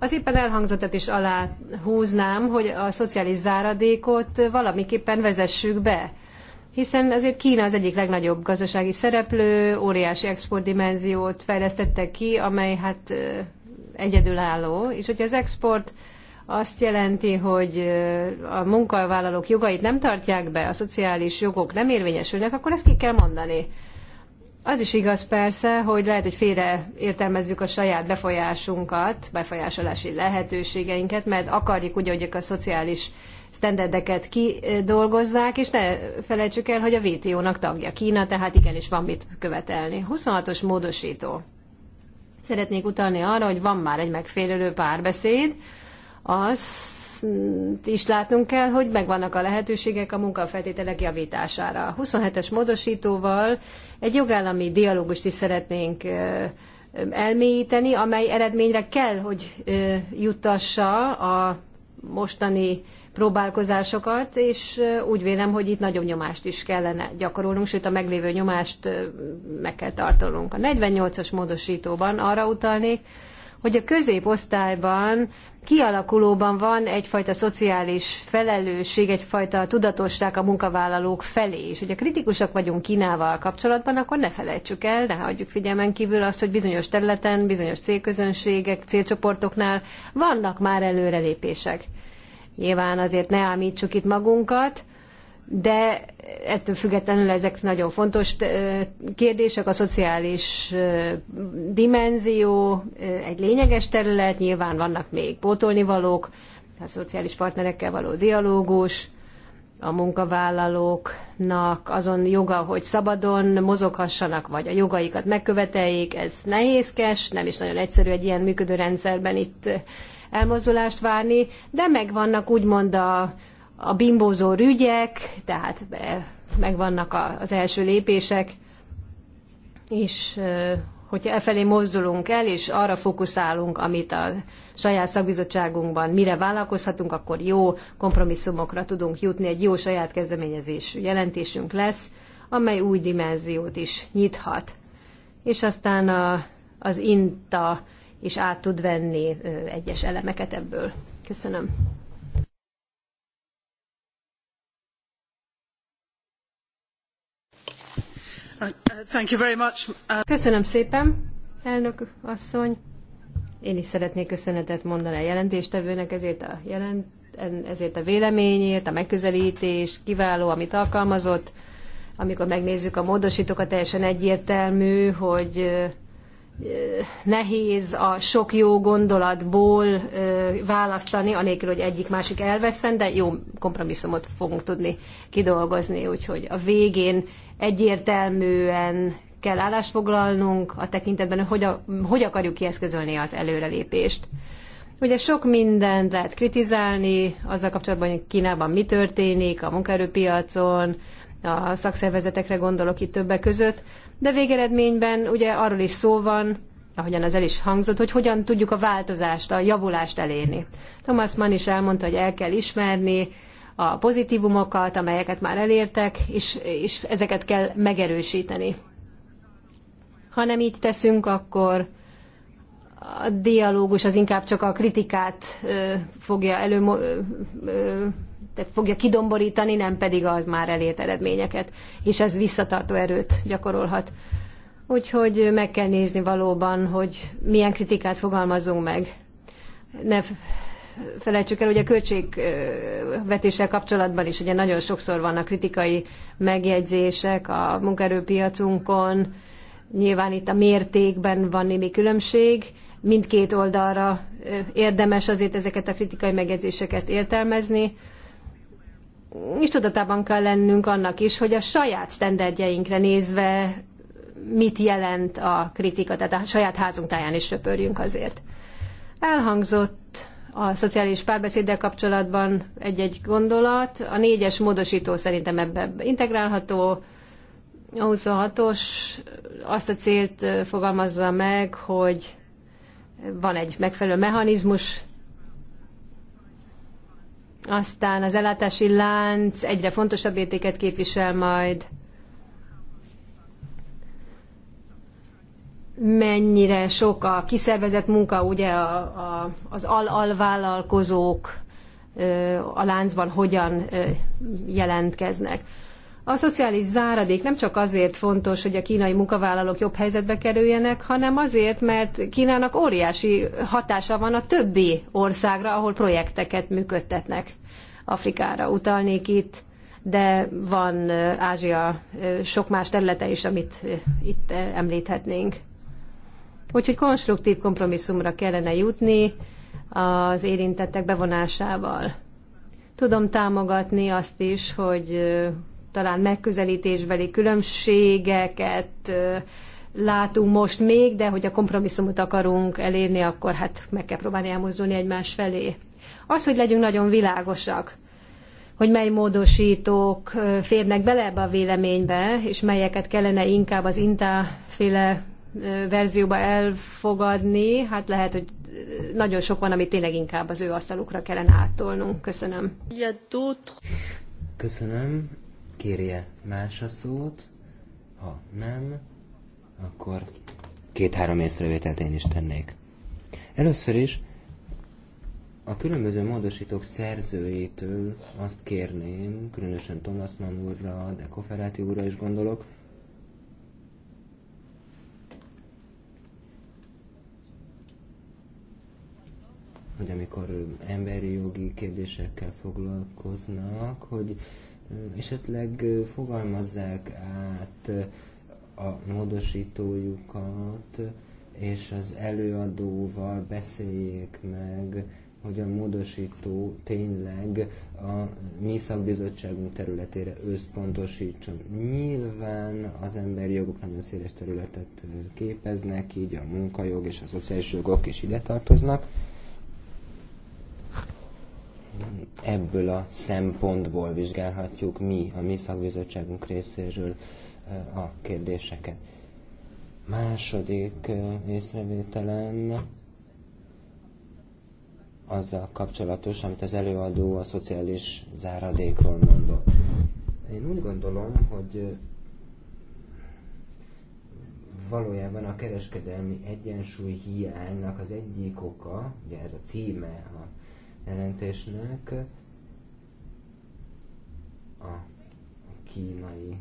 Speaker 3: Az éppen elhangzottat is alá húznám, hogy a szociális záradékot valamiképpen vezessük be hiszen azért Kína az egyik legnagyobb gazdasági szereplő, óriási exportdimenziót fejlesztettek ki, amely hát egyedülálló, és hogyha az export azt jelenti, hogy a munkavállalók jogait nem tartják be, a szociális jogok nem érvényesülnek, akkor ezt ki kell mondani. Az is igaz persze, hogy lehet, hogy félre értelmezzük a saját befolyásunkat, befolyásolási lehetőségeinket, mert akarjuk ugye, hogy a szociális sztenderdeket kidolgozzák, és ne felejtsük el, hogy a WTO-nak tagja Kína, tehát igenis van mit követelni. 26-os módosító. Szeretnék utalni arra, hogy van már egy megfélelő párbeszéd, az azt is látnunk kell, hogy megvannak a lehetőségek a munkafeltételek javítására. A 27-es módosítóval egy jogállami dialógust is szeretnénk elmélyíteni, amely eredményre kell, hogy juttassa a mostani próbálkozásokat, és úgy vélem, hogy itt nagyobb nyomást is kellene gyakorolnunk, sőt a meglévő nyomást meg kell tartanunk. A 48-as módosítóban arra utalnék, hogy a középosztályban kialakulóban van egyfajta szociális felelősség, egyfajta tudatosság a munkavállalók felé. És hogyha kritikusak vagyunk Kínával kapcsolatban, akkor ne felejtsük el, ne hagyjuk figyelmen kívül azt, hogy bizonyos területen, bizonyos célközönségek, célcsoportoknál vannak már előrelépések. Nyilván azért ne ámítsuk itt magunkat, de ettől függetlenül ezek nagyon fontos kérdések, a szociális dimenzió egy lényeges terület, nyilván vannak még pótolnivalók, a szociális partnerekkel való dialógus, a munkavállalóknak azon joga, hogy szabadon mozoghassanak, vagy a jogaikat megköveteljék, ez nehézkes, nem is nagyon egyszerű egy ilyen működő rendszerben itt elmozdulást várni, de megvannak úgymond a a bimbózó rügyek, tehát megvannak az első lépések, és hogyha efelé mozdulunk el, és arra fókuszálunk, amit a saját szakbizottságunkban mire vállalkozhatunk, akkor jó kompromisszumokra tudunk jutni, egy jó saját kezdeményezés jelentésünk lesz, amely új dimenziót is nyithat. És aztán a, az INTA is át tud venni egyes elemeket ebből. Köszönöm. Köszönöm szépen, elnök asszony. Én is szeretnék köszönetet mondani a jelentéstevőnek ezért a, jelent, ezért a véleményért, a megközelítés, kiváló, amit alkalmazott. Amikor megnézzük a módosítókat, teljesen egyértelmű, hogy nehéz a sok jó gondolatból választani, anélkül, hogy egyik-másik elveszen, de jó kompromisszumot fogunk tudni kidolgozni, úgyhogy a végén egyértelműen kell állást foglalnunk a tekintetben, hogy hogy, hogy akarjuk kieszközölni az előrelépést. Ugye sok mindent lehet kritizálni azzal kapcsolatban, hogy Kínában mi történik, a munkaerőpiacon, a szakszervezetekre gondolok itt többek között, de végeredményben ugye arról is szó van, ahogyan az el is hangzott, hogy hogyan tudjuk a változást, a javulást elérni. Thomas Mann is elmondta, hogy el kell ismerni a pozitívumokat, amelyeket már elértek, és, és ezeket kell megerősíteni. Ha nem így teszünk, akkor a dialógus az inkább csak a kritikát fogja elő fogja kidomborítani, nem pedig az már elért eredményeket, és ez visszatartó erőt gyakorolhat. Úgyhogy meg kell nézni valóban, hogy milyen kritikát fogalmazunk meg. Ne felejtsük el, hogy a költségvetéssel kapcsolatban is ugye nagyon sokszor vannak kritikai megjegyzések a munkaerőpiacunkon, nyilván itt a mértékben van némi különbség, mindkét oldalra érdemes azért ezeket a kritikai megjegyzéseket értelmezni, és tudatában kell lennünk annak is, hogy a saját standardjeinkre nézve mit jelent a kritika, tehát a saját házunk táján is söpörjünk azért. Elhangzott a szociális párbeszéddel kapcsolatban egy-egy gondolat. A négyes módosító szerintem ebbe integrálható. A 26-os azt a célt fogalmazza meg, hogy van egy megfelelő mechanizmus, aztán az ellátási lánc egyre fontosabb értéket képvisel majd. Mennyire sok a kiszervezett munka, ugye a, a, az al-alvállalkozók a láncban hogyan jelentkeznek. A szociális záradék nem csak azért fontos, hogy a kínai munkavállalók jobb helyzetbe kerüljenek, hanem azért, mert Kínának óriási hatása van a többi országra, ahol projekteket működtetnek. Afrikára utalnék itt, de van Ázsia sok más területe is, amit itt említhetnénk. Úgyhogy konstruktív kompromisszumra kellene jutni az érintettek bevonásával. Tudom támogatni azt is, hogy talán megközelítésbeli különbségeket látunk most még, de hogy a kompromisszumot akarunk elérni, akkor hát meg kell próbálni elmozdulni egymás felé. Az, hogy legyünk nagyon világosak, hogy mely módosítók férnek bele ebbe a véleménybe, és melyeket kellene inkább az intáféle verzióba elfogadni, hát lehet, hogy nagyon sok van, amit tényleg inkább az ő asztalukra kellene áttolnunk. Köszönöm.
Speaker 2: Köszönöm kérje más a szót? Ha nem, akkor két-három észrevételt én is tennék. Először is a különböző módosítók szerzőjétől azt kérném, különösen Thomas Mann úrra, de Koferáti úrra is gondolok, hogy amikor emberi jogi kérdésekkel foglalkoznak, hogy esetleg fogalmazzák át a módosítójukat, és az előadóval beszéljék meg, hogy a módosító tényleg a mi szakbizottságunk területére összpontosítson. Nyilván az emberi jogok nagyon széles területet képeznek, így a munkajog és a szociális jogok is ide tartoznak ebből a szempontból vizsgálhatjuk mi, a mi szakbizottságunk részéről eh, a kérdéseket. Második eh, észrevételem azzal kapcsolatos, amit az előadó a szociális záradékról mondott. Én úgy gondolom, hogy eh, valójában a kereskedelmi egyensúly hiánynak az egyik oka, ugye ez a címe a jelentésnek. A kínai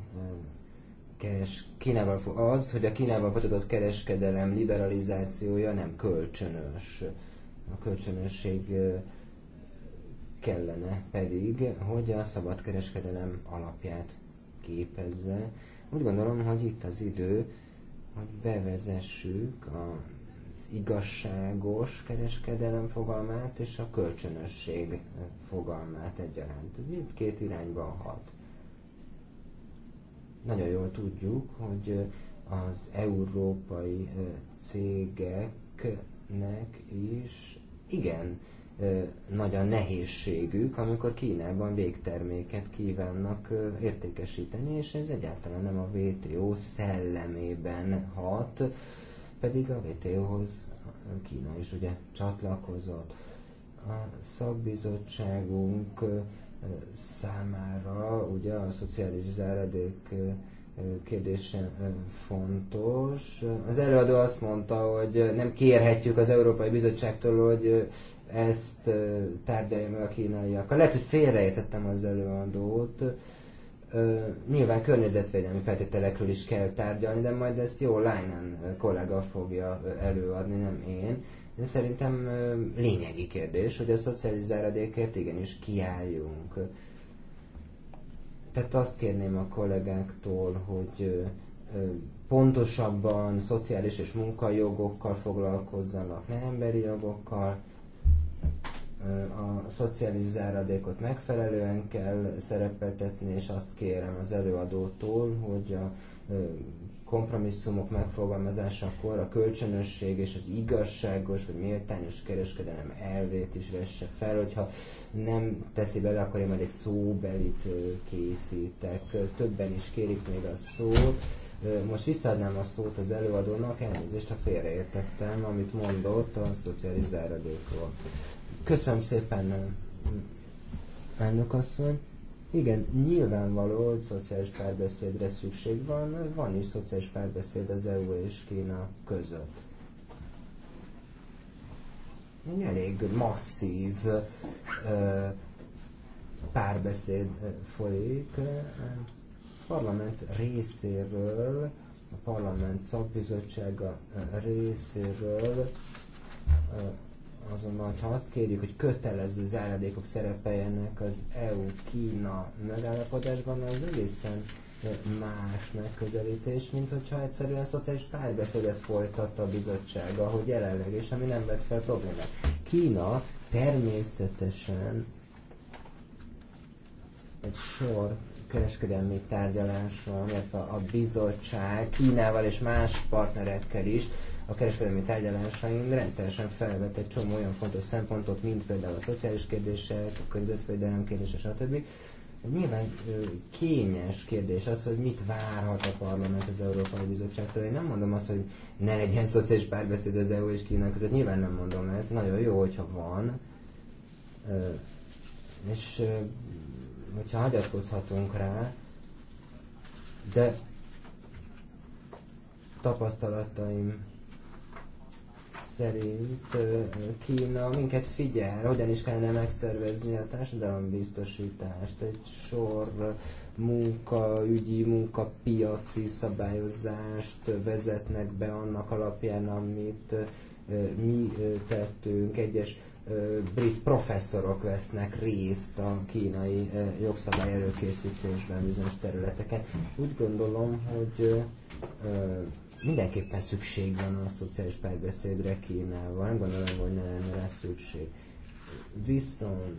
Speaker 2: keres, Kínával, az, hogy a Kínával folytatott kereskedelem liberalizációja nem kölcsönös. A kölcsönösség kellene pedig, hogy a kereskedelem alapját képezze. Úgy gondolom, hogy itt az idő, hogy bevezessük a igazságos kereskedelem fogalmát és a kölcsönösség fogalmát egyaránt. Ez mindkét irányban hat. Nagyon jól tudjuk, hogy az európai cégeknek is igen nagy a nehézségük, amikor Kínában végterméket kívánnak értékesíteni, és ez egyáltalán nem a WTO szellemében hat, pedig a WTO-hoz Kína is ugye csatlakozott. A szakbizottságunk számára ugye a szociális záradék kérdése fontos. Az előadó azt mondta, hogy nem kérhetjük az Európai Bizottságtól, hogy ezt tárgyalja meg a kínaiakkal. Lehet, hogy félreértettem az előadót nyilván környezetvédelmi feltételekről is kell tárgyalni, de majd ezt jó Leinen kollega fogja előadni, nem én. De szerintem lényegi kérdés, hogy a szociális záradékért igenis kiálljunk. Tehát azt kérném a kollégáktól, hogy pontosabban szociális és munkajogokkal foglalkozzanak, ne emberi jogokkal a szociális záradékot megfelelően kell szerepeltetni, és azt kérem az előadótól, hogy a kompromisszumok megfogalmazásakor a kölcsönösség és az igazságos vagy méltányos kereskedelem elvét is vesse fel, hogyha nem teszi bele, akkor én majd egy szóbelit készítek. Többen is kérik még a szót most visszaadnám a szót az előadónak, elnézést, ha félreértettem, amit mondott a szociális záradékról. Köszönöm szépen, elnök asszony. Igen, nyilvánvaló, hogy szociális párbeszédre szükség van, van is szociális párbeszéd az EU és Kína között. Egy elég masszív párbeszéd folyik, parlament részéről, a parlament szakbizottsága részéről azonban, ha azt kérjük, hogy kötelező záradékok szerepeljenek az EU-Kína megállapodásban, az egészen más megközelítés, mint hogyha egyszerűen szociális párbeszédet folytatta a bizottság, ahogy jelenleg, és ami nem vett fel problémát. Kína természetesen egy sor kereskedelmi tárgyaláson, illetve a bizottság Kínával és más partnerekkel is a kereskedelmi tárgyalásain rendszeresen felvett egy csomó olyan fontos szempontot, mint például a szociális kérdések, a környezetvédelem kérdése, stb. Nyilván kényes kérdés az, hogy mit várhat a parlament az Európai Bizottságtól. Én nem mondom azt, hogy ne legyen szociális párbeszéd az EU és Kína között. Nyilván nem mondom ezt. Nagyon jó, hogyha van. És hogyha hagyatkozhatunk rá, de tapasztalataim szerint Kína minket figyel, hogyan is kellene megszervezni a társadalombiztosítást, egy sor munkaügyi, munkapiaci szabályozást vezetnek be annak alapján, amit mi tettünk. Egyes brit professzorok vesznek részt a kínai jogszabály előkészítésben bizonyos területeken. Úgy gondolom, hogy mindenképpen szükség van a szociális párbeszédre Kínával, nem gondolom, hogy ne lenne rá szükség. Viszont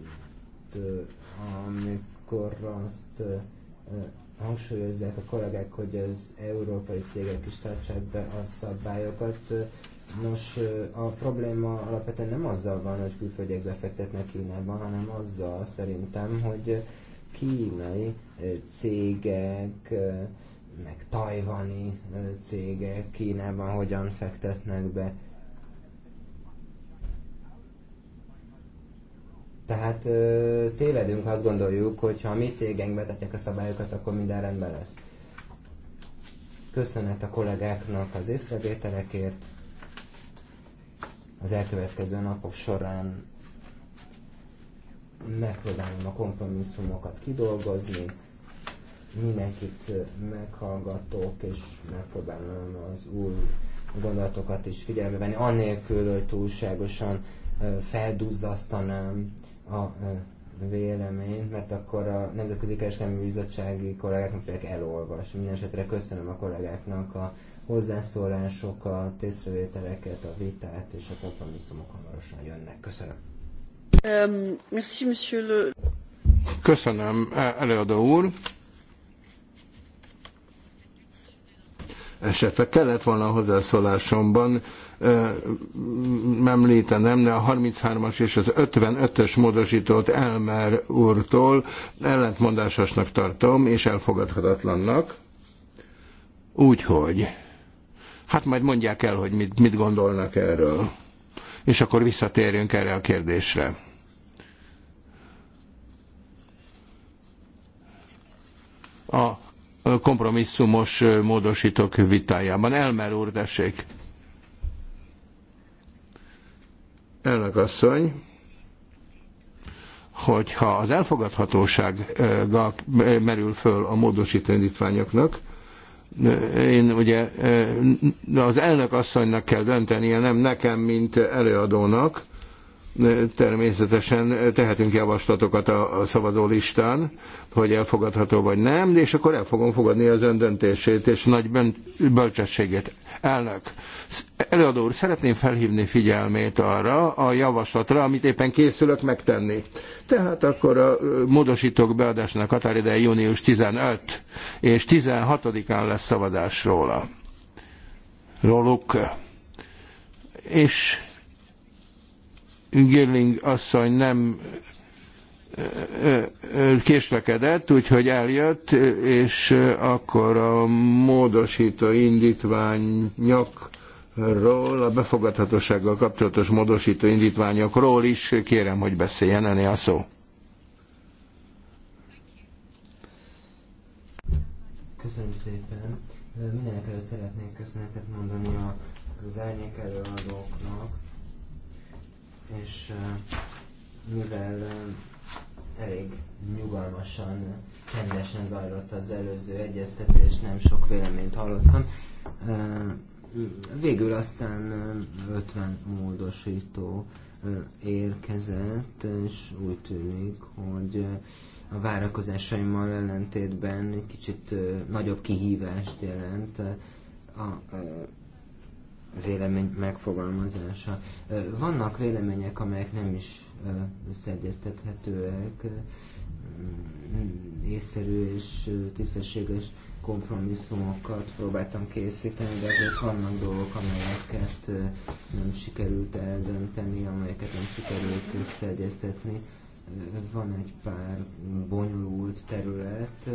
Speaker 2: amikor azt hangsúlyozzák a kollégák, hogy az európai cégek is tartsák be a szabályokat, Nos, a probléma alapvetően nem azzal van, hogy külföldiek befektetnek Kínában, hanem azzal szerintem, hogy kínai cégek, meg tajvani cégek Kínában hogyan fektetnek be. Tehát tévedünk, azt gondoljuk, hogy ha a mi cégeink betetják a szabályokat, akkor minden rendben lesz. Köszönet a kollégáknak az észrevételekért az elkövetkező napok során megpróbálom a kompromisszumokat kidolgozni, mindenkit meghallgatok, és megpróbálom az új gondolatokat is figyelembe venni, anélkül, hogy túlságosan felduzzasztanám a véleményt, mert akkor a Nemzetközi Kereskedelmi Bizottsági kollégáknak fogják elolvasni. Minden köszönöm a kollégáknak a hozzászólásokat, észrevételeket, a vitát és a kompromisszumok hamarosan jönnek. Köszönöm. Um,
Speaker 4: Köszönöm, e, előadó úr. esetleg kellett volna a hozzászólásomban e, említenem, de a 33-as és az 55-ös módosított Elmer úrtól ellentmondásosnak tartom és elfogadhatatlannak. Úgyhogy Hát majd mondják el, hogy mit, mit gondolnak erről. És akkor visszatérjünk erre a kérdésre. A kompromisszumos módosítók vitájában. Elmer úr, tessék! Elnök asszony, hogyha az elfogadhatóság merül föl a módosító indítványoknak, én ugye az elnök asszonynak kell döntenie, nem nekem, mint előadónak természetesen tehetünk javaslatokat a, szavazólistán, szavazó listán, hogy elfogadható vagy nem, és akkor el fogom fogadni az ön döntését és nagy bölcsességét. Elnök, előadó úr, szeretném felhívni figyelmét arra a javaslatra, amit éppen készülök megtenni. Tehát akkor a módosítók beadásának határideje június 15 és 16-án lesz szavazás róla. Róluk. És Gilling asszony nem késlekedett, úgyhogy eljött, és akkor a módosító indítványokról, a befogadhatósággal kapcsolatos módosító indítványokról is kérem, hogy beszéljen öné a szó.
Speaker 2: Köszönöm szépen. Mindenek előtt szeretnék köszönetet mondani az árnyék előadóknak, és mivel elég nyugalmasan, csendesen zajlott az előző egyeztetés, nem sok véleményt hallottam, végül aztán 50 módosító érkezett, és úgy tűnik, hogy a várakozásaimmal ellentétben egy kicsit nagyobb kihívást jelent a vélemény megfogalmazása. Vannak vélemények, amelyek nem is összeegyeztethetőek, mm, észszerű és tisztességes kompromisszumokat próbáltam készíteni, de azért vannak dolgok, amelyeket nem sikerült eldönteni, amelyeket nem sikerült összeegyeztetni. Van egy pár bonyolult terület.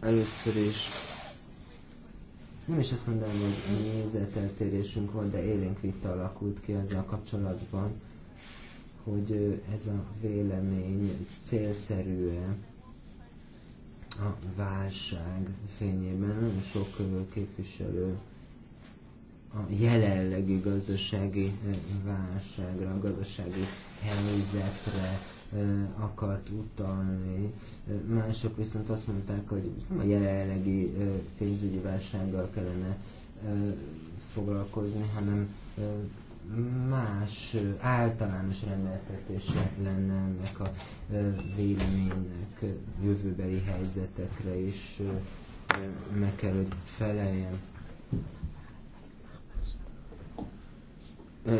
Speaker 2: Először is nem is azt mondanám, hogy nézeteltérésünk volt, de élénk vita alakult ki ezzel kapcsolatban, hogy ez a vélemény célszerű-e a válság fényében. Nagyon sok képviselő a jelenlegi gazdasági válságra, a gazdasági helyzetre akart utalni. Mások viszont azt mondták, hogy nem a jelenlegi pénzügyi válsággal kellene foglalkozni, hanem más általános rendeltetése lenne ennek a véleménynek jövőbeli helyzetekre is meg kell, hogy feleljen.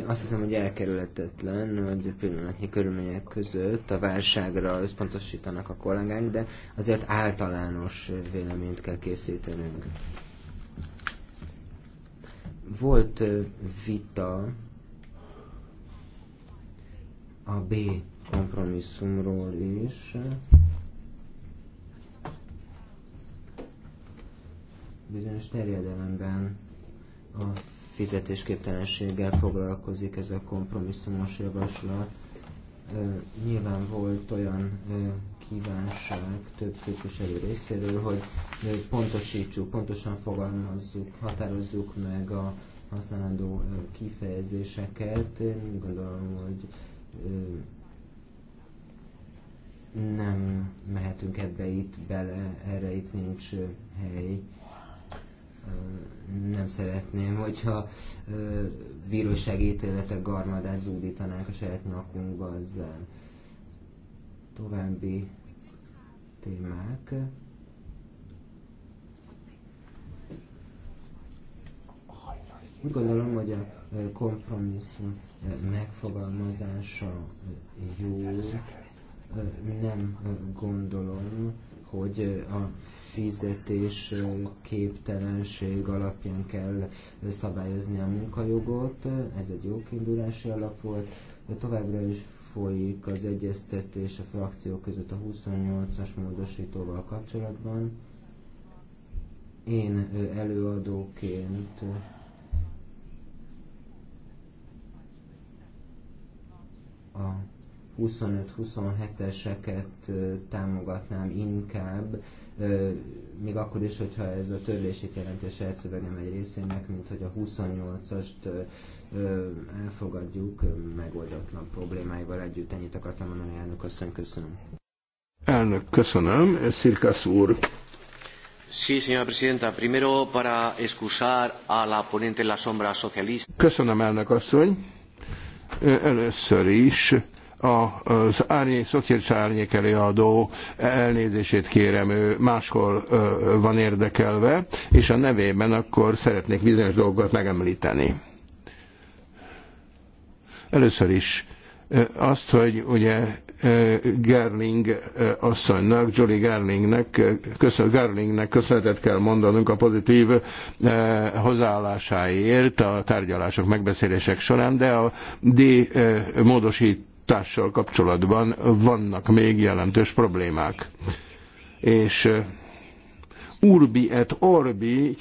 Speaker 2: Azt hiszem, hogy elkerülhetetlen, hogy pillanatnyi körülmények között a válságra összpontosítanak a kollégánk, de azért általános véleményt kell készítenünk. Volt vita a B kompromisszumról is. Bizonyos terjedelemben a fizetésképtelenséggel foglalkozik ez a kompromisszumos javaslat. Nyilván volt olyan kívánság több képviselő részéről, hogy pontosítsuk, pontosan fogalmazzuk, határozzuk meg a használandó kifejezéseket. Én gondolom, hogy nem mehetünk ebbe itt bele, erre itt nincs hely nem szeretném, hogyha bírósági ítéletek garmadát zúdítanák a saját nyakunkba ezzel. További témák. Úgy gondolom, hogy a kompromisszum megfogalmazása jó. Nem gondolom, hogy a fizetés képtelenség alapján kell szabályozni a munkajogot. Ez egy jó kiindulási alap volt. De továbbra is folyik az egyeztetés a frakciók között a 28-as módosítóval kapcsolatban. Én előadóként a 25-27-eseket támogatnám inkább, még akkor is, hogyha ez a törlését jelentés elszövegem egy részének, mint hogy a 28-ast elfogadjuk megoldatlan problémáival együtt. Ennyit akartam mondani, elnök asszony, köszönöm.
Speaker 4: Elnök, köszönöm. Szirkasz úr.
Speaker 3: Sí, señora presidenta. Primero
Speaker 2: para excusar a la ponente en la sombra socialista.
Speaker 4: Köszönöm, elnök asszony. Először is az árnyék, szociális árnyék előadó elnézését kérem, ő máshol van érdekelve, és a nevében akkor szeretnék bizonyos dolgokat megemlíteni. Először is azt, hogy ugye Gerling asszonynak, Jolly Gerlingnek, köszön, Gerlingnek köszönetet kell mondanunk a pozitív hozzáállásáért a tárgyalások, megbeszélések során, de a D módosít társal kapcsolatban vannak még jelentős problémák. És urbi et orbi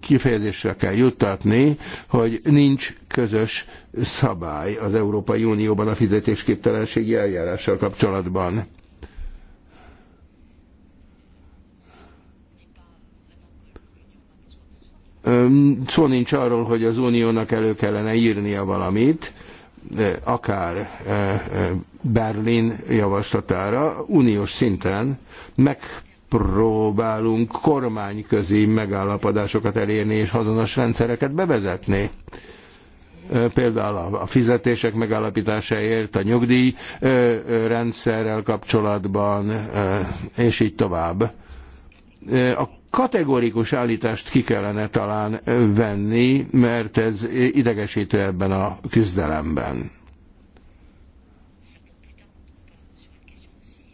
Speaker 4: kifejezésre kell juttatni, hogy nincs közös szabály az Európai Unióban a fizetésképtelenségi eljárással kapcsolatban. Szó nincs arról, hogy az uniónak elő kellene írnia valamit, akár Berlin javaslatára uniós szinten megpróbálunk kormányközi megállapodásokat elérni és hazonos rendszereket bevezetni például a fizetések megállapításáért, a nyugdíjrendszerrel kapcsolatban, és így tovább a kategórikus állítást ki kellene talán venni, mert ez idegesítő ebben a küzdelemben.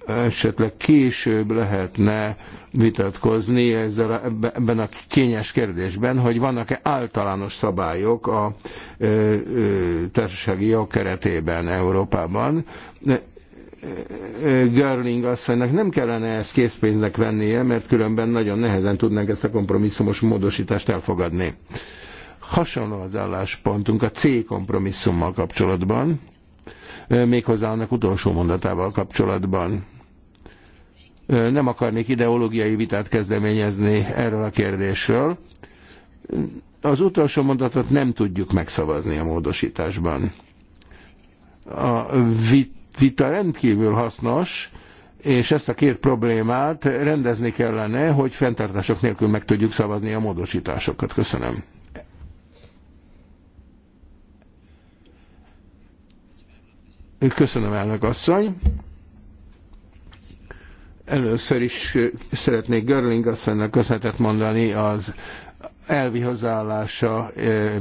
Speaker 4: esetleg később lehetne vitatkozni ezzel, ebben a kényes kérdésben, hogy vannak-e általános szabályok a ö, ö, társasági jog keretében Európában. Görling asszonynak nem kellene ezt készpénznek vennie, mert különben nagyon nehezen tudnánk ezt a kompromisszumos módosítást elfogadni. Hasonló az álláspontunk a C kompromisszummal kapcsolatban, méghozzá annak utolsó mondatával kapcsolatban. Nem akarnék ideológiai vitát kezdeményezni erről a kérdésről. Az utolsó mondatot nem tudjuk megszavazni a módosításban. A vit vita rendkívül hasznos, és ezt a két problémát rendezni kellene, hogy fenntartások nélkül meg tudjuk szavazni a módosításokat. Köszönöm. Köszönöm, elnök asszony. Először is szeretnék Görling asszonynak köszönetet mondani az elvi hozzáállása eh,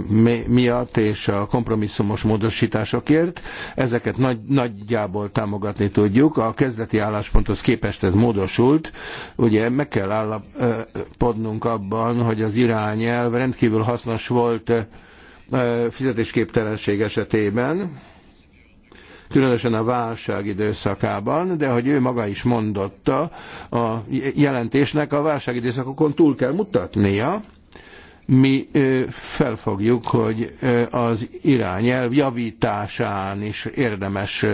Speaker 4: miatt és a kompromisszumos módosításokért. Ezeket nagy, nagyjából támogatni tudjuk. A kezdeti állásponthoz képest ez módosult. Ugye meg kell állapodnunk abban, hogy az irányelv rendkívül hasznos volt eh, fizetésképtelenség esetében, különösen a válság időszakában, de hogy ő maga is mondotta, a jelentésnek a válság időszakokon túl kell mutatnia, mi felfogjuk, hogy az irányelv javításán is érdemes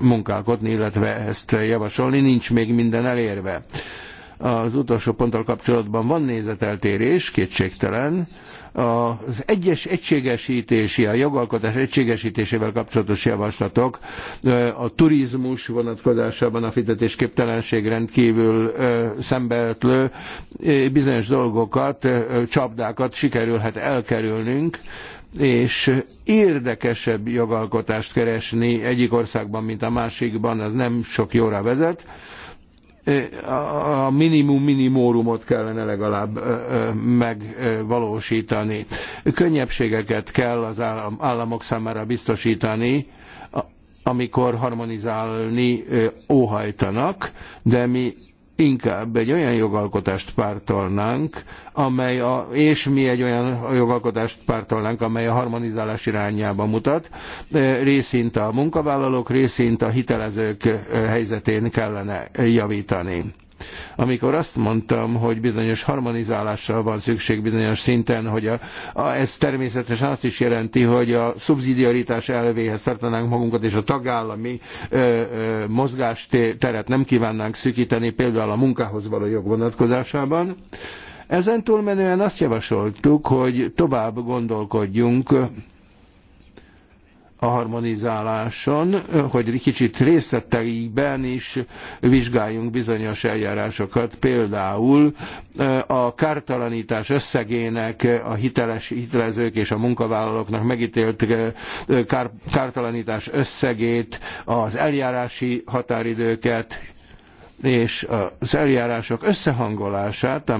Speaker 4: munkálkodni, illetve ezt javasolni, nincs még minden elérve az utolsó ponttal kapcsolatban van nézeteltérés, kétségtelen. Az egyes egységesítési, a jogalkotás egységesítésével kapcsolatos javaslatok a turizmus vonatkozásában a fizetésképtelenség rendkívül szembeötlő bizonyos dolgokat, csapdákat sikerülhet elkerülnünk, és érdekesebb jogalkotást keresni egyik országban, mint a másikban, az nem sok jóra vezet a minimum minimórumot kellene legalább megvalósítani. Könnyebbségeket kell az államok számára biztosítani, amikor harmonizálni óhajtanak, de mi inkább egy olyan jogalkotást pártolnánk, amely a, és mi egy olyan jogalkotást pártolnánk, amely a harmonizálás irányába mutat. Részint a munkavállalók, részint a hitelezők helyzetén kellene javítani amikor azt mondtam, hogy bizonyos harmonizálásra van szükség bizonyos szinten, hogy a, a, ez természetesen azt is jelenti, hogy a szubszidiaritás elvéhez tartanánk magunkat, és a tagállami ö, ö, mozgásteret nem kívánnánk szűkíteni, például a munkához való jog vonatkozásában. Ezen túlmenően azt javasoltuk, hogy tovább gondolkodjunk a harmonizáláson, hogy kicsit részleteiben is vizsgáljunk bizonyos eljárásokat, például a kártalanítás összegének a hiteles hitelezők és a munkavállalóknak megítélt kártalanítás összegét, az eljárási határidőket, és az eljárások összehangolását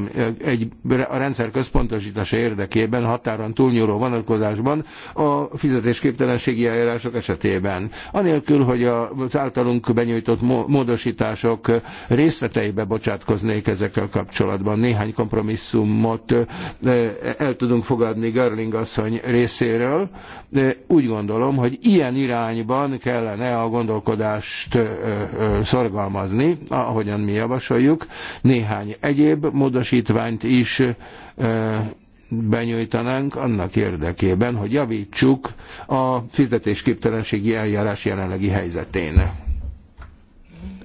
Speaker 4: egy, a rendszer központosítása érdekében határon túlnyúló vonatkozásban a fizetésképtelenségi eljárások esetében. Anélkül, hogy az általunk benyújtott módosítások részleteibe bocsátkoznék ezekkel kapcsolatban, néhány kompromisszumot el tudunk fogadni Görling asszony részéről. Úgy gondolom, hogy ilyen irányban kellene a gondolkodást szorgalmazni, ahogyan mi javasoljuk, néhány egyéb módosítványt is benyújtanánk annak érdekében, hogy javítsuk a fizetésképtelenségi eljárás jelenlegi helyzetén.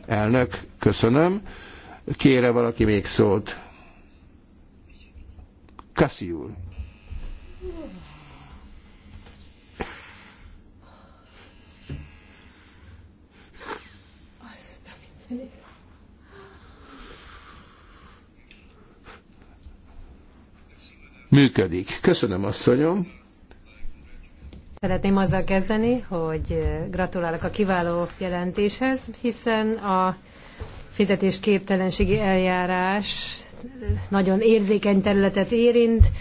Speaker 4: Elnök, köszönöm. Kére valaki még szót? Kassi működik. Köszönöm, asszonyom!
Speaker 3: Szeretném azzal kezdeni, hogy gratulálok a kiváló jelentéshez, hiszen a fizetésképtelenségi eljárás nagyon érzékeny területet érint,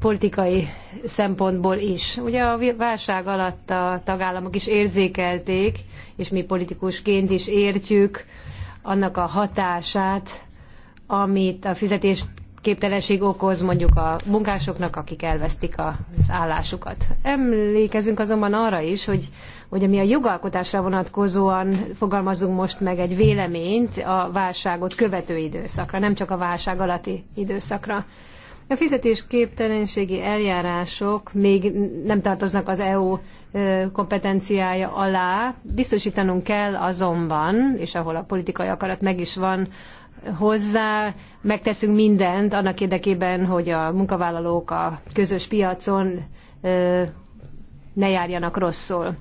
Speaker 3: politikai szempontból is. Ugye a válság alatt a tagállamok is érzékelték, és mi politikusként is értjük annak a hatását, amit a fizetés képtelenség okoz mondjuk a munkásoknak, akik elvesztik az állásukat. Emlékezünk azonban arra is, hogy, hogy ami a jogalkotásra vonatkozóan fogalmazunk most meg egy véleményt a válságot követő időszakra, nem csak a válság alatti időszakra. A fizetésképtelenségi eljárások még nem tartoznak az EU kompetenciája alá. Biztosítanunk kell azonban, és ahol a politikai akarat meg is van, hozzá, megteszünk mindent annak érdekében, hogy a munkavállalók a közös piacon ne járjanak rosszul.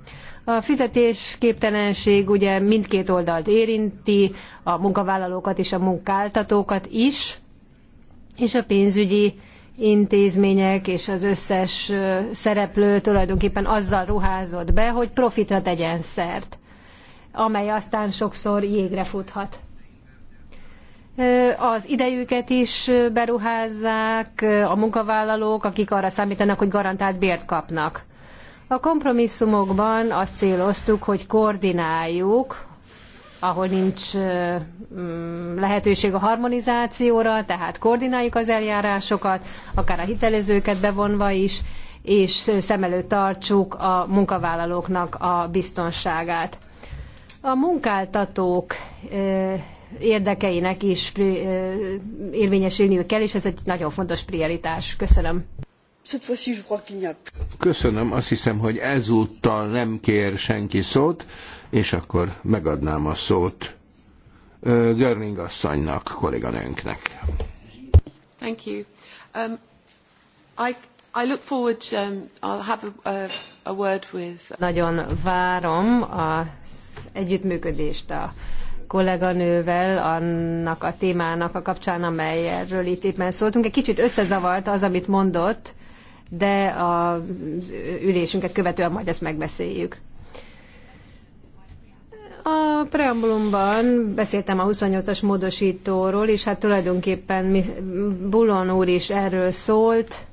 Speaker 3: A fizetésképtelenség ugye mindkét oldalt érinti, a munkavállalókat és a munkáltatókat is, és a pénzügyi intézmények és az összes szereplő tulajdonképpen azzal ruházott be, hogy profitra tegyen szert, amely aztán sokszor jégre futhat az idejüket is beruházzák a munkavállalók, akik arra számítanak, hogy garantált bért kapnak. A kompromisszumokban azt céloztuk, hogy koordináljuk, ahol nincs mm, lehetőség a harmonizációra, tehát koordináljuk az eljárásokat, akár a hitelezőket bevonva is, és szem előtt tartsuk a munkavállalóknak a biztonságát. A munkáltatók érdekeinek is érvényesülniük kell, és ez egy nagyon fontos prioritás. Köszönöm.
Speaker 4: Köszönöm, azt hiszem, hogy ezúttal nem kér senki szót, és akkor megadnám a szót Görling asszonynak, kolléganőnknek.
Speaker 5: Thank you. Um,
Speaker 3: I, I look forward, um, I'll have a, a, a word with... Nagyon várom az együttműködést a kolléganővel annak a témának a kapcsán, amelyről itt éppen szóltunk. Egy kicsit összezavart az, amit mondott, de az ülésünket követően majd ezt megbeszéljük. A preambulumban beszéltem a 28-as módosítóról, és hát tulajdonképpen Bulon úr is erről szólt,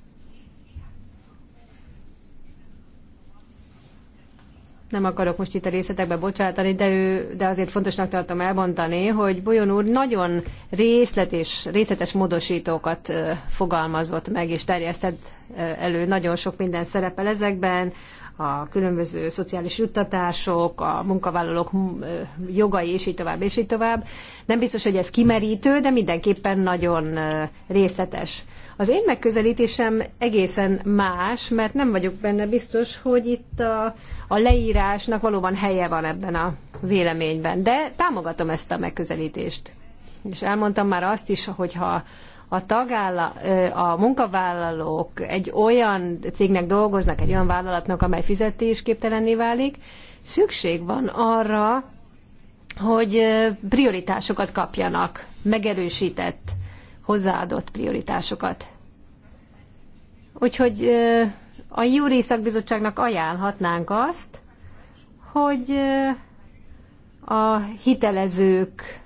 Speaker 3: nem akarok most itt a részletekbe bocsátani, de, ő, de azért fontosnak tartom elmondani, hogy Bolyon úr nagyon részlet és részletes módosítókat fogalmazott meg és terjesztett elő. Nagyon sok minden szerepel ezekben, a különböző szociális juttatások, a munkavállalók jogai, és így tovább, és így tovább. Nem biztos, hogy ez kimerítő, de mindenképpen nagyon részletes. Az én megközelítésem egészen más, mert nem vagyok benne biztos, hogy itt a, a leírásnak valóban helye van ebben a véleményben, de támogatom ezt a megközelítést. És elmondtam már azt is, hogyha a tagálla, a munkavállalók egy olyan cégnek dolgoznak, egy olyan vállalatnak, amely fizetésképtelenné válik, szükség van arra, hogy prioritásokat kapjanak, megerősített, hozzáadott prioritásokat. Úgyhogy a Júri Szakbizottságnak ajánlhatnánk azt, hogy a hitelezők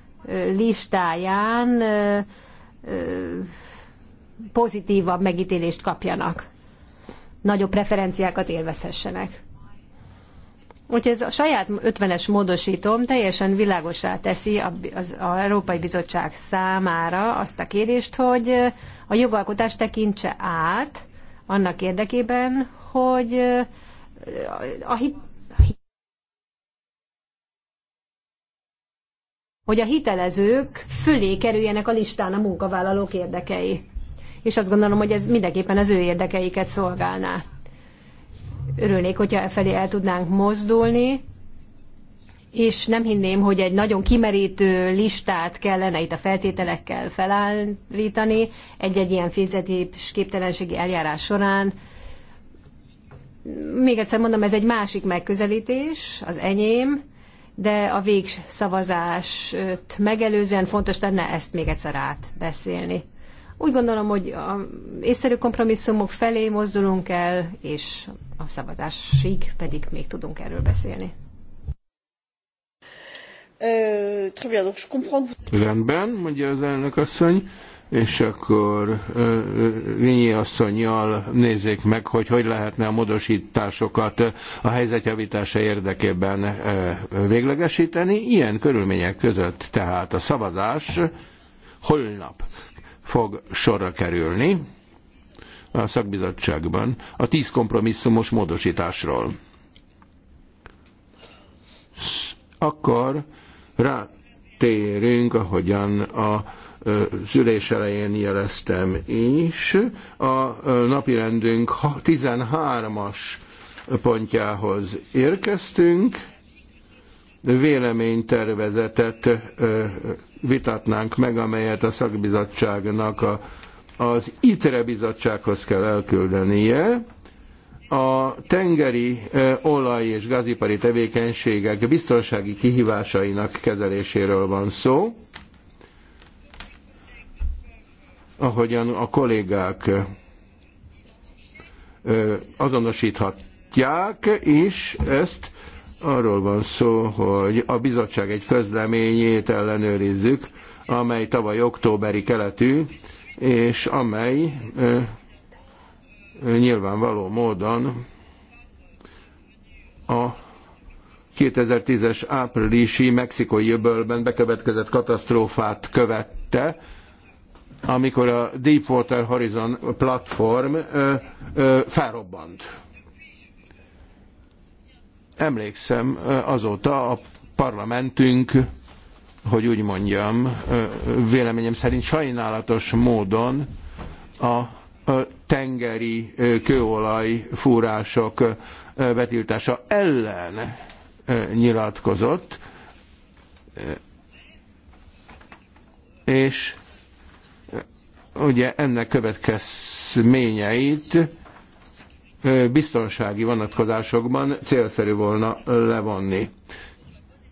Speaker 3: listáján pozitívabb megítélést kapjanak, nagyobb preferenciákat élvezhessenek. Úgyhogy ez a saját 50-es módosítom teljesen világosá teszi az, az Európai Bizottság számára azt a kérést, hogy a jogalkotást tekintse át annak érdekében, hogy a hit, hogy a hitelezők fölé kerüljenek a listán a munkavállalók érdekei. És azt gondolom, hogy ez mindenképpen az ő érdekeiket szolgálná. Örülnék, hogyha e felé el tudnánk mozdulni, és nem hinném, hogy egy nagyon kimerítő listát kellene itt a feltételekkel felállítani egy-egy ilyen képtelenségi eljárás során. Még egyszer mondom, ez egy másik megközelítés, az enyém, de a végszavazást megelőzően fontos lenne ezt még egyszer átbeszélni. Úgy gondolom, hogy a észszerű kompromisszumok felé mozdulunk el, és a szavazásig pedig még tudunk erről beszélni.
Speaker 4: Rendben, mondja az elnök asszony és akkor Rényi asszonyjal nézzék meg, hogy hogy lehetne a módosításokat a helyzetjavítása érdekében véglegesíteni. Ilyen körülmények között tehát a szavazás holnap fog sorra kerülni a szakbizottságban a tíz kompromisszumos módosításról. Akkor rátérünk, ahogyan a ülés elején jeleztem is, a napirendünk 13-as pontjához érkeztünk, véleménytervezetet vitatnánk meg, amelyet a szakbizottságnak a, az ITRE bizottsághoz kell elküldenie. A tengeri olaj- és gazipari tevékenységek biztonsági kihívásainak kezeléséről van szó ahogyan a kollégák azonosíthatják, és ezt arról van szó, hogy a bizottság egy közleményét ellenőrizzük, amely tavaly októberi keletű, és amely nyilvánvaló módon a 2010-es áprilisi mexikói öbölben bekövetkezett katasztrófát követte, amikor a Deepwater Horizon platform ö, ö, felrobbant. Emlékszem azóta a parlamentünk, hogy úgy mondjam, véleményem szerint sajnálatos módon a tengeri kőolaj fúrások betiltása ellen nyilatkozott, és ugye ennek következményeit biztonsági vonatkozásokban célszerű volna levonni.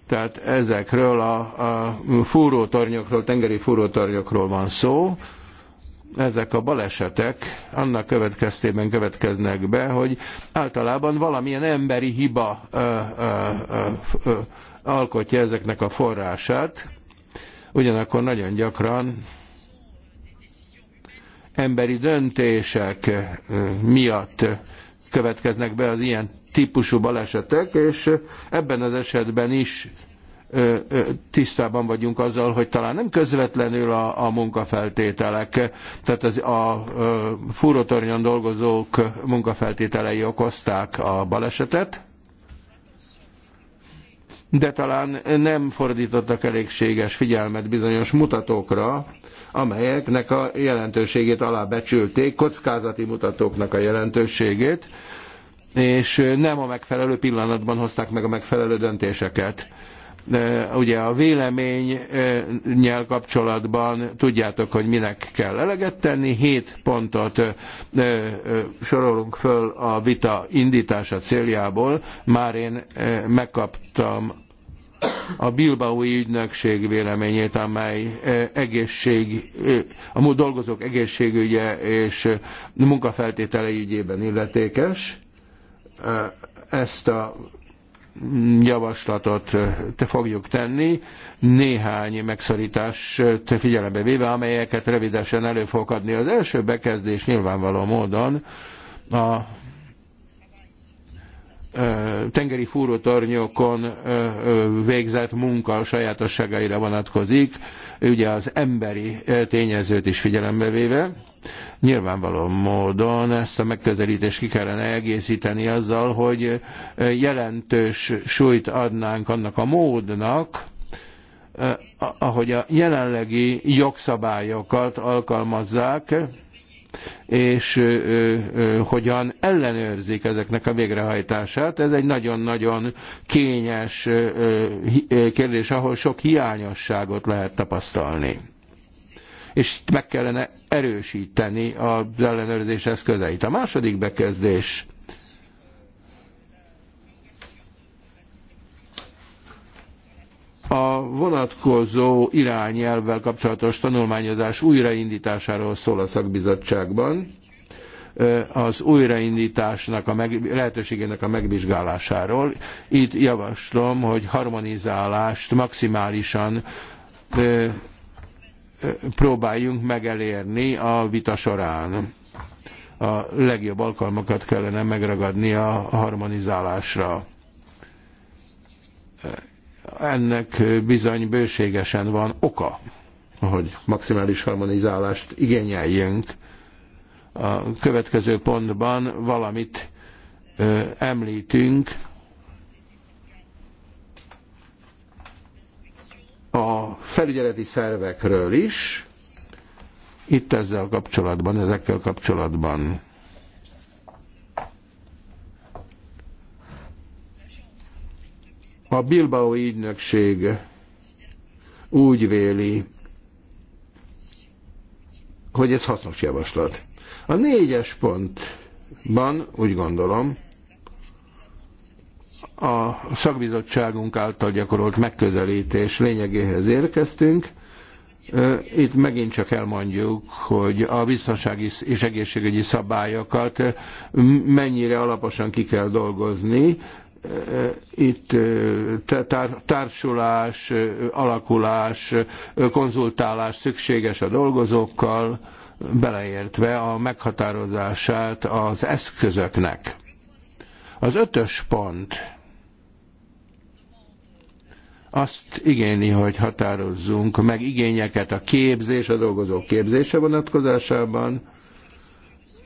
Speaker 4: Tehát ezekről a, a fúrótornyokról, tengeri fúrótornyokról van szó. Ezek a balesetek annak következtében következnek be, hogy általában valamilyen emberi hiba ö, ö, ö, alkotja ezeknek a forrását. Ugyanakkor nagyon gyakran emberi döntések miatt következnek be az ilyen típusú balesetek, és ebben az esetben is tisztában vagyunk azzal, hogy talán nem közvetlenül a, a munkafeltételek, tehát az, a, a fúrótornyon dolgozók munkafeltételei okozták a balesetet, de talán nem fordítottak elégséges figyelmet bizonyos mutatókra, amelyeknek a jelentőségét alábecsülték, kockázati mutatóknak a jelentőségét, és nem a megfelelő pillanatban hozták meg a megfelelő döntéseket Ugye a véleménynyel kapcsolatban tudjátok, hogy minek kell eleget tenni, hét pontot sorolunk föl a vita indítása céljából. Már én megkaptam a Bilbaui ügynökség véleményét, amely egészség, a dolgozók egészségügye és munkafeltételei ügyében illetékes. Ezt a javaslatot te fogjuk tenni, néhány megszorítást figyelembe véve, amelyeket rövidesen elő fog adni. Az első bekezdés nyilvánvaló módon a tengeri fúrótornyokon végzett munka sajátosságaira vonatkozik, ugye az emberi tényezőt is figyelembe véve Nyilvánvaló módon ezt a megközelítést ki kellene egészíteni azzal, hogy eh, jelentős súlyt adnánk annak a módnak, eh, ahogy a jelenlegi jogszabályokat alkalmazzák, és eh, hogyan ellenőrzik ezeknek a végrehajtását. Ez egy nagyon-nagyon kényes kérdés, ahol sok hiányosságot lehet tapasztalni és itt meg kellene erősíteni az ellenőrzés eszközeit. A második bekezdés a vonatkozó irányelvvel kapcsolatos tanulmányozás újraindításáról szól a szakbizottságban, az újraindításnak, a meg, lehetőségének a megvizsgálásáról. Itt javaslom, hogy harmonizálást maximálisan próbáljunk megelérni a vita során. A legjobb alkalmakat kellene megragadni a harmonizálásra. Ennek bizony bőségesen van oka, hogy maximális harmonizálást igényeljünk. A következő pontban valamit említünk, a felügyeleti szervekről is, itt ezzel kapcsolatban, ezekkel kapcsolatban. A Bilbao ügynökség úgy véli, hogy ez hasznos javaslat. A négyes pontban úgy gondolom, a szakbizottságunk által gyakorolt megközelítés lényegéhez érkeztünk. Itt megint csak elmondjuk, hogy a biztonsági és egészségügyi szabályokat mennyire alaposan ki kell dolgozni. Itt társulás, alakulás, konzultálás szükséges a dolgozókkal, beleértve a meghatározását az eszközöknek. Az ötös pont azt igényli, hogy határozzunk meg igényeket a képzés, a dolgozók képzése vonatkozásában,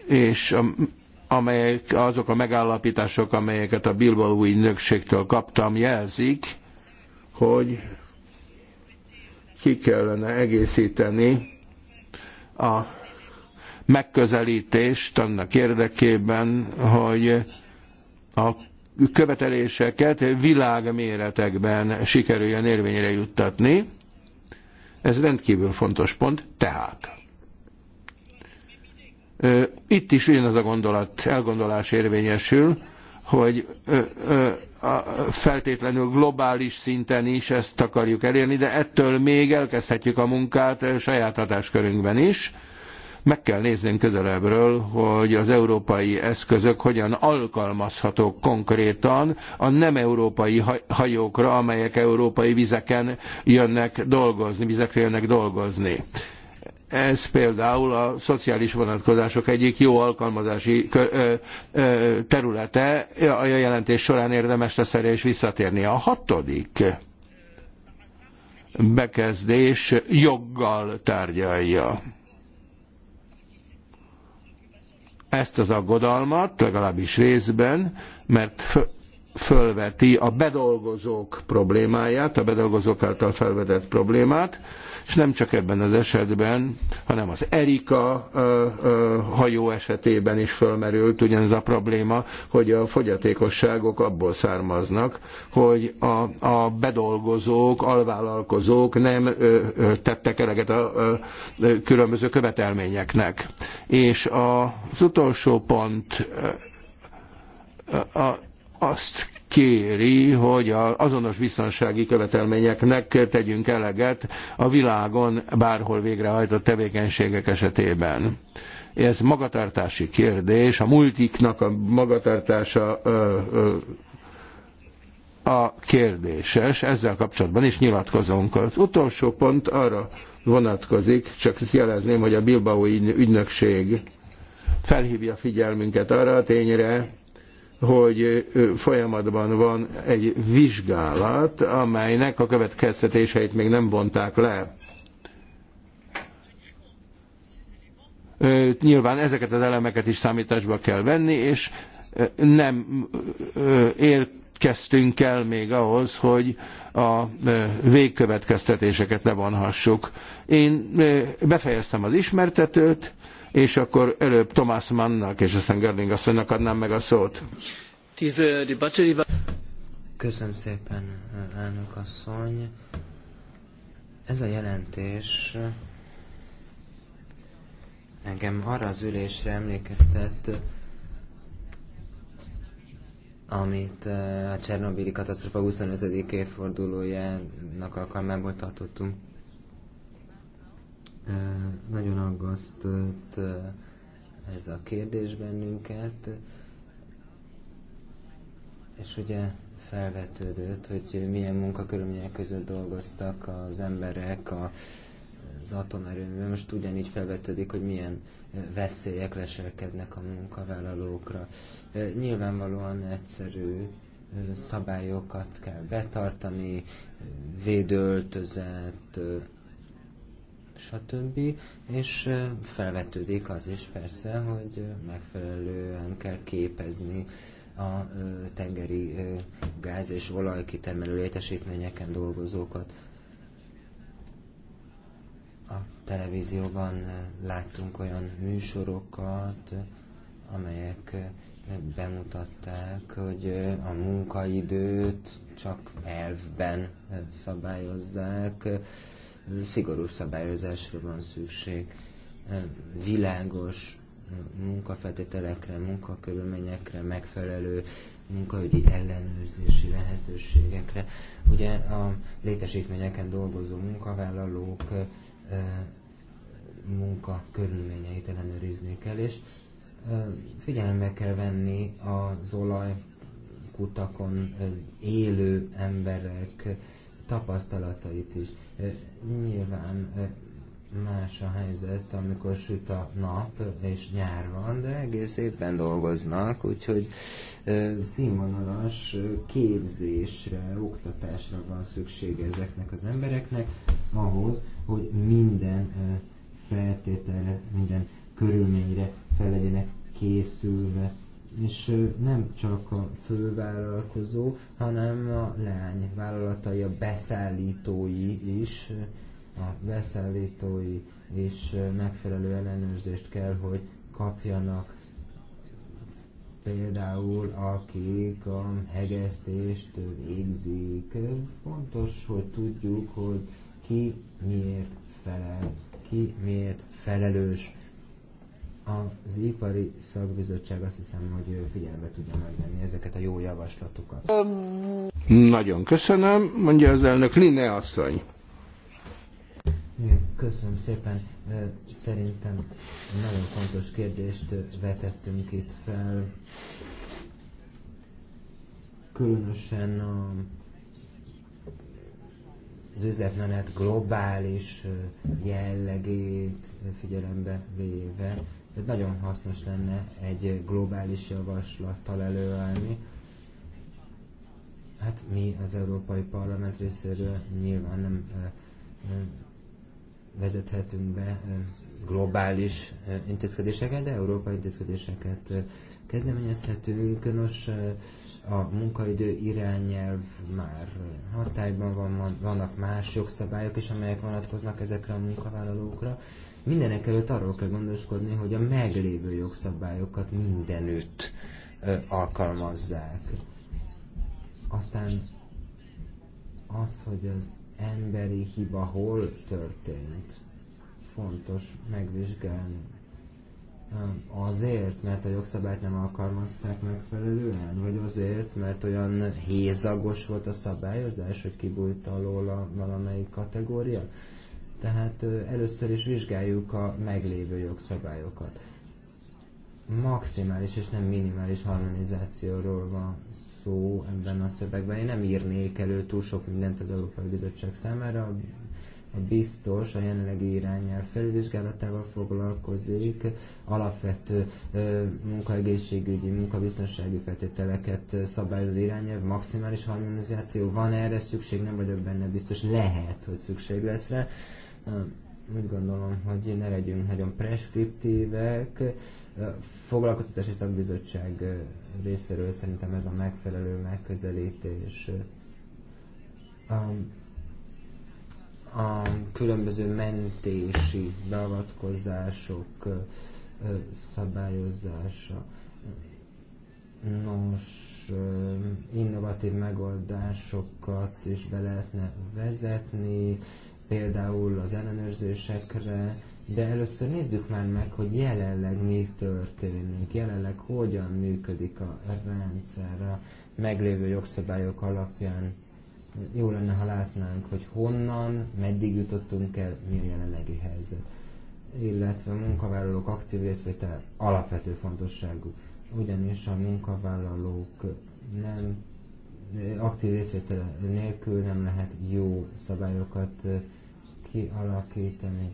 Speaker 4: és a, amelyek, azok a megállapítások, amelyeket a Bilbao ügynökségtől kaptam, jelzik, hogy ki kellene egészíteni a megközelítést annak érdekében, hogy a követeléseket világméretekben sikerüljön érvényre juttatni. Ez rendkívül fontos pont, tehát. Itt is ugyanaz a gondolat, elgondolás érvényesül, hogy feltétlenül globális szinten is ezt akarjuk elérni, de ettől még elkezdhetjük a munkát saját hatáskörünkben is meg kell néznünk közelebbről, hogy az európai eszközök hogyan alkalmazhatók konkrétan a nem európai hajókra, amelyek európai vizeken jönnek dolgozni, vizekre jönnek dolgozni. Ez például a szociális vonatkozások egyik jó alkalmazási területe, a jelentés során érdemes lesz erre is visszatérni. A hatodik bekezdés joggal tárgyalja ezt az aggodalmat, legalábbis részben, mert fölveti a bedolgozók problémáját, a bedolgozók által felvetett problémát, és nem csak ebben az esetben, hanem az Erika hajó esetében is fölmerült ugyanez a probléma, hogy a fogyatékosságok abból származnak, hogy a, a bedolgozók, alvállalkozók nem tettek eleget a különböző követelményeknek. És az utolsó pont a, azt kéri, hogy azonos biztonsági követelményeknek tegyünk eleget a világon bárhol végrehajtott tevékenységek esetében ez magatartási kérdés, a multiknak a magatartása ö, ö, a kérdéses, ezzel kapcsolatban is nyilatkozunk. Az utolsó pont arra vonatkozik, csak jelezném, hogy a Bilbao ügynökség felhívja figyelmünket arra a tényre, hogy folyamatban van egy vizsgálat, amelynek a következtetéseit még nem vonták le. Nyilván ezeket az elemeket is számításba kell venni, és nem érkeztünk el még ahhoz, hogy a végkövetkeztetéseket levonhassuk. Én befejeztem az ismertetőt, és akkor előbb Thomas Mannnak és aztán Gerling asszonynak adnám meg a szót.
Speaker 2: Köszönöm szépen, elnök asszony. Ez a jelentés engem arra az ülésre emlékeztet, amit eh, a Csernobili katasztrofa 25. évfordulójának alkalmából tartottunk nagyon aggasztott ez a kérdés bennünket, és ugye felvetődött, hogy milyen munkakörülmények között dolgoztak az emberek a, az atomerőművel. Most ugyanígy felvetődik, hogy milyen veszélyek leselkednek a munkavállalókra. Nyilvánvalóan egyszerű szabályokat kell betartani, védőöltözet, stb. És felvetődik az is persze, hogy megfelelően kell képezni a tengeri gáz és olaj kitermelő létesítményeken dolgozókat. A televízióban láttunk olyan műsorokat, amelyek bemutatták, hogy a munkaidőt csak elvben szabályozzák, szigorú szabályozásra van szükség, világos munkafeltételekre, munkakörülményekre, megfelelő munkaügyi ellenőrzési lehetőségekre. Ugye a létesítményeken dolgozó munkavállalók munkakörülményeit ellenőrizni kell, és figyelembe kell venni az olajkutakon élő emberek tapasztalatait is. Nyilván más a helyzet, amikor süt a nap és nyár van, de egész éppen dolgoznak, úgyhogy színvonalas képzésre, oktatásra van szüksége ezeknek az embereknek, ahhoz, hogy minden feltételre, minden körülményre fel legyenek készülve és nem csak a fővállalkozó, hanem a lány vállalatai, a beszállítói is, a beszállítói is megfelelő ellenőrzést kell, hogy kapjanak. Például akik a hegesztést végzik. Fontos, hogy tudjuk, hogy ki miért felel, ki miért felelős az ipari szakbizottság azt hiszem, hogy figyelme tudja megvenni ezeket a jó javaslatokat.
Speaker 4: Nagyon köszönöm, mondja az elnök Line asszony.
Speaker 2: Köszönöm szépen. Szerintem nagyon fontos kérdést vetettünk itt fel. Különösen a az üzletmenet globális jellegét figyelembe véve tehát nagyon hasznos lenne egy globális javaslattal előállni. Hát mi az Európai Parlament részéről nyilván nem vezethetünk be globális intézkedéseket, de európai intézkedéseket kezdeményezhetünk. Nos, a munkaidő irányelv már hatályban van, vannak más jogszabályok is, amelyek vonatkoznak ezekre a munkavállalókra. Mindenek előtt arról kell gondoskodni, hogy a meglévő jogszabályokat mindenütt ö, alkalmazzák. Aztán az, hogy az emberi hiba hol történt, fontos megvizsgálni Azért, mert a jogszabályt nem alkalmazták megfelelően? Vagy azért, mert olyan hézagos volt a szabályozás, hogy kibújt alól a valamelyik kategória? Tehát először is vizsgáljuk a meglévő jogszabályokat. Maximális és nem minimális harmonizációról van szó ebben a szövegben. Én nem írnék elő túl sok mindent az Európai Bizottság számára, a biztos a jelenlegi irányel felvizsgálatával foglalkozik, alapvető munkaegészségügyi, munkabiztonsági feltételeket szabályozó irányelv, maximális harmonizáció, van erre szükség, nem vagyok benne biztos, lehet, hogy szükség lesz rá úgy gondolom, hogy ne legyünk nagyon preskriptívek. Foglalkoztatási szakbizottság részéről szerintem ez a megfelelő megközelítés. Um, a különböző mentési beavatkozások szabályozása. Nos, innovatív megoldásokat is be lehetne vezetni, például az ellenőrzésekre, de először nézzük már meg, hogy jelenleg mi történik, jelenleg hogyan működik a rendszer a meglévő jogszabályok alapján jó lenne, ha látnánk, hogy honnan, meddig jutottunk el, mi a jelenlegi helyzet. Illetve munkavállalók aktív részvétel alapvető fontosságú, ugyanis a munkavállalók nem aktív részvétel nélkül nem lehet jó szabályokat kialakítani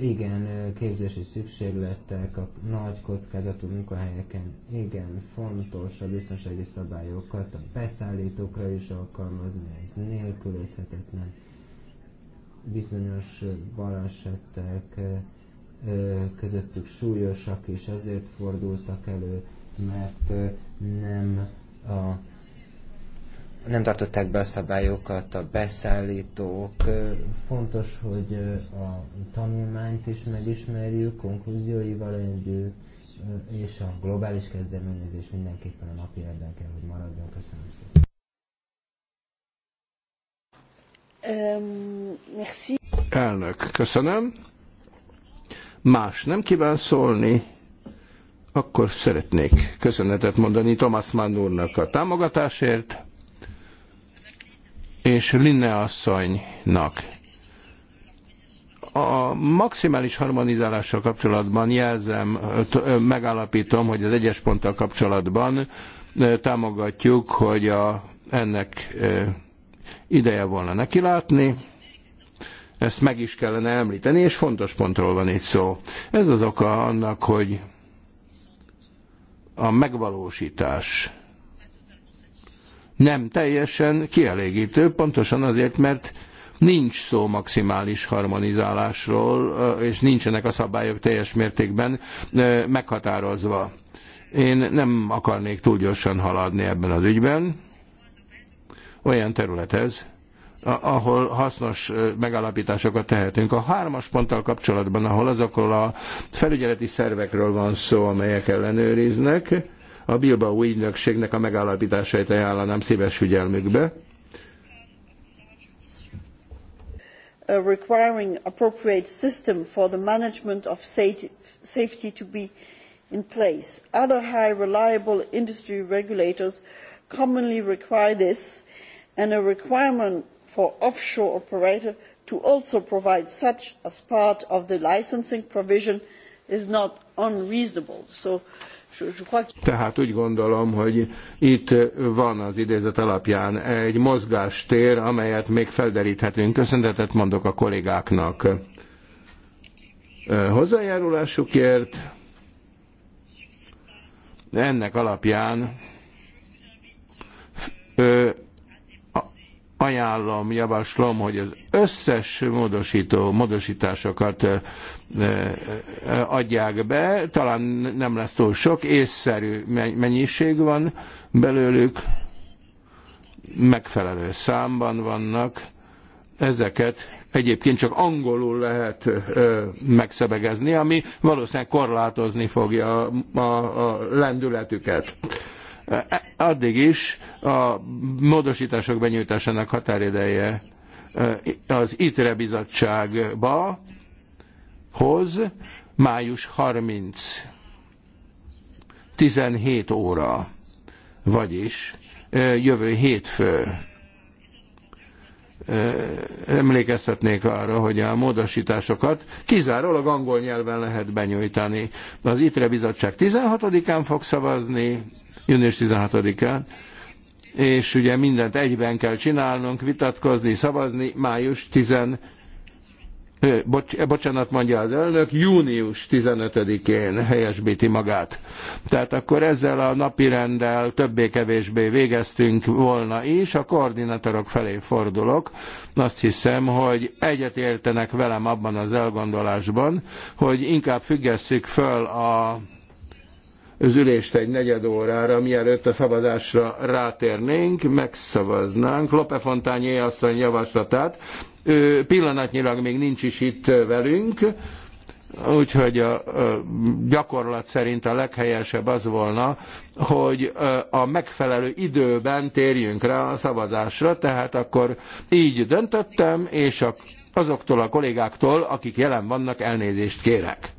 Speaker 2: igen, képzési szükségletek a nagy kockázatú munkahelyeken, igen, fontos a biztonsági szabályokat a beszállítókra is alkalmazni, ez nélkülözhetetlen. Bizonyos balesetek közöttük súlyosak, és ezért fordultak elő, mert nem a nem tartották be a szabályokat a beszállítók. Fontos, hogy a tanulmányt is megismerjük, konklúzióival együtt, és a globális kezdeményezés mindenképpen a napi kell, hogy maradjon. Köszönöm szépen.
Speaker 4: Elnök, köszönöm. Más nem kíván szólni, akkor szeretnék köszönetet mondani Thomas Mann úrnak a támogatásért és Linne asszonynak. A maximális harmonizálással kapcsolatban jelzem, megállapítom, hogy az egyes ponttal kapcsolatban támogatjuk, hogy a, ennek ideje volna nekilátni. Ezt meg is kellene említeni, és fontos pontról van itt szó. Ez az oka annak, hogy a megvalósítás nem teljesen kielégítő, pontosan azért, mert nincs szó maximális harmonizálásról, és nincsenek a szabályok teljes mértékben meghatározva. Én nem akarnék túl gyorsan haladni ebben az ügyben. Olyan terület ez, ahol hasznos megállapításokat tehetünk. A hármas ponttal kapcsolatban, ahol azokról a felügyeleti szervekről van szó, amelyek ellenőriznek, a Bilbao ügynökségnek a megállapításait ajánlanám szíves figyelmükbe.
Speaker 1: A uh, requiring appropriate system for the management of safety to be in place. Other high reliable industry regulators commonly require this and a requirement for offshore operator to also provide such as part of the licensing provision is not unreasonable. So
Speaker 4: tehát úgy gondolom, hogy itt van az idézet alapján egy mozgástér, amelyet még felderíthetünk. Köszöntetet mondok a kollégáknak hozzájárulásukért. Ennek alapján ajánlom, javaslom, hogy az összes módosító, módosításokat adják be, talán nem lesz túl sok, észszerű mennyiség van belőlük, megfelelő számban vannak, ezeket egyébként csak angolul lehet ö, megszebegezni, ami valószínűleg korlátozni fogja a, a, a lendületüket. E, addig is a módosítások benyújtásának határideje e, az ITRE bizottságba hoz május 30 17 óra, vagyis e, jövő hétfő emlékeztetnék arra, hogy a módosításokat kizárólag angol nyelven lehet benyújtani. Az ITRE bizottság 16-án fog szavazni, június 16-án, és ugye mindent egyben kell csinálnunk, vitatkozni, szavazni május 17 bocsánat mondja az elnök, június 15-én helyesbíti magát. Tehát akkor ezzel a napirenddel többé-kevésbé végeztünk volna is, a koordinátorok felé fordulok. Azt hiszem, hogy egyet értenek velem abban az elgondolásban, hogy inkább függesszük föl a az ülést egy negyed órára, mielőtt a szavazásra rátérnénk, megszavaznánk Lope Fontányé asszony javaslatát, pillanatnyilag még nincs is itt velünk, Úgyhogy a gyakorlat szerint a leghelyesebb az volna, hogy a megfelelő időben térjünk rá a szavazásra, tehát akkor így döntöttem, és azoktól a kollégáktól, akik jelen vannak, elnézést kérek.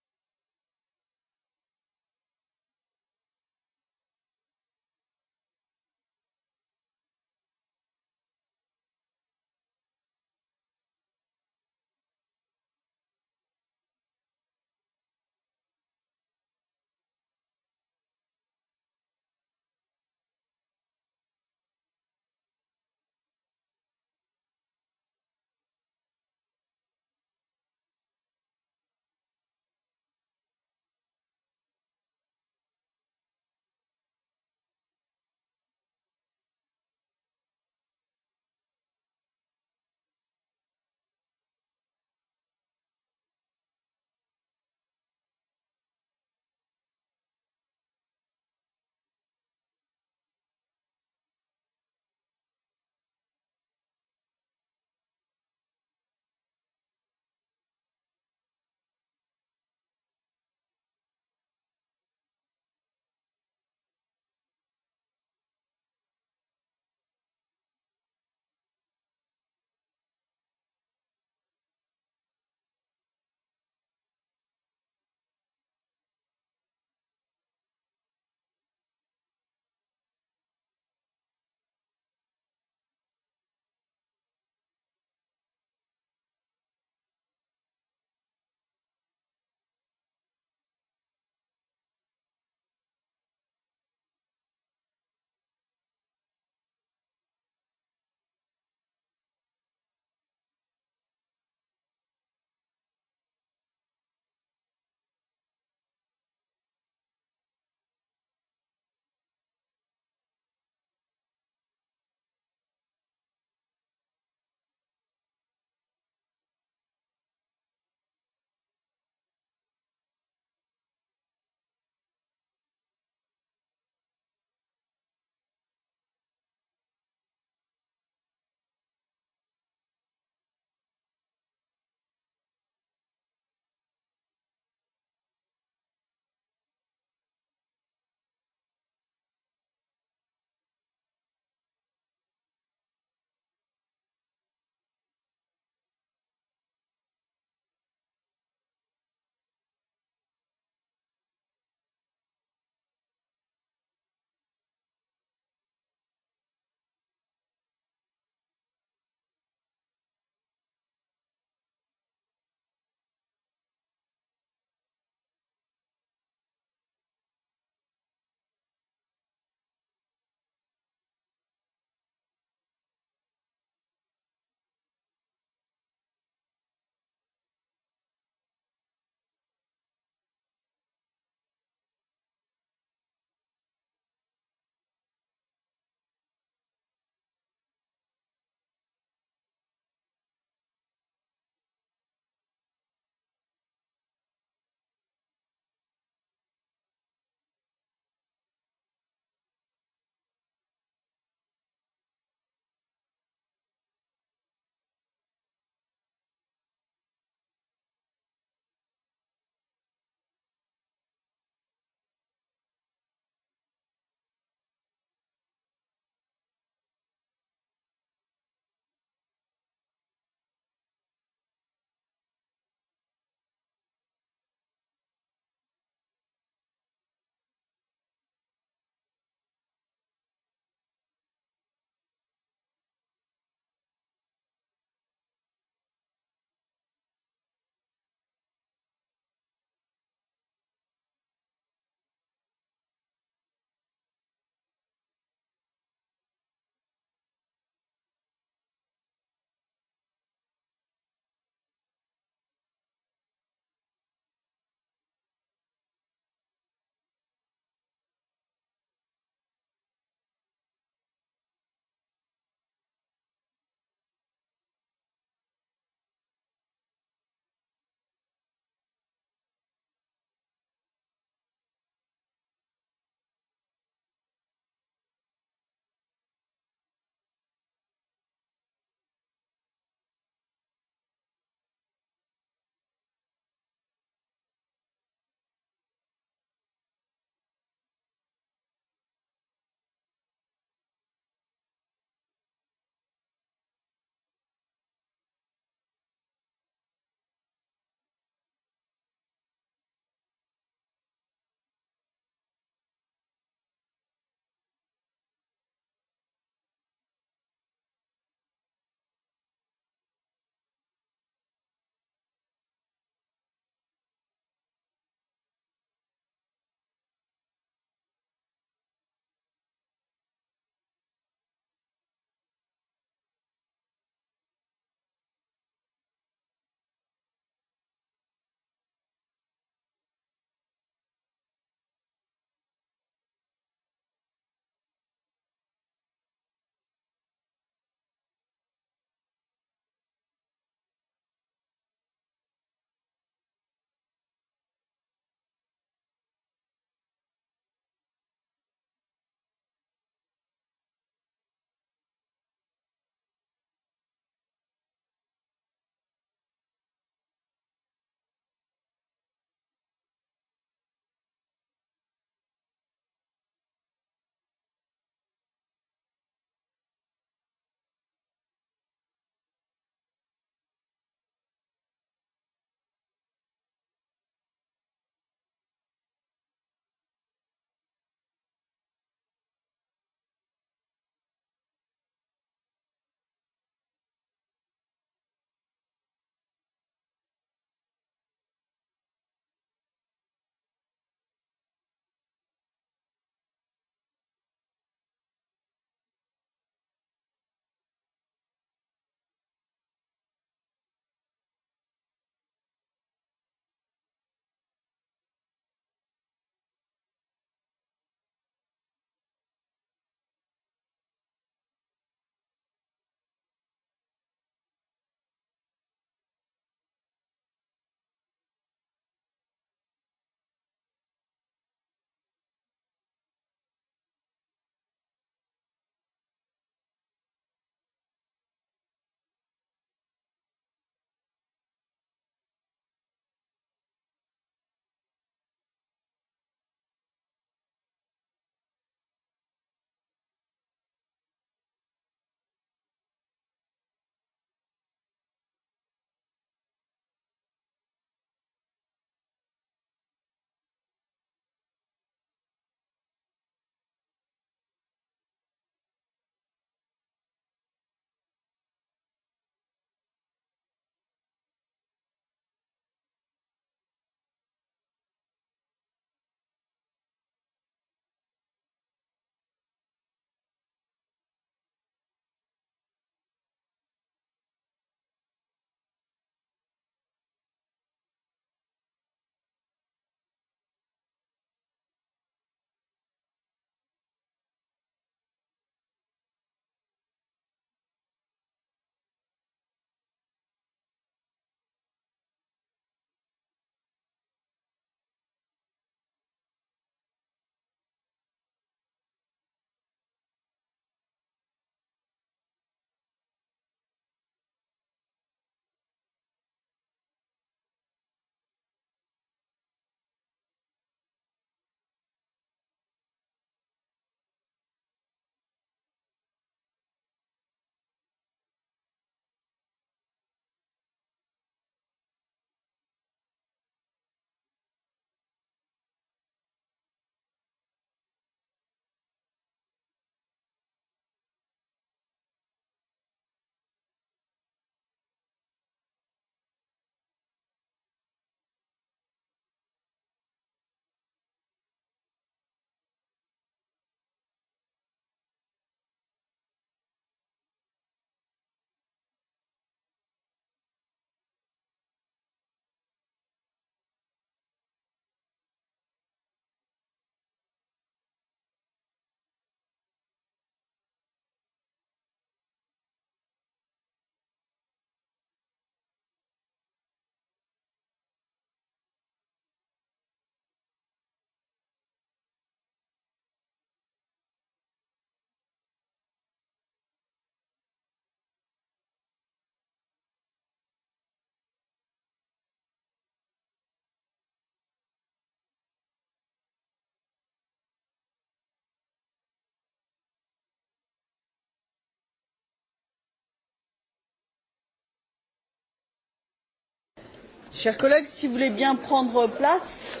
Speaker 1: chers collègues si vous voulez bien prendre place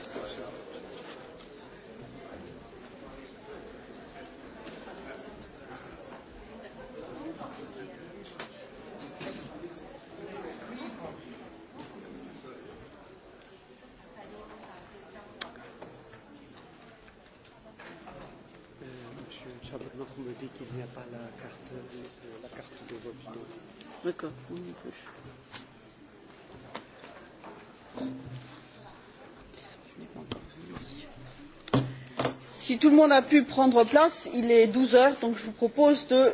Speaker 1: tout le monde a pu prendre place, il est 12 heures, donc je vous propose de...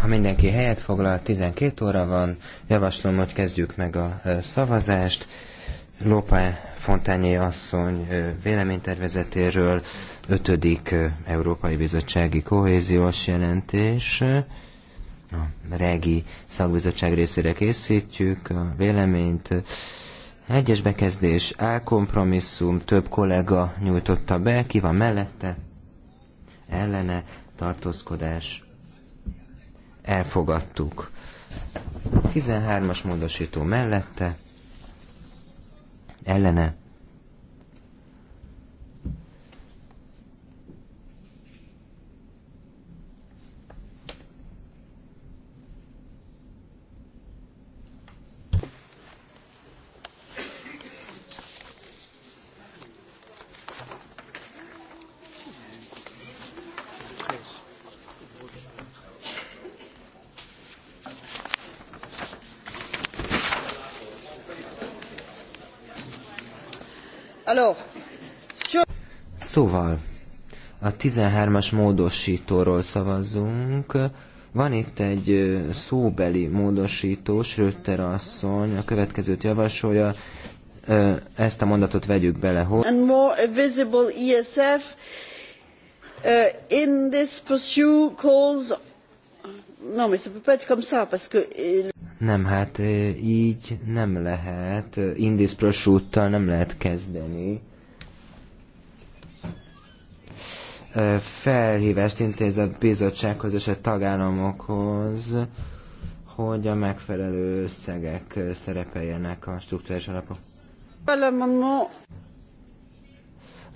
Speaker 2: Ha mindenki helyet foglal, 12 óra van, javaslom, hogy kezdjük meg a szavazást. Lópá Fontányé asszony véleménytervezetéről ötödik Európai Bizottsági Kohéziós Jelentés. A Regi Szakbizottság részére készítjük a véleményt. Egyes bekezdés, elkompromisszum, több kollega nyújtotta be, ki van mellette? Ellene, tartózkodás, elfogadtuk. 13-as módosító mellette, ellene, 13-as módosítóról szavazzunk. Van itt egy szóbeli módosító, Schröter asszony, a következőt javasolja, ezt a mondatot vegyük bele, hogy... And
Speaker 1: more visible ESF uh, in this pursue calls... No, Mr. ça come pas être comme ça, parce que...
Speaker 2: Nem, hát így nem lehet, indiszprosúttal nem lehet kezdeni. felhívást intézett bizottsághoz és a tagállamokhoz, hogy a megfelelő összegek szerepeljenek a struktúrás alapok.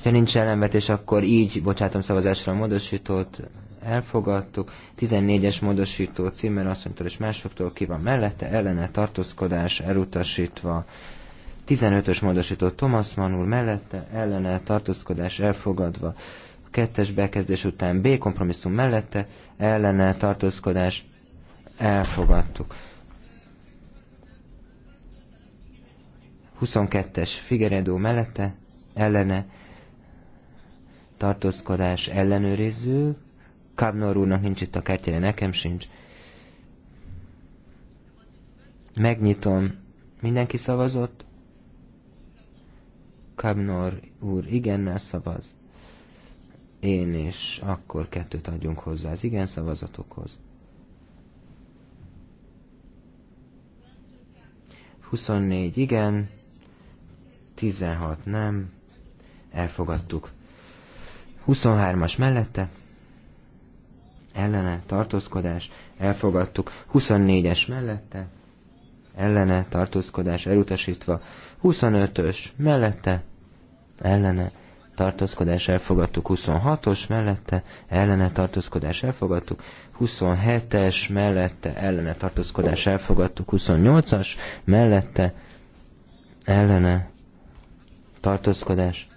Speaker 2: Ha nincs ellenvetés, akkor így bocsátom szavazásra a módosítót, elfogadtuk. 14-es módosító címmel asszonytól és másoktól ki van mellette, ellene tartózkodás elutasítva. 15-ös módosító Thomas Manul mellette, ellene tartózkodás elfogadva kettes bekezdés után B kompromisszum mellette, ellene tartózkodás elfogadtuk. 22-es Figueredo mellette, ellene tartózkodás ellenőriző. Kábnor úrnak nincs itt a kártyája, nekem sincs. Megnyitom. Mindenki szavazott? Kábnor úr igennel szavaz én is. Akkor kettőt adjunk hozzá az igen szavazatokhoz. 24 igen, 16 nem, elfogadtuk. 23-as mellette, ellene, tartózkodás, elfogadtuk. 24-es mellette, ellene, tartózkodás, elutasítva. 25-ös mellette, ellene, tartózkodás elfogadtuk, 26-os mellette ellene tartózkodás elfogadtuk, 27-es mellette ellene tartózkodás elfogadtuk, 28-as mellette ellene tartózkodás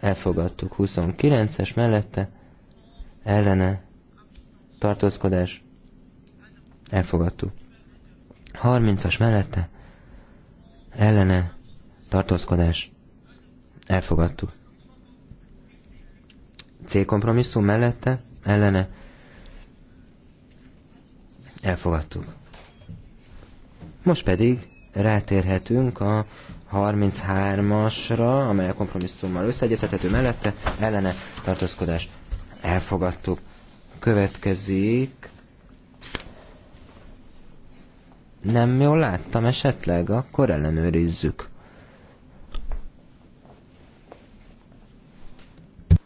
Speaker 2: elfogadtuk, 29-es mellette ellene tartózkodás elfogadtuk, 30-as mellette ellene tartózkodás elfogadtuk. C kompromisszum mellette, ellene elfogadtuk. Most pedig rátérhetünk a 33-asra, amely a kompromisszummal összeegyeztethető mellette, ellene tartózkodás elfogadtuk. Következik... Nem jól láttam esetleg? Akkor ellenőrizzük.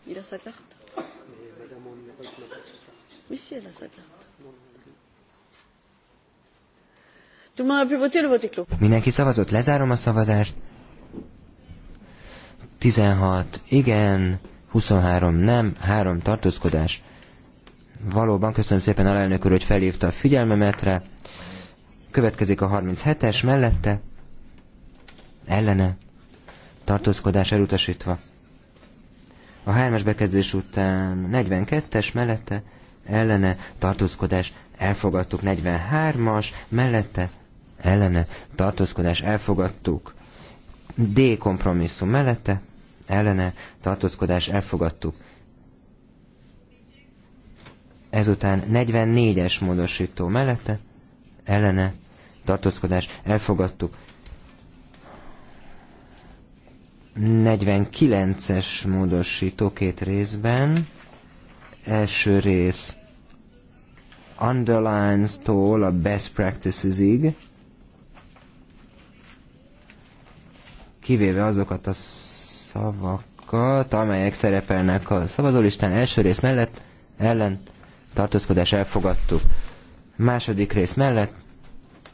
Speaker 1: Íraszakak? Oui, le
Speaker 2: Mindenki szavazott, lezárom a szavazást. 16 igen, 23 nem, 3 tartózkodás. Valóban köszönöm szépen alelnök úr, hogy felhívta a figyelmemetre. Következik a 37-es mellette. Ellene. Tartózkodás elutasítva. A 3 es bekezdés után 42-es mellette ellene tartózkodás elfogadtuk. 43-as mellette ellene tartózkodás elfogadtuk. D kompromisszum mellette ellene tartózkodás elfogadtuk. Ezután 44-es módosító mellette ellene tartózkodás elfogadtuk. 49-es módosító két részben. Első rész underlines-tól a best practices-ig, kivéve azokat a szavakat, amelyek szerepelnek a szavazólistán első rész mellett, ellen, tartózkodás elfogadtuk. Második rész mellett,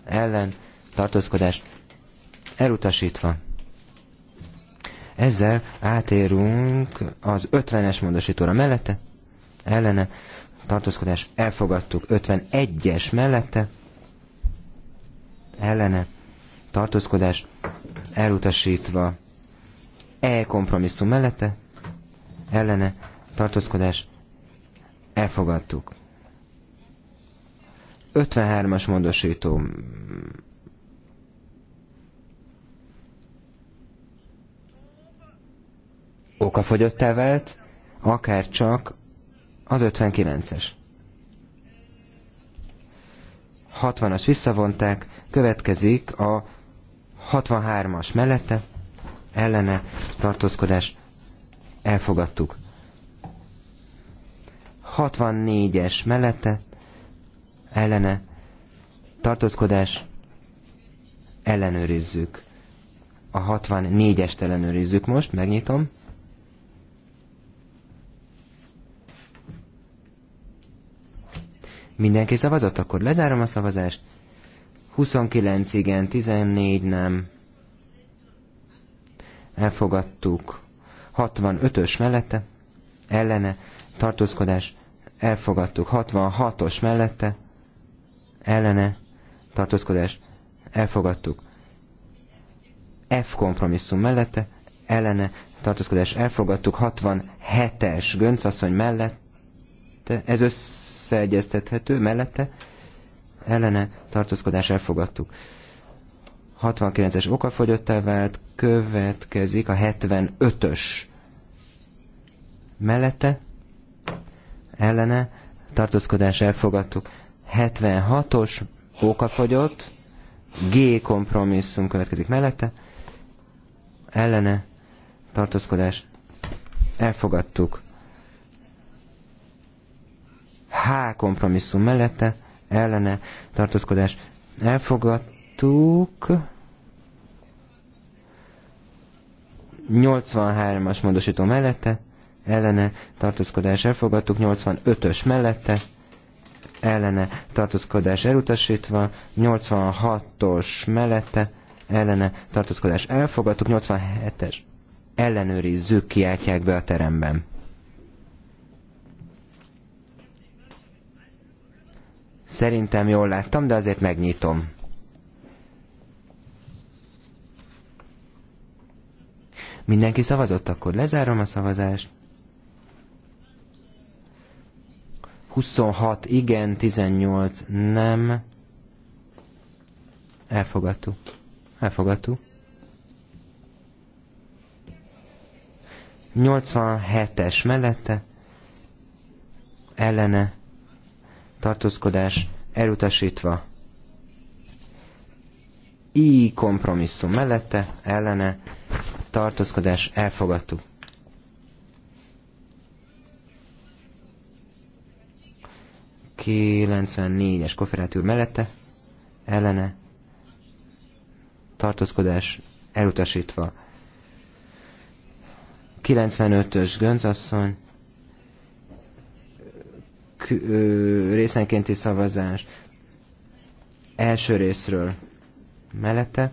Speaker 2: ellen, tartózkodás elutasítva. Ezzel átérünk az 50-es módosítóra mellette, ellene tartózkodás elfogadtuk. 51-es mellette ellene tartózkodás elutasítva. E kompromisszum mellette ellene tartózkodás elfogadtuk. 53-as módosító okafogyottá vált, akár csak az 59-es. 60-as visszavonták, következik a 63-as mellette, ellene tartózkodás elfogadtuk. 64-es mellette, ellene tartózkodás ellenőrizzük. A 64-est ellenőrizzük most, megnyitom. Mindenki szavazott? Akkor lezárom a szavazást. 29 igen, 14 nem. Elfogadtuk. 65-ös mellette. Ellene. Tartózkodás. Elfogadtuk. 66-os mellette. Ellene. Tartózkodás. Elfogadtuk. F kompromisszum mellette. Ellene. Tartózkodás. Elfogadtuk. 67-es göncasszony mellette. Ez össze összeegyeztethető, mellette ellene tartózkodás elfogadtuk. 69-es okafogyottá vált, következik a 75-ös mellette, ellene tartózkodás elfogadtuk. 76-os okafogyott, G kompromisszum következik mellette, ellene tartózkodás elfogadtuk. H kompromisszum mellette ellene tartózkodás elfogadtuk. 83-as módosító mellette ellene tartózkodás elfogadtuk, 85-ös mellette ellene tartózkodás elutasítva, 86-os mellette ellene tartózkodás elfogadtuk, 87-es ellenőrizzük, kiáltják be a teremben. Szerintem jól láttam, de azért megnyitom. Mindenki szavazott, akkor lezárom a szavazást. 26 igen, 18 nem. Elfogadtuk. Elfogadtuk. 87-es mellette. Ellene tartózkodás elutasítva. I kompromisszum mellette, ellene, tartózkodás elfogadtuk. 94-es konferátúr mellette, ellene, tartózkodás elutasítva. 95-ös gönzasszony, részenkénti szavazás. Első részről mellette,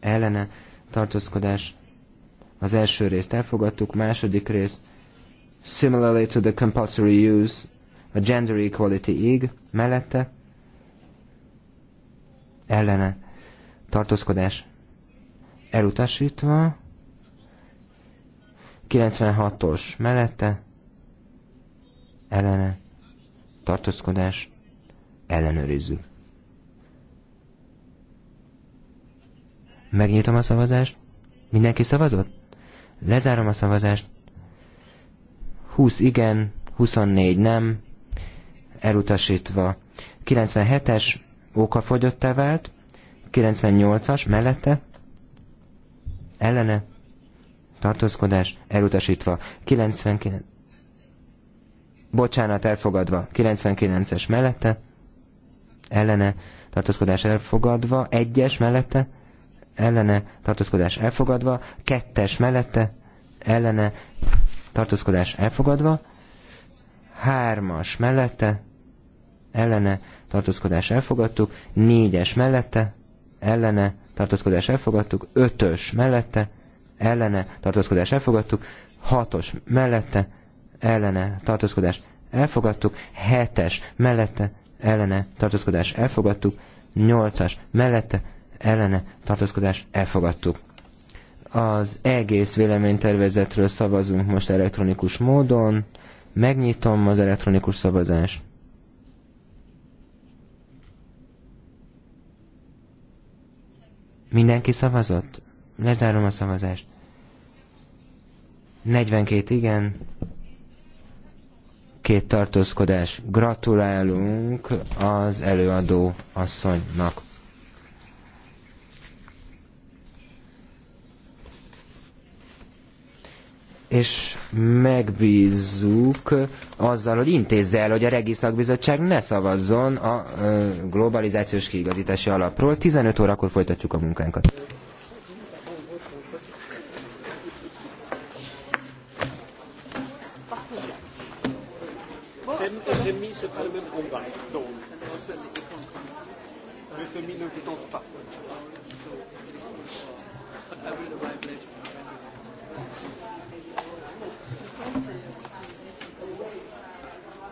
Speaker 2: ellene, tartózkodás. Az első részt elfogadtuk, második rész similarly to the compulsory use a gender equality-ig, mellette, ellene, tartózkodás elutasítva, 96-os mellette, ellene, tartózkodás, ellenőrizzük. Megnyitom a szavazást. Mindenki szavazott? Lezárom a szavazást. 20 igen, 24 nem, elutasítva. 97-es ókafogyottá vált, 98-as mellette, ellene, tartózkodás, elutasítva. 99 bocsánat, elfogadva, 99-es mellette, ellene, tartózkodás elfogadva, 1-es mellette, ellene, tartózkodás elfogadva, 2-es mellette, ellene, tartózkodás elfogadva, 3-as mellette, ellene, tartózkodás elfogadtuk, 4-es mellette, ellene, tartózkodás elfogadtuk, 5-ös mellette, ellene, tartózkodás elfogadtuk, 6-os mellette, ellene tartózkodás elfogadtuk, 7-es mellette ellene tartózkodás elfogadtuk, 8-as mellette ellene tartózkodás elfogadtuk. Az egész véleménytervezetről szavazunk most elektronikus módon. Megnyitom az elektronikus szavazást. Mindenki szavazott? Lezárom a szavazást. 42 igen, két tartózkodás. Gratulálunk az előadó asszonynak. és megbízzuk azzal, hogy intézze el, hogy a regiszakbizottság ne szavazzon a globalizációs kiigazítási alapról. 15 órakor folytatjuk a munkánkat.
Speaker 1: c'est pas le même